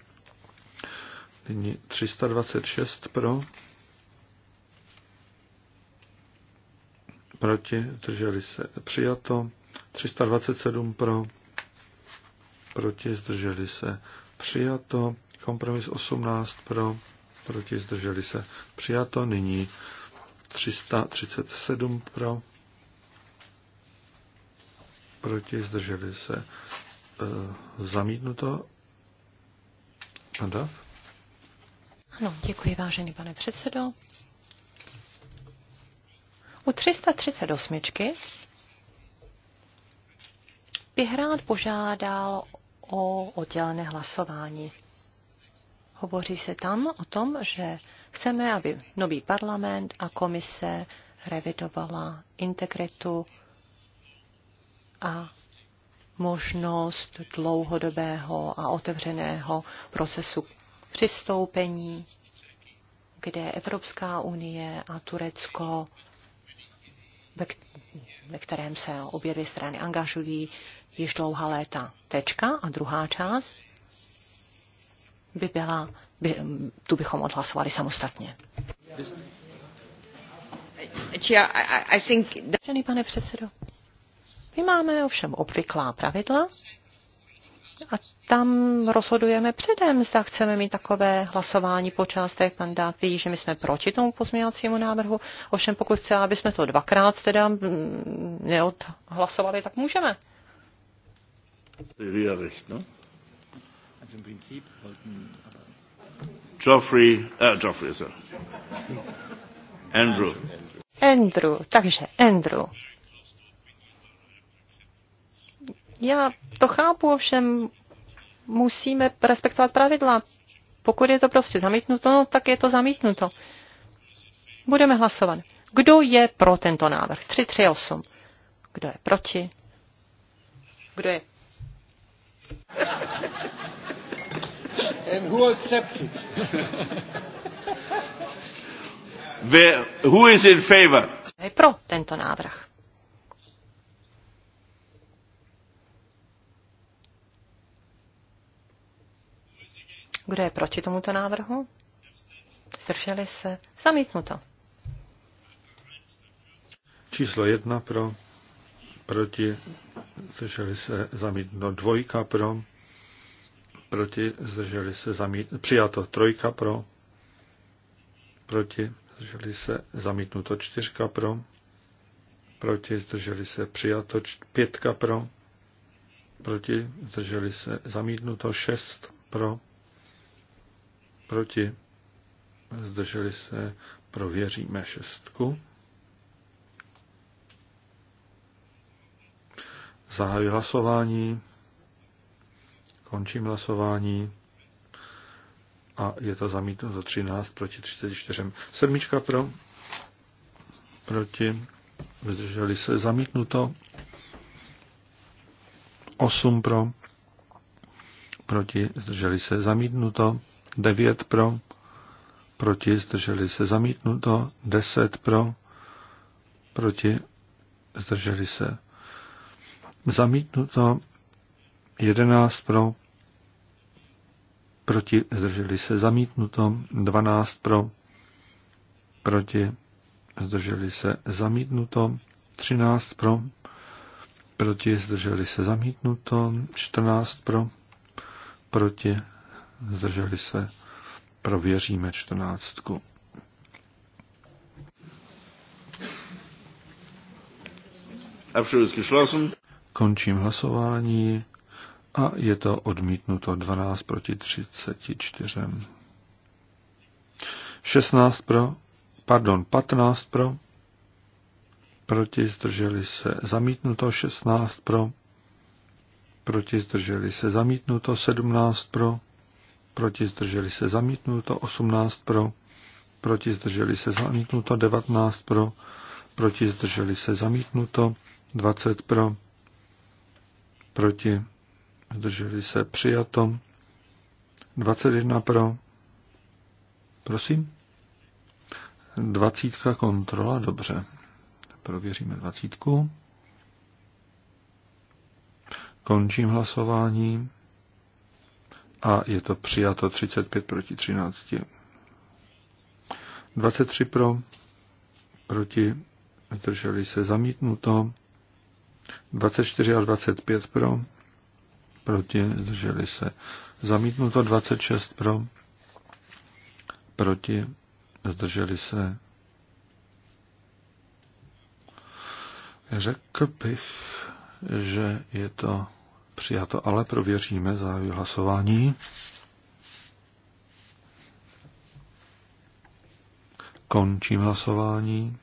nyní 326 pro, proti, zdrželi se přijato, 327 pro, proti, zdrželi se přijato, kompromis 18 pro, proti, zdrželi se, přijato. Nyní 337 pro, proti, zdrželi se, e, zamítnuto. Adav? Ano, děkuji, vážený pane předsedo. U 338 bych rád požádal o oddělené hlasování. Hovoří se tam o tom, že chceme, aby nový parlament a komise revidovala integritu a možnost dlouhodobého a otevřeného procesu přistoupení, kde Evropská unie a Turecko, ve kterém se obě dvě strany angažují již dlouhá léta. Tečka a druhá část by byla, by, tu bychom odhlasovali samostatně. Vážený pane předsedo, my máme ovšem obvyklá pravidla a tam rozhodujeme předem, zda chceme mít takové hlasování po částech. Mandát ví, že my jsme proti tomu pozměňovacímu návrhu, ovšem pokud chce, aby jsme to dvakrát teda mm, neodhlasovali, tak můžeme. Je recht, ne? No? Also im Prinzip wollten aber. Geoffrey, uh, Geoffrey, sir. Andrew. Andrew, schön, Andrew. Já to chápu, ovšem musíme respektovat pravidla. Pokud je to prostě zamítnuto, no, tak je to zamítnuto. Budeme hlasovat. Kdo je pro tento návrh? 338. Kdo je proti? Kdo je? and who accepts it? who is in favor? Je pro tento návrh. Kdo je proti tomuto návrhu? Zdrželi se? Zamítnuto. Číslo jedna pro, proti, zdrželi se, zamítnuto. Dvojka pro, proti, zdrželi se zamít, přijato trojka pro, proti, zdrželi se zamítnuto čtyřka pro, proti, zdrželi se přijato č, pětka pro, proti, zdrželi se zamítnuto šest pro, proti, zdrželi se, prověříme šestku. Zahajuji hlasování. Končím hlasování. A je to zamítnuto za 13 proti 34. Sedmička pro. Proti. Zdrželi se. Zamítnuto. 8 pro. Proti. Zdrželi se. Zamítnuto. 9 pro. Proti. Zdrželi se. Zamítnuto. 10 pro. Proti. Zdrželi se. Zamítnuto 11 pro, proti, zdrželi se zamítnuto, 12 pro, proti, zdrželi se zamítnuto, 13 pro, proti, zdrželi se zamítnuto, 14 pro, proti, zdrželi se, prověříme 14. Končím hlasování a je to odmítnuto 12 proti 34. 16 pro, pardon, 15 pro, proti zdrželi se zamítnuto 16 pro, proti zdrželi se zamítnuto 17 pro, proti zdrželi se zamítnuto 18 pro, proti zdrželi se zamítnuto 19 pro, proti zdrželi se zamítnuto 20 pro, proti zdrželi se přijato. 21 pro. Prosím? 20 kontrola, dobře. Prověříme 20. Končím hlasování. A je to přijato 35 proti 13. 23 pro, proti, zdrželi se zamítnuto. 24 a 25 pro, proti, zdrželi se. Zamítnuto 26 pro, proti, zdrželi se. Řekl bych, že je to přijato, ale prověříme závěr hlasování. Končím hlasování.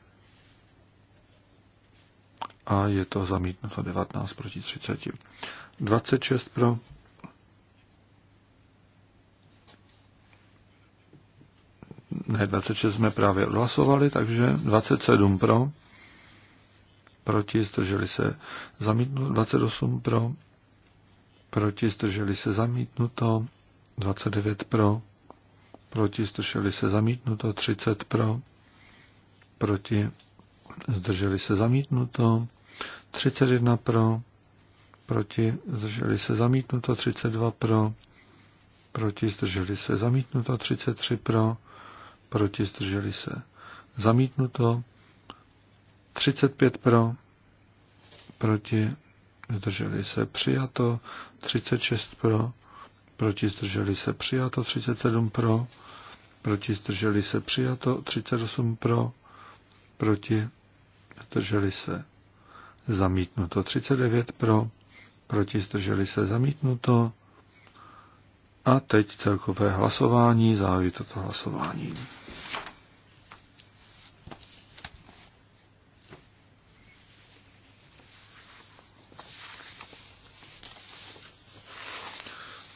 A je to zamítnuto 19 proti 30. 26 pro. Ne, 26 jsme právě odhlasovali, takže 27 pro. Proti zdrželi se zamítnuto. 28 pro. Proti zdrželi se zamítnuto. 29 pro. Proti zdrželi se zamítnuto. 30 pro. Proti zdrželi se zamítnuto. 31 pro proti, zdrželi se zamítnuto 32 pro, proti, zdrželi se zamítnuto 33 pro, proti, zdrželi se zamítnuto 35 pro, proti, zdrželi se přijato 36 pro, proti, zdrželi se přijato 37 pro, proti, zdrželi se přijato 38 pro, proti, zdrželi se zamítnuto 39 pro, proti zdrželi se zamítnuto. A teď celkové hlasování, závěr toto hlasování.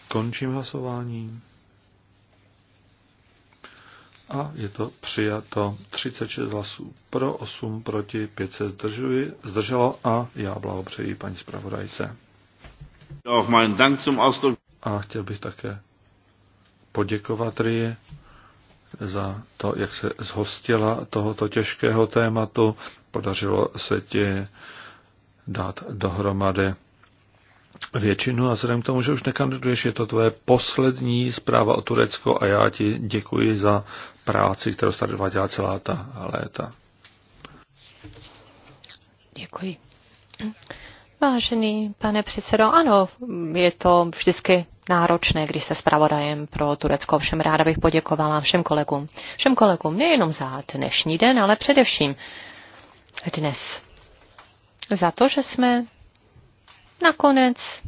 Končím hlasování. A je to přijato 36 hlasů pro, 8 proti, 5 se zdržuji, zdrželo a já blahopřeji paní zpravodajce. A chtěl bych také poděkovat Rie za to, jak se zhostila tohoto těžkého tématu. Podařilo se ti dát dohromady většinu a vzhledem k tomu, že už nekandiduješ, je to tvoje poslední zpráva o Turecko a já ti děkuji za práci, kterou jsi tady dělá celá ta léta. Děkuji. Vážený pane předsedo, ano, je to vždycky náročné, když jste zpravodajem pro Turecko. Všem ráda bych poděkovala všem kolegům. Všem kolegům nejenom za dnešní den, ale především dnes. Za to, že jsme nakonec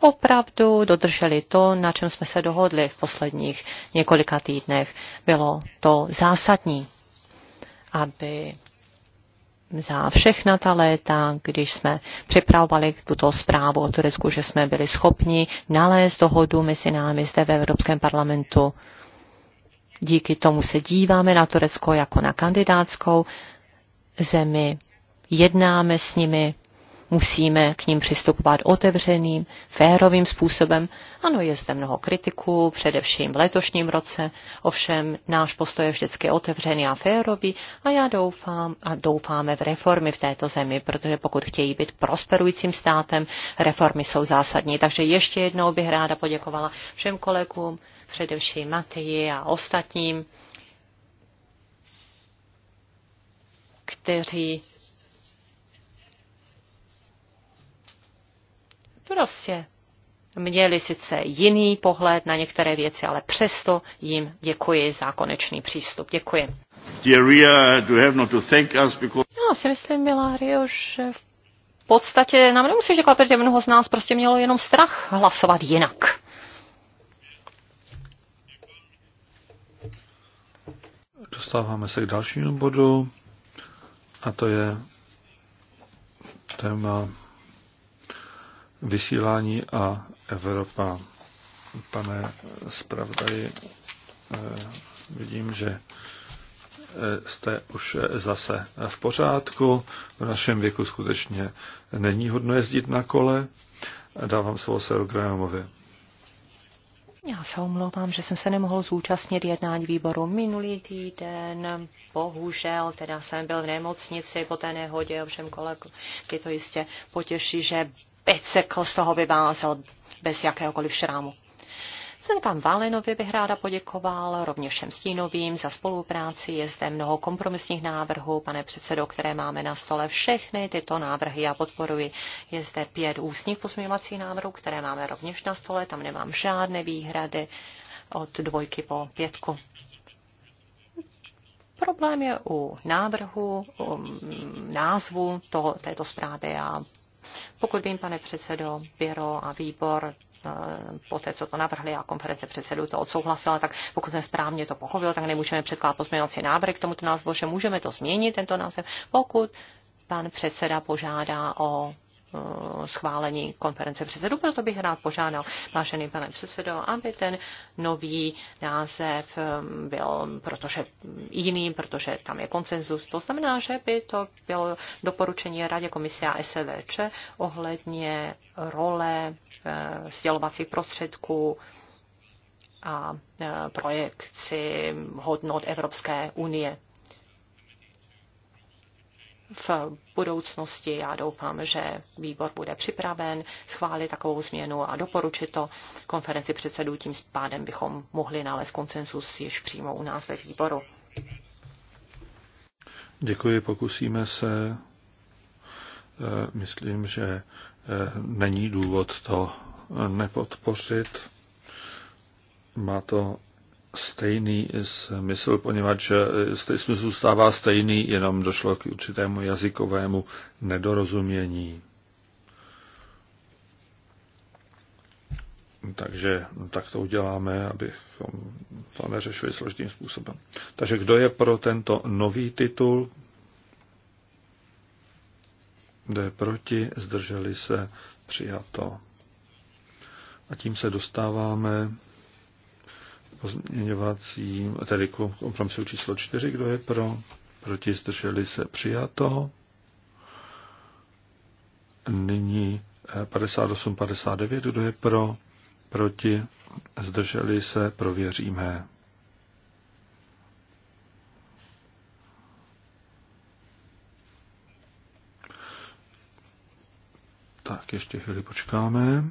opravdu dodrželi to, na čem jsme se dohodli v posledních několika týdnech. Bylo to zásadní, aby za všechna ta léta, když jsme připravovali tuto zprávu o Turecku, že jsme byli schopni nalézt dohodu mezi námi zde v Evropském parlamentu. Díky tomu se díváme na Turecko jako na kandidátskou zemi, jednáme s nimi musíme k ním přistupovat otevřeným, férovým způsobem. Ano, je zde mnoho kritiků, především v letošním roce, ovšem náš postoj je vždycky otevřený a férový a já doufám a doufáme v reformy v této zemi, protože pokud chtějí být prosperujícím státem, reformy jsou zásadní. Takže ještě jednou bych ráda poděkovala všem kolegům, především Matěji a ostatním, kteří Prostě měli sice jiný pohled na některé věci, ale přesto jim děkuji za konečný přístup. Děkuji. No, si myslím, milá Rio, že v podstatě nám nemusíš říkat, protože mnoho z nás prostě mělo jenom strach hlasovat jinak. Dostáváme se k dalšímu bodu a to je téma vysílání a Evropa. Pane zpravdaji, eh, vidím, že eh, jste už eh, zase v pořádku. V našem věku skutečně není hodno jezdit na kole. Dávám slovo Seru Grahamovi. Já se omlouvám, že jsem se nemohl zúčastnit jednání výboru minulý týden. Bohužel, teda jsem byl v nemocnici po té nehodě, ovšem kolegu ty to jistě potěší, že bicykl z toho vyvázel bez jakéhokoliv šrámu. Zenkám Valenovi bych ráda poděkoval, rovněž všem stínovým za spolupráci. Je zde mnoho kompromisních návrhů, pane předsedo, které máme na stole. Všechny tyto návrhy já podporuji. Je zde pět ústních pozměňovacích návrhů, které máme rovněž na stole. Tam nemám žádné výhrady od dvojky po pětku. Problém je u návrhu, u mm, názvu to, této zprávy a pokud vím, pane předsedo, Běro a výbor eh, po té, co to navrhli a konference předsedů to odsouhlasila, tak pokud jsem správně to pochopil, tak nemůžeme předkládat pozměňovací návrh k tomuto názvu, že můžeme to změnit, tento název, pokud pan předseda požádá o Eh, schválení konference předsedů. Proto bych rád požádal, vážený pane předsedo, aby ten nový název eh, byl, protože jiný, protože tam je konsenzus. To znamená, že by to bylo doporučení Radě komise a SVČ ohledně role eh, sdělovacích prostředků a projekci hodnot Evropské unie v budoucnosti. Já doufám, že výbor bude připraven schválit takovou změnu a doporučit to konferenci předsedů. Tím pádem bychom mohli nalézt konsensus již přímo u nás ve výboru. Děkuji, pokusíme se. Eh, myslím, že eh, není důvod to nepodpořit. Má to stejný smysl, poněvadž e, smysl zůstává stejný, jenom došlo k určitému jazykovému nedorozumění. Takže no, tak to uděláme, abychom to neřešili složitým způsobem. Takže kdo je pro tento nový titul? Kdo je proti? Zdrželi se? Přijato. A tím se dostáváme pozměňovací, tedy kompromisu číslo 4, kdo je pro, proti zdrželi se přijato. Nyní 58-59, eh, kdo je pro, proti zdrželi se, prověříme. Tak ještě chvíli počkáme.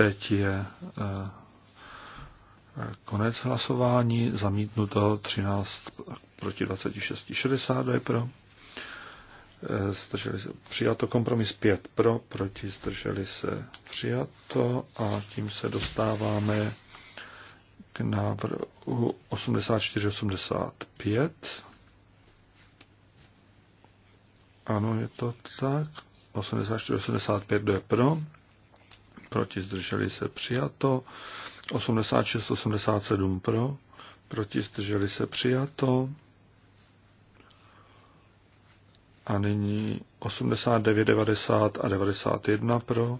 Teď je eh, konec hlasování, zamítnuto 13 proti 26, 62 je pro. Eh, zdrželi se přijato kompromis 5 pro, proti zdrželi se přijato a tím se dostáváme k návrhu 84-85. Ano, je to tak. 84-85, kdo je pro? proti zdrželi se přijato, 86, 87 pro, proti zdrželi se přijato, a nyní 89, 90 a 91 pro,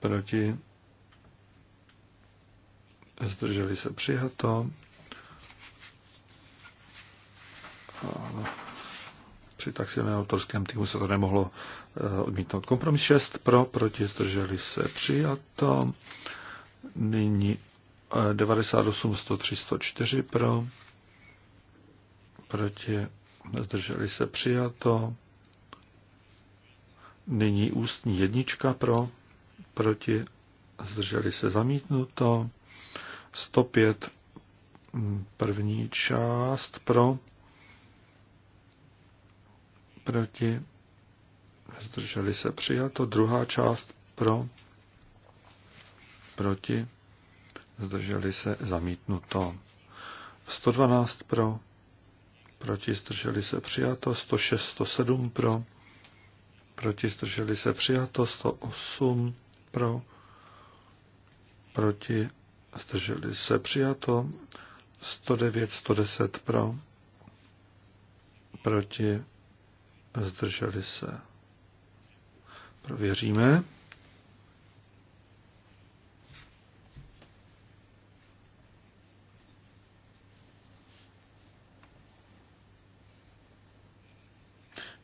proti, zdrželi se přijato, při tak silném autorském týmu se to nemohlo eh, odmítnout. Kompromis 6 pro, proti zdrželi se přijato. Nyní 98, 103, 104 pro, proti zdrželi se přijato. Nyní ústní jednička pro, proti zdrželi se zamítnuto. 105 mm, první část pro, proti, zdrželi se přijato, druhá část pro, proti, zdrželi se zamítnuto. 112 pro, proti zdrželi se přijato, 106, 107 pro, proti zdrželi se přijato, 108 pro, proti zdrželi se přijato, 109, 110 pro, proti zdrželi se. Prověříme.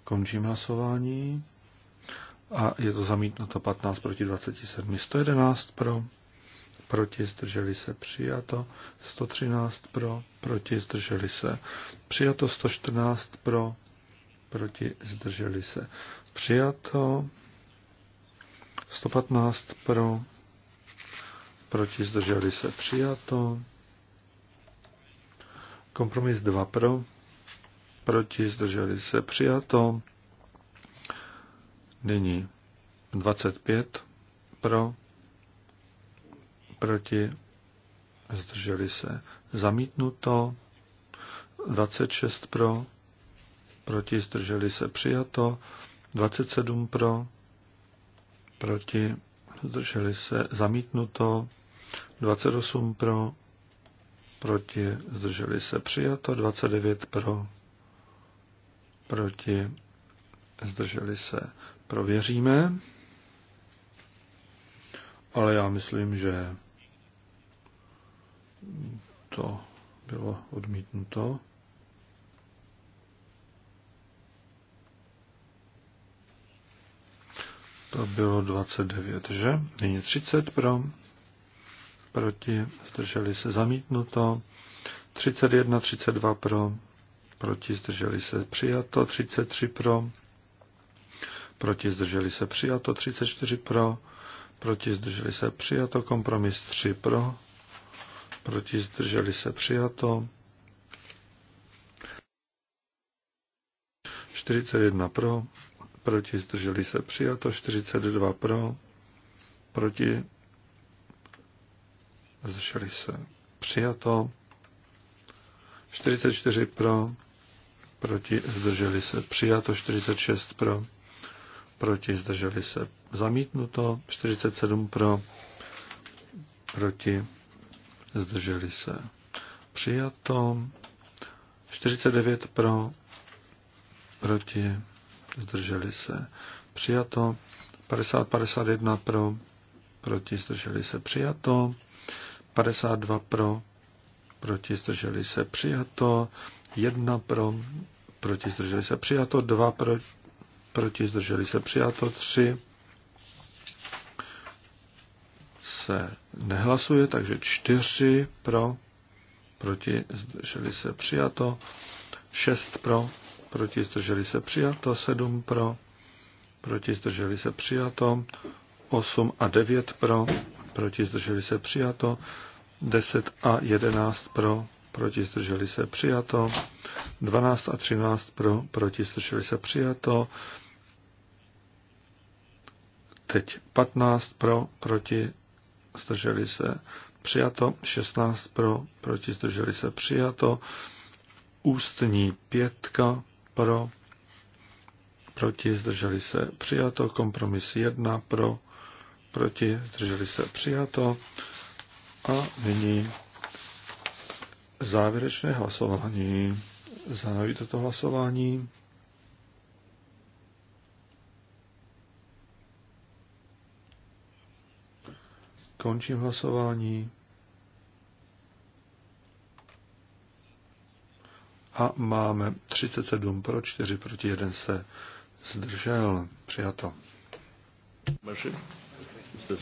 Končím hlasování. A je to zamítnuto 15 proti 27. 111 pro, proti zdrželi se přijato, 113 pro, proti zdrželi se přijato, 114 pro, proti, zdrželi se. Přijato 115 pro, proti, zdrželi se. Přijato. Kompromis 2 pro, proti, zdrželi se. Přijato. Nyní 25 pro, proti, zdrželi se. Zamítnuto 26 pro, proti, zdrželi se přijato, 27 pro, proti, zdrželi se zamítnuto, 28 pro, proti, zdrželi se přijato, 29 pro, proti, zdrželi se prověříme, ale já myslím, že to bylo odmítnuto. To bylo 29, že? Nyní 30 pro, proti, zdrželi se zamítnuto. 31, 32 pro, proti, zdrželi se přijato. 33 pro, proti, zdrželi se přijato. 34 pro, proti, zdrželi se přijato. Kompromis 3 pro, proti, zdrželi se přijato. 41 pro, proti, zdrželi se přijato, 42 pro, proti, zdrželi se přijato, 44 pro, proti, zdrželi se přijato, 46 pro, proti, zdrželi se zamítnuto, 47 pro, proti, zdrželi se přijato, 49 pro, proti, zdrželi se přijato, 50-51 pro, proti zdrželi se přijato, 52 pro, proti zdrželi se přijato, 1 pro, proti zdrželi se přijato, 2 pro, proti zdrželi se přijato, 3 se nehlasuje, takže 4 pro, proti zdrželi se přijato, 6 pro, proti zdrželi se přijato, 7 pro, proti zdrželi se přijato, 8 a 9 pro, proti zdrželi se přijato, 10 a 11 pro, proti zdrželi se přijato, 12 a 13 pro, proti zdrželi se přijato, teď 15 pro, proti zdrželi se přijato, 16 pro, proti zdrželi se přijato, ústní pětka pro, proti, zdrželi se, přijato. Kompromis 1 pro, proti, zdrželi se, přijato. A nyní závěrečné hlasování. Zahájí toto hlasování. Končím hlasování. a máme 37 pro, 4 proti, 1 se zdržel. Přijato. Jste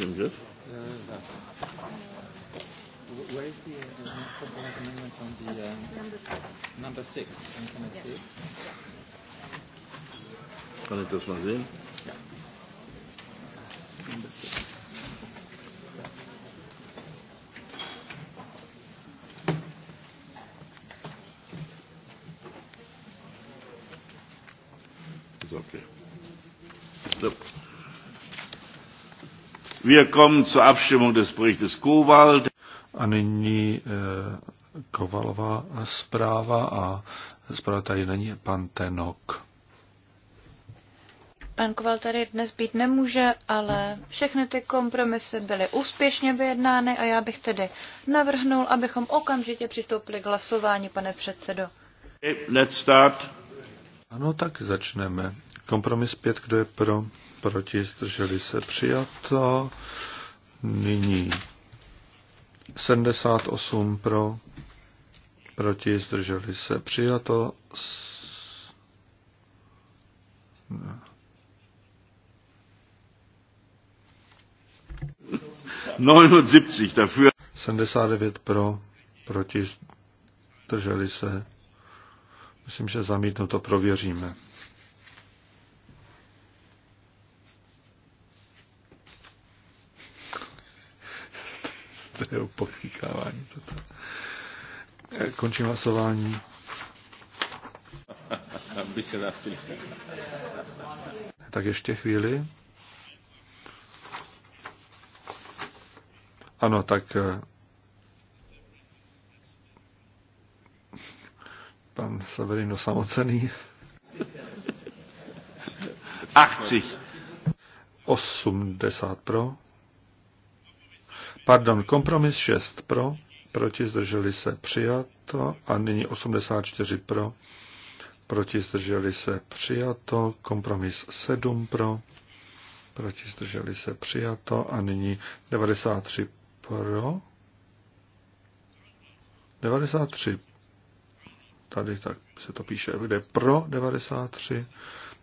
to smazím. Number six. Wir kommen zur Abstimmung des Berichtes Kowal. A nyní eh, Kovalová zpráva a zpráva tady není pan Tenok. Pan Koval tady dnes být nemůže, ale všechny ty kompromisy byly úspěšně vyjednány a já bych tedy navrhnul, abychom okamžitě přistoupili k hlasování, pane předsedo. Let's start. Ano, tak začneme. Kompromis 5, kdo je pro, proti, zdrželi se přijato. Nyní 78 pro, proti, zdrželi se přijato. no, 79 pro, proti, zdrželi se. Myslím, že zamítnuto prověříme. jeho pochykávání. Toto. Eh, končím hlasování. tak ještě chvíli. Ano, tak eh, pan Severino samocený. 80. 80 pro. Pardon, kompromis 6 pro, proti zdrželi se přijato a nyní 84 pro, proti zdrželi se přijato, kompromis 7 pro, proti zdrželi se přijato a nyní 93 pro, 93 tady tak se to píše, kde pro 93,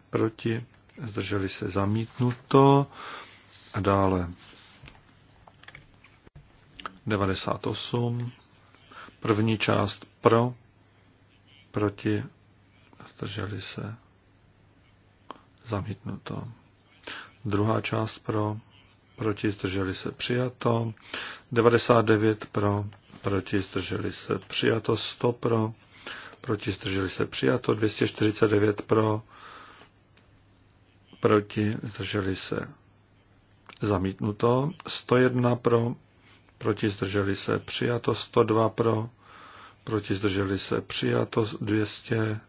proti, zdrželi se zamítnuto a dále 98. První část pro, proti, zdrželi se, zamítnuto. Druhá část pro, proti, zdrželi se, přijato. 99 pro, proti, zdrželi se, přijato. 100 pro, proti, zdrželi se, přijato. 249 pro, proti, zdrželi se, zamítnuto. 101 pro, proti zdrželi se přijato 102 pro, proti zdrželi se přijato 200,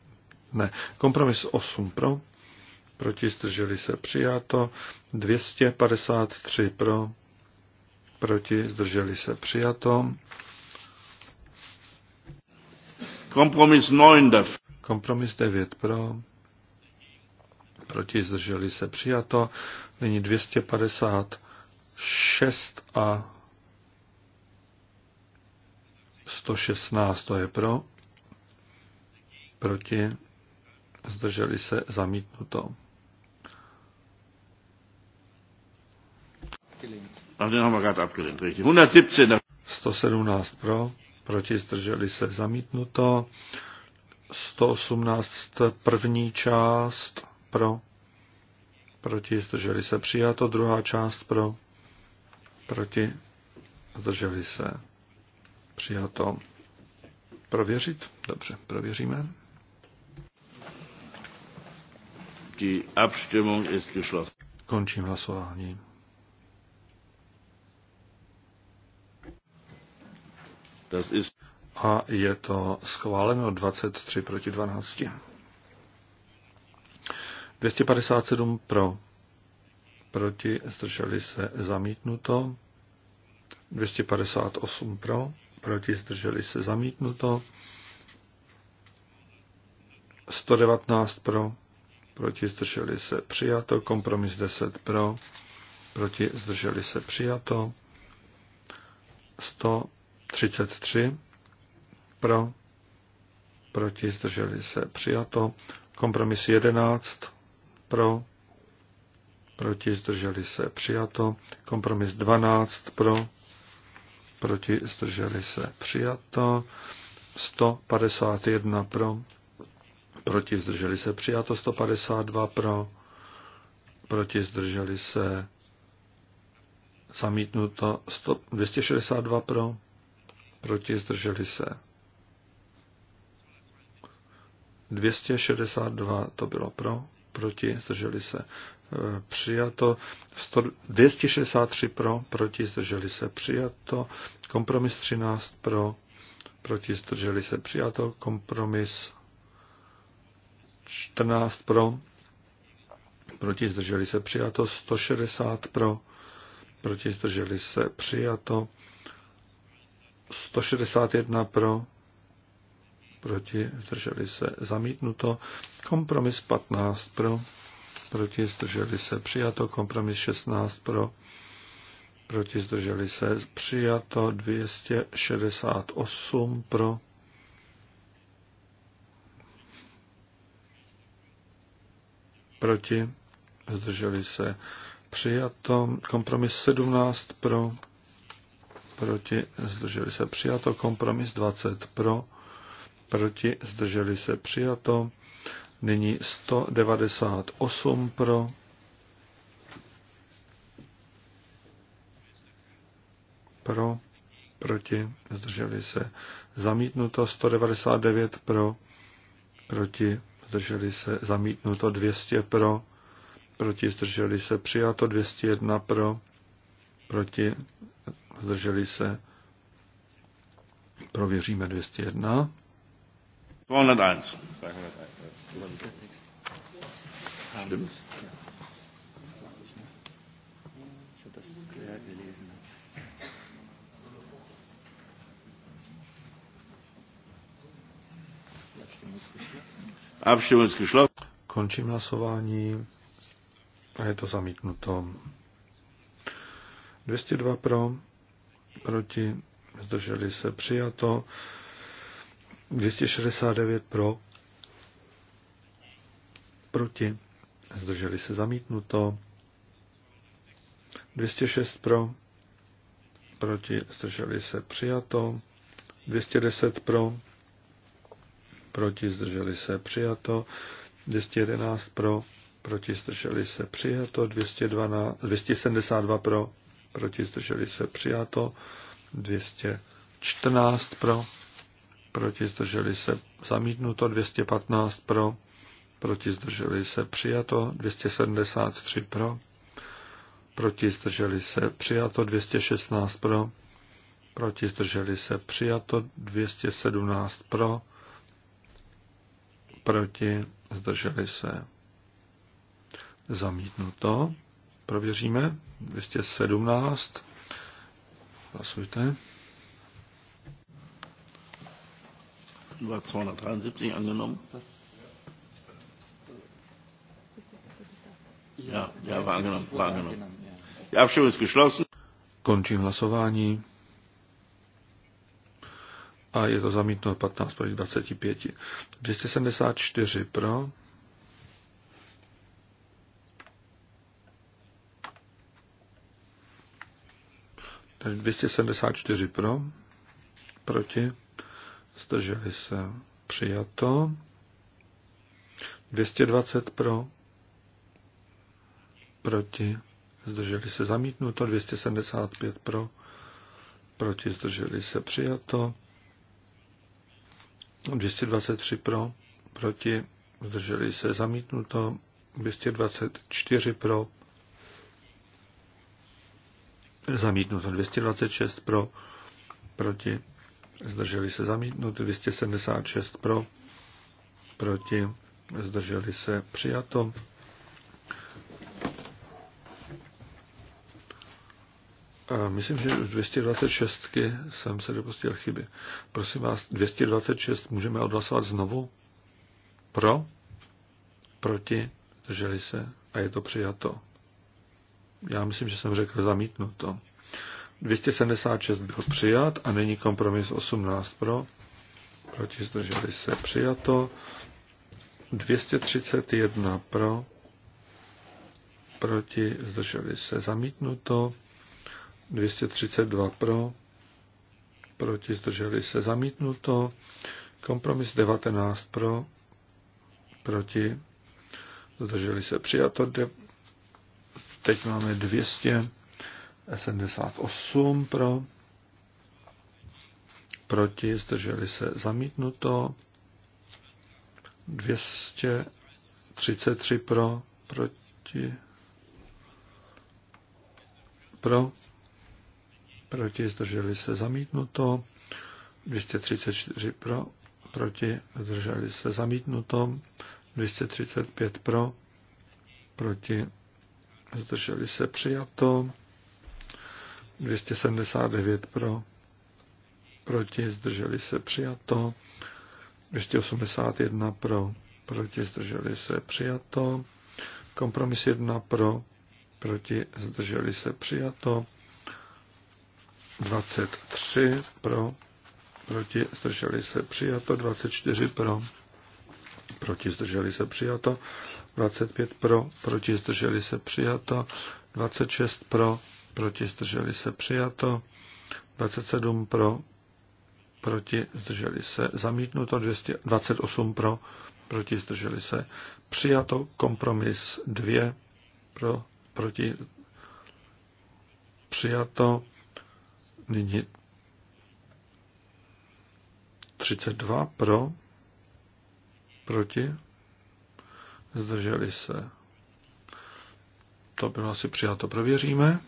ne, kompromis 8 pro, proti zdrželi se přijato 253 pro, proti zdrželi se přijato. Kompromis 9. Kompromis 9 pro, proti zdrželi se přijato. Nyní 256 a 116, to je pro, proti, zdrželi se zamítnuto. A abgelehnt, 117. 117 pro, proti zdrželi se zamítnuto. 118 první část pro, proti zdrželi se přijato, druhá část pro, proti zdrželi se Přijato. Prověřit? Dobře, prověříme. Die Abstimmung ist geschlossen. Končím hlasování. Das ist a je to schváleno 23 proti 12. 257 pro, proti, zdrželi se zamítnuto, 258 pro, proti zdrželi se zamítnuto, 119 pro, proti zdrželi se přijato, kompromis 10 pro, proti zdrželi se přijato, 133 pro, proti zdrželi se přijato, kompromis 11 pro, proti zdrželi se přijato, kompromis 12 pro, proti, zdrželi se, přijato. 151 pro, proti, zdrželi se, přijato. 152 pro, proti, zdrželi se, zamítnuto. 262 pro, proti, zdrželi se. 262 to bylo pro, proti, zdrželi se přijato, 263 pro, proti zdrželi se přijato, kompromis 13 pro, proti zdrželi se přijato, kompromis 14 pro, proti zdrželi se přijato, 160 pro, proti zdrželi se přijato, 161 pro, proti zdrželi se zamítnuto, kompromis 15 pro, proti zdrželi se přijato, kompromis 16 pro, proti zdrželi se přijato, 268 pro, proti zdrželi se přijato, kompromis 17 pro, proti zdrželi se přijato, kompromis 20 pro, proti zdrželi se přijato, Nyní 198 pro. Pro. Proti. Zdrželi se. Zamítnuto 199 pro. Proti. Zdrželi se. Zamítnuto 200 pro. Proti. Zdrželi se. Přijato 201 pro. Proti. Zdrželi se. Prověříme 201. 201. 201. Stimmt. Končím hlasování a je to zamítnuto. 202 pro, proti, zdrželi se přijato. 269 pro, proti, zdrželi se zamítnuto, 206 pro, proti, zdrželi se přijato, 210 pro, proti, zdrželi se přijato, 211 pro, proti, zdrželi se přijato, 212, 272 pro, proti, zdrželi se přijato, 214 pro, proti zdrželi se zamítnuto 215 pro, proti zdrželi se přijato 273 pro, proti zdrželi se přijato 216 pro, proti zdrželi se přijato 217 pro, proti zdrželi se zamítnuto. Prověříme 217. Hlasujte. hatten 273 angenommen. ja, ja, war angenommen, war angenommen. Die Abstimmung ist geschlossen. Končím hlasování. A je to zamítnuto 15 proti 25. 274 pro. Takže 274 pro, proti, zdrželi se, přijato. 220 pro, proti, zdrželi se, zamítnuto. 275 pro, proti, zdrželi se, přijato. 223 pro, proti, zdrželi se, zamítnuto. 224 pro, zamítnuto. 226 pro, proti, zdrželi se zamítnut, 276 pro, proti, zdrželi se přijato. A myslím, že už 226 jsem se dopustil chyby. Prosím vás, 226 můžeme odhlasovat znovu? Pro? Proti? Zdrželi se? A je to přijato. Já myslím, že jsem řekl zamítnuto. 276 byl přijat a není kompromis 18 pro. Proti zdrželi se přijato. 231 pro. Proti zdrželi se zamítnuto. 232 pro. Proti zdrželi se zamítnuto. Kompromis 19 pro. Proti zdrželi se přijato. Teď máme 200. 78 pro, proti, zdrželi se zamítnuto, 233 pro, proti, pro, proti, zdrželi se zamítnuto, 234 pro, proti, zdrželi se zamítnuto, 235 pro, proti, zdrželi se přijato, 279 pro, proti, zdrželi se přijato, 281 pro, proti, zdrželi se přijato, kompromis 1 pro, proti, zdrželi se přijato, 23 pro, proti, zdrželi se přijato, 24 pro, proti, zdrželi se přijato, 25 pro, proti, zdrželi se přijato, 26 pro, proti zdrželi se přijato, 27 pro, proti zdrželi se zamítnuto, 228 pro, proti zdrželi se přijato, kompromis 2 pro, proti přijato, nyní 32 pro, proti, zdrželi se. To bylo asi přijato, prověříme.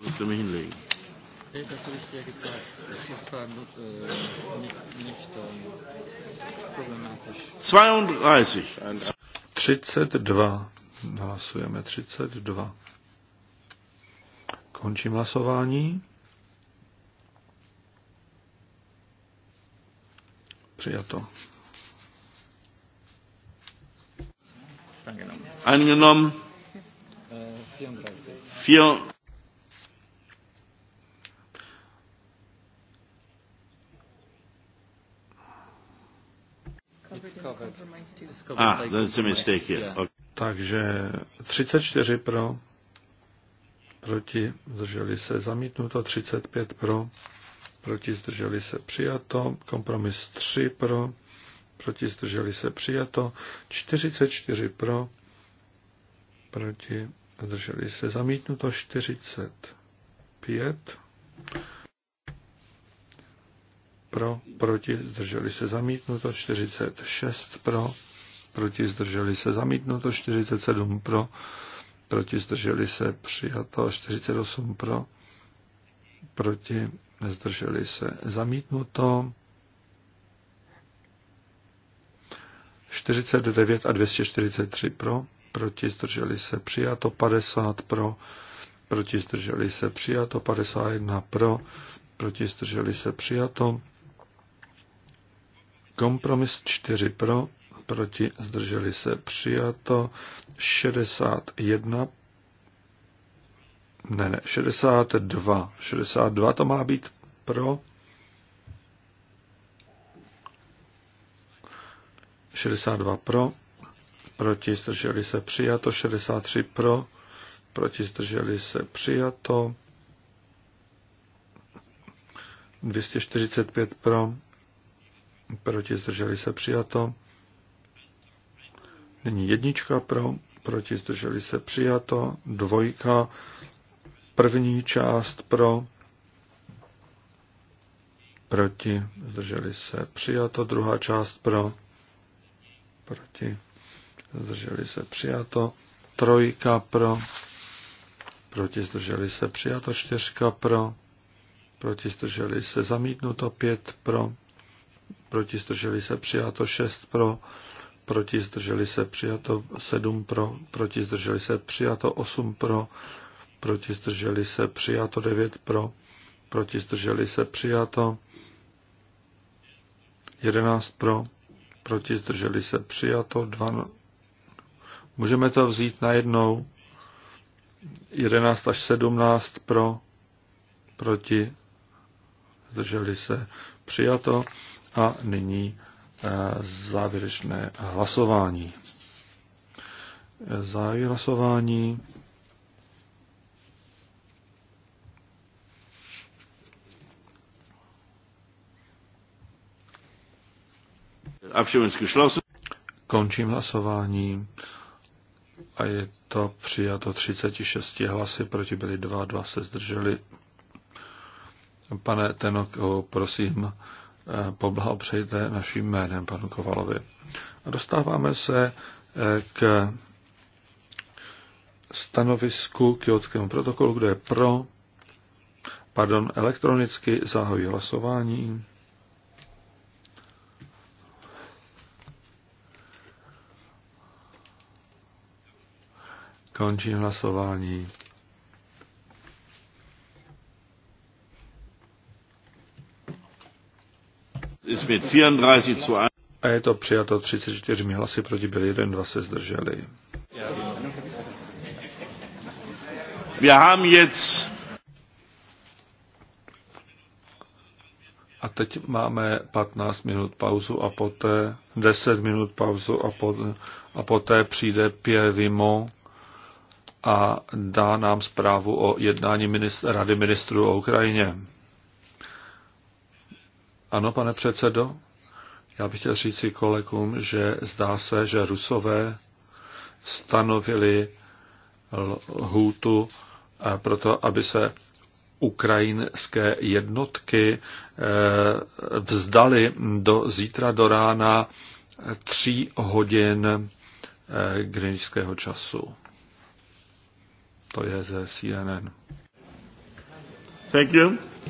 Musst mir hinlegen. Nee, das habe ich dir Das ist äh, nicht, nicht problematisch. 32. 32. Hlasujeme 32. Končím hlasování. Přijato. Angenommen. Angenommen. Eh, 34. Ah, to je mistake Takže 34 pro, proti, zdrželi se zamítnuto, 35 pro, proti, zdrželi se přijato, kompromis 3 pro, proti, zdrželi se přijato, 44 pro, proti, zdrželi se zamítnuto, 45 pro, proti, zdrželi se zamítnuto, 46 pro, proti, zdrželi se zamítnuto, 47 pro, proti, zdrželi se přijato, 48 pro, proti, zdrželi se zamítnuto, 49 a 243 pro, proti, zdrželi se přijato, 50 pro, proti, zdrželi se přijato, 51 pro, proti, zdrželi se přijato, Kompromis 4 pro, proti, zdrželi se přijato, 61, ne, ne, 62, 62 to má být pro, 62 pro, proti, zdrželi se přijato, 63 pro, proti, zdrželi se přijato, 245 pro, proti zdrželi se přijato. Nyní jednička pro, proti zdrželi se přijato. Dvojka, první část pro, proti zdrželi se přijato. Druhá část pro, proti zdrželi se přijato. Trojka pro, proti zdrželi se přijato. Čtyřka pro, proti zdrželi se zamítnuto. Pět pro, proti zdrželi se přijato 6 pro, proti zdrželi se přijato 7 pro, proti zdrželi se přijato 8 pro, proti zdrželi se přijato 9 pro, proti zdrželi se přijato 11 pro, proti zdrželi se přijato 2. Můžeme to vzít najednou 11 až 17 pro, proti zdrželi se přijato a nyní eh, závěrečné hlasování. Závěr hlasování. Končím hlasování a je to přijato 36 hlasy, proti byly 2, 2 se zdrželi. Pane Tenok, prosím, poblahopřejte naším jménem panu Kovalovi. Dostáváme se eh, k stanovisku k Kyotskému protokolu, kde je pro, pardon, elektronicky zahojí hlasování. Končím hlasování. mit 34 zu 1. A je to přijato 34 hlasy proti byl 1, 2 se zdrželi. Wir haben jetzt A teď máme 15 minut pauzu a poté 10 minut pauzu a, po, a poté přijde Pierre Vimo a dá nám zprávu o jednání ministr, Rady ministrů o Ukrajině. Ano, pane předsedo, já bych chtěl říct si kolegům, že zdá se, že Rusové stanovili lhůtu eh, pro to, aby se ukrajinské jednotky eh, vzdali do zítra do rána tří hodin eh, greenwichského času. To je ze CNN. Thank you.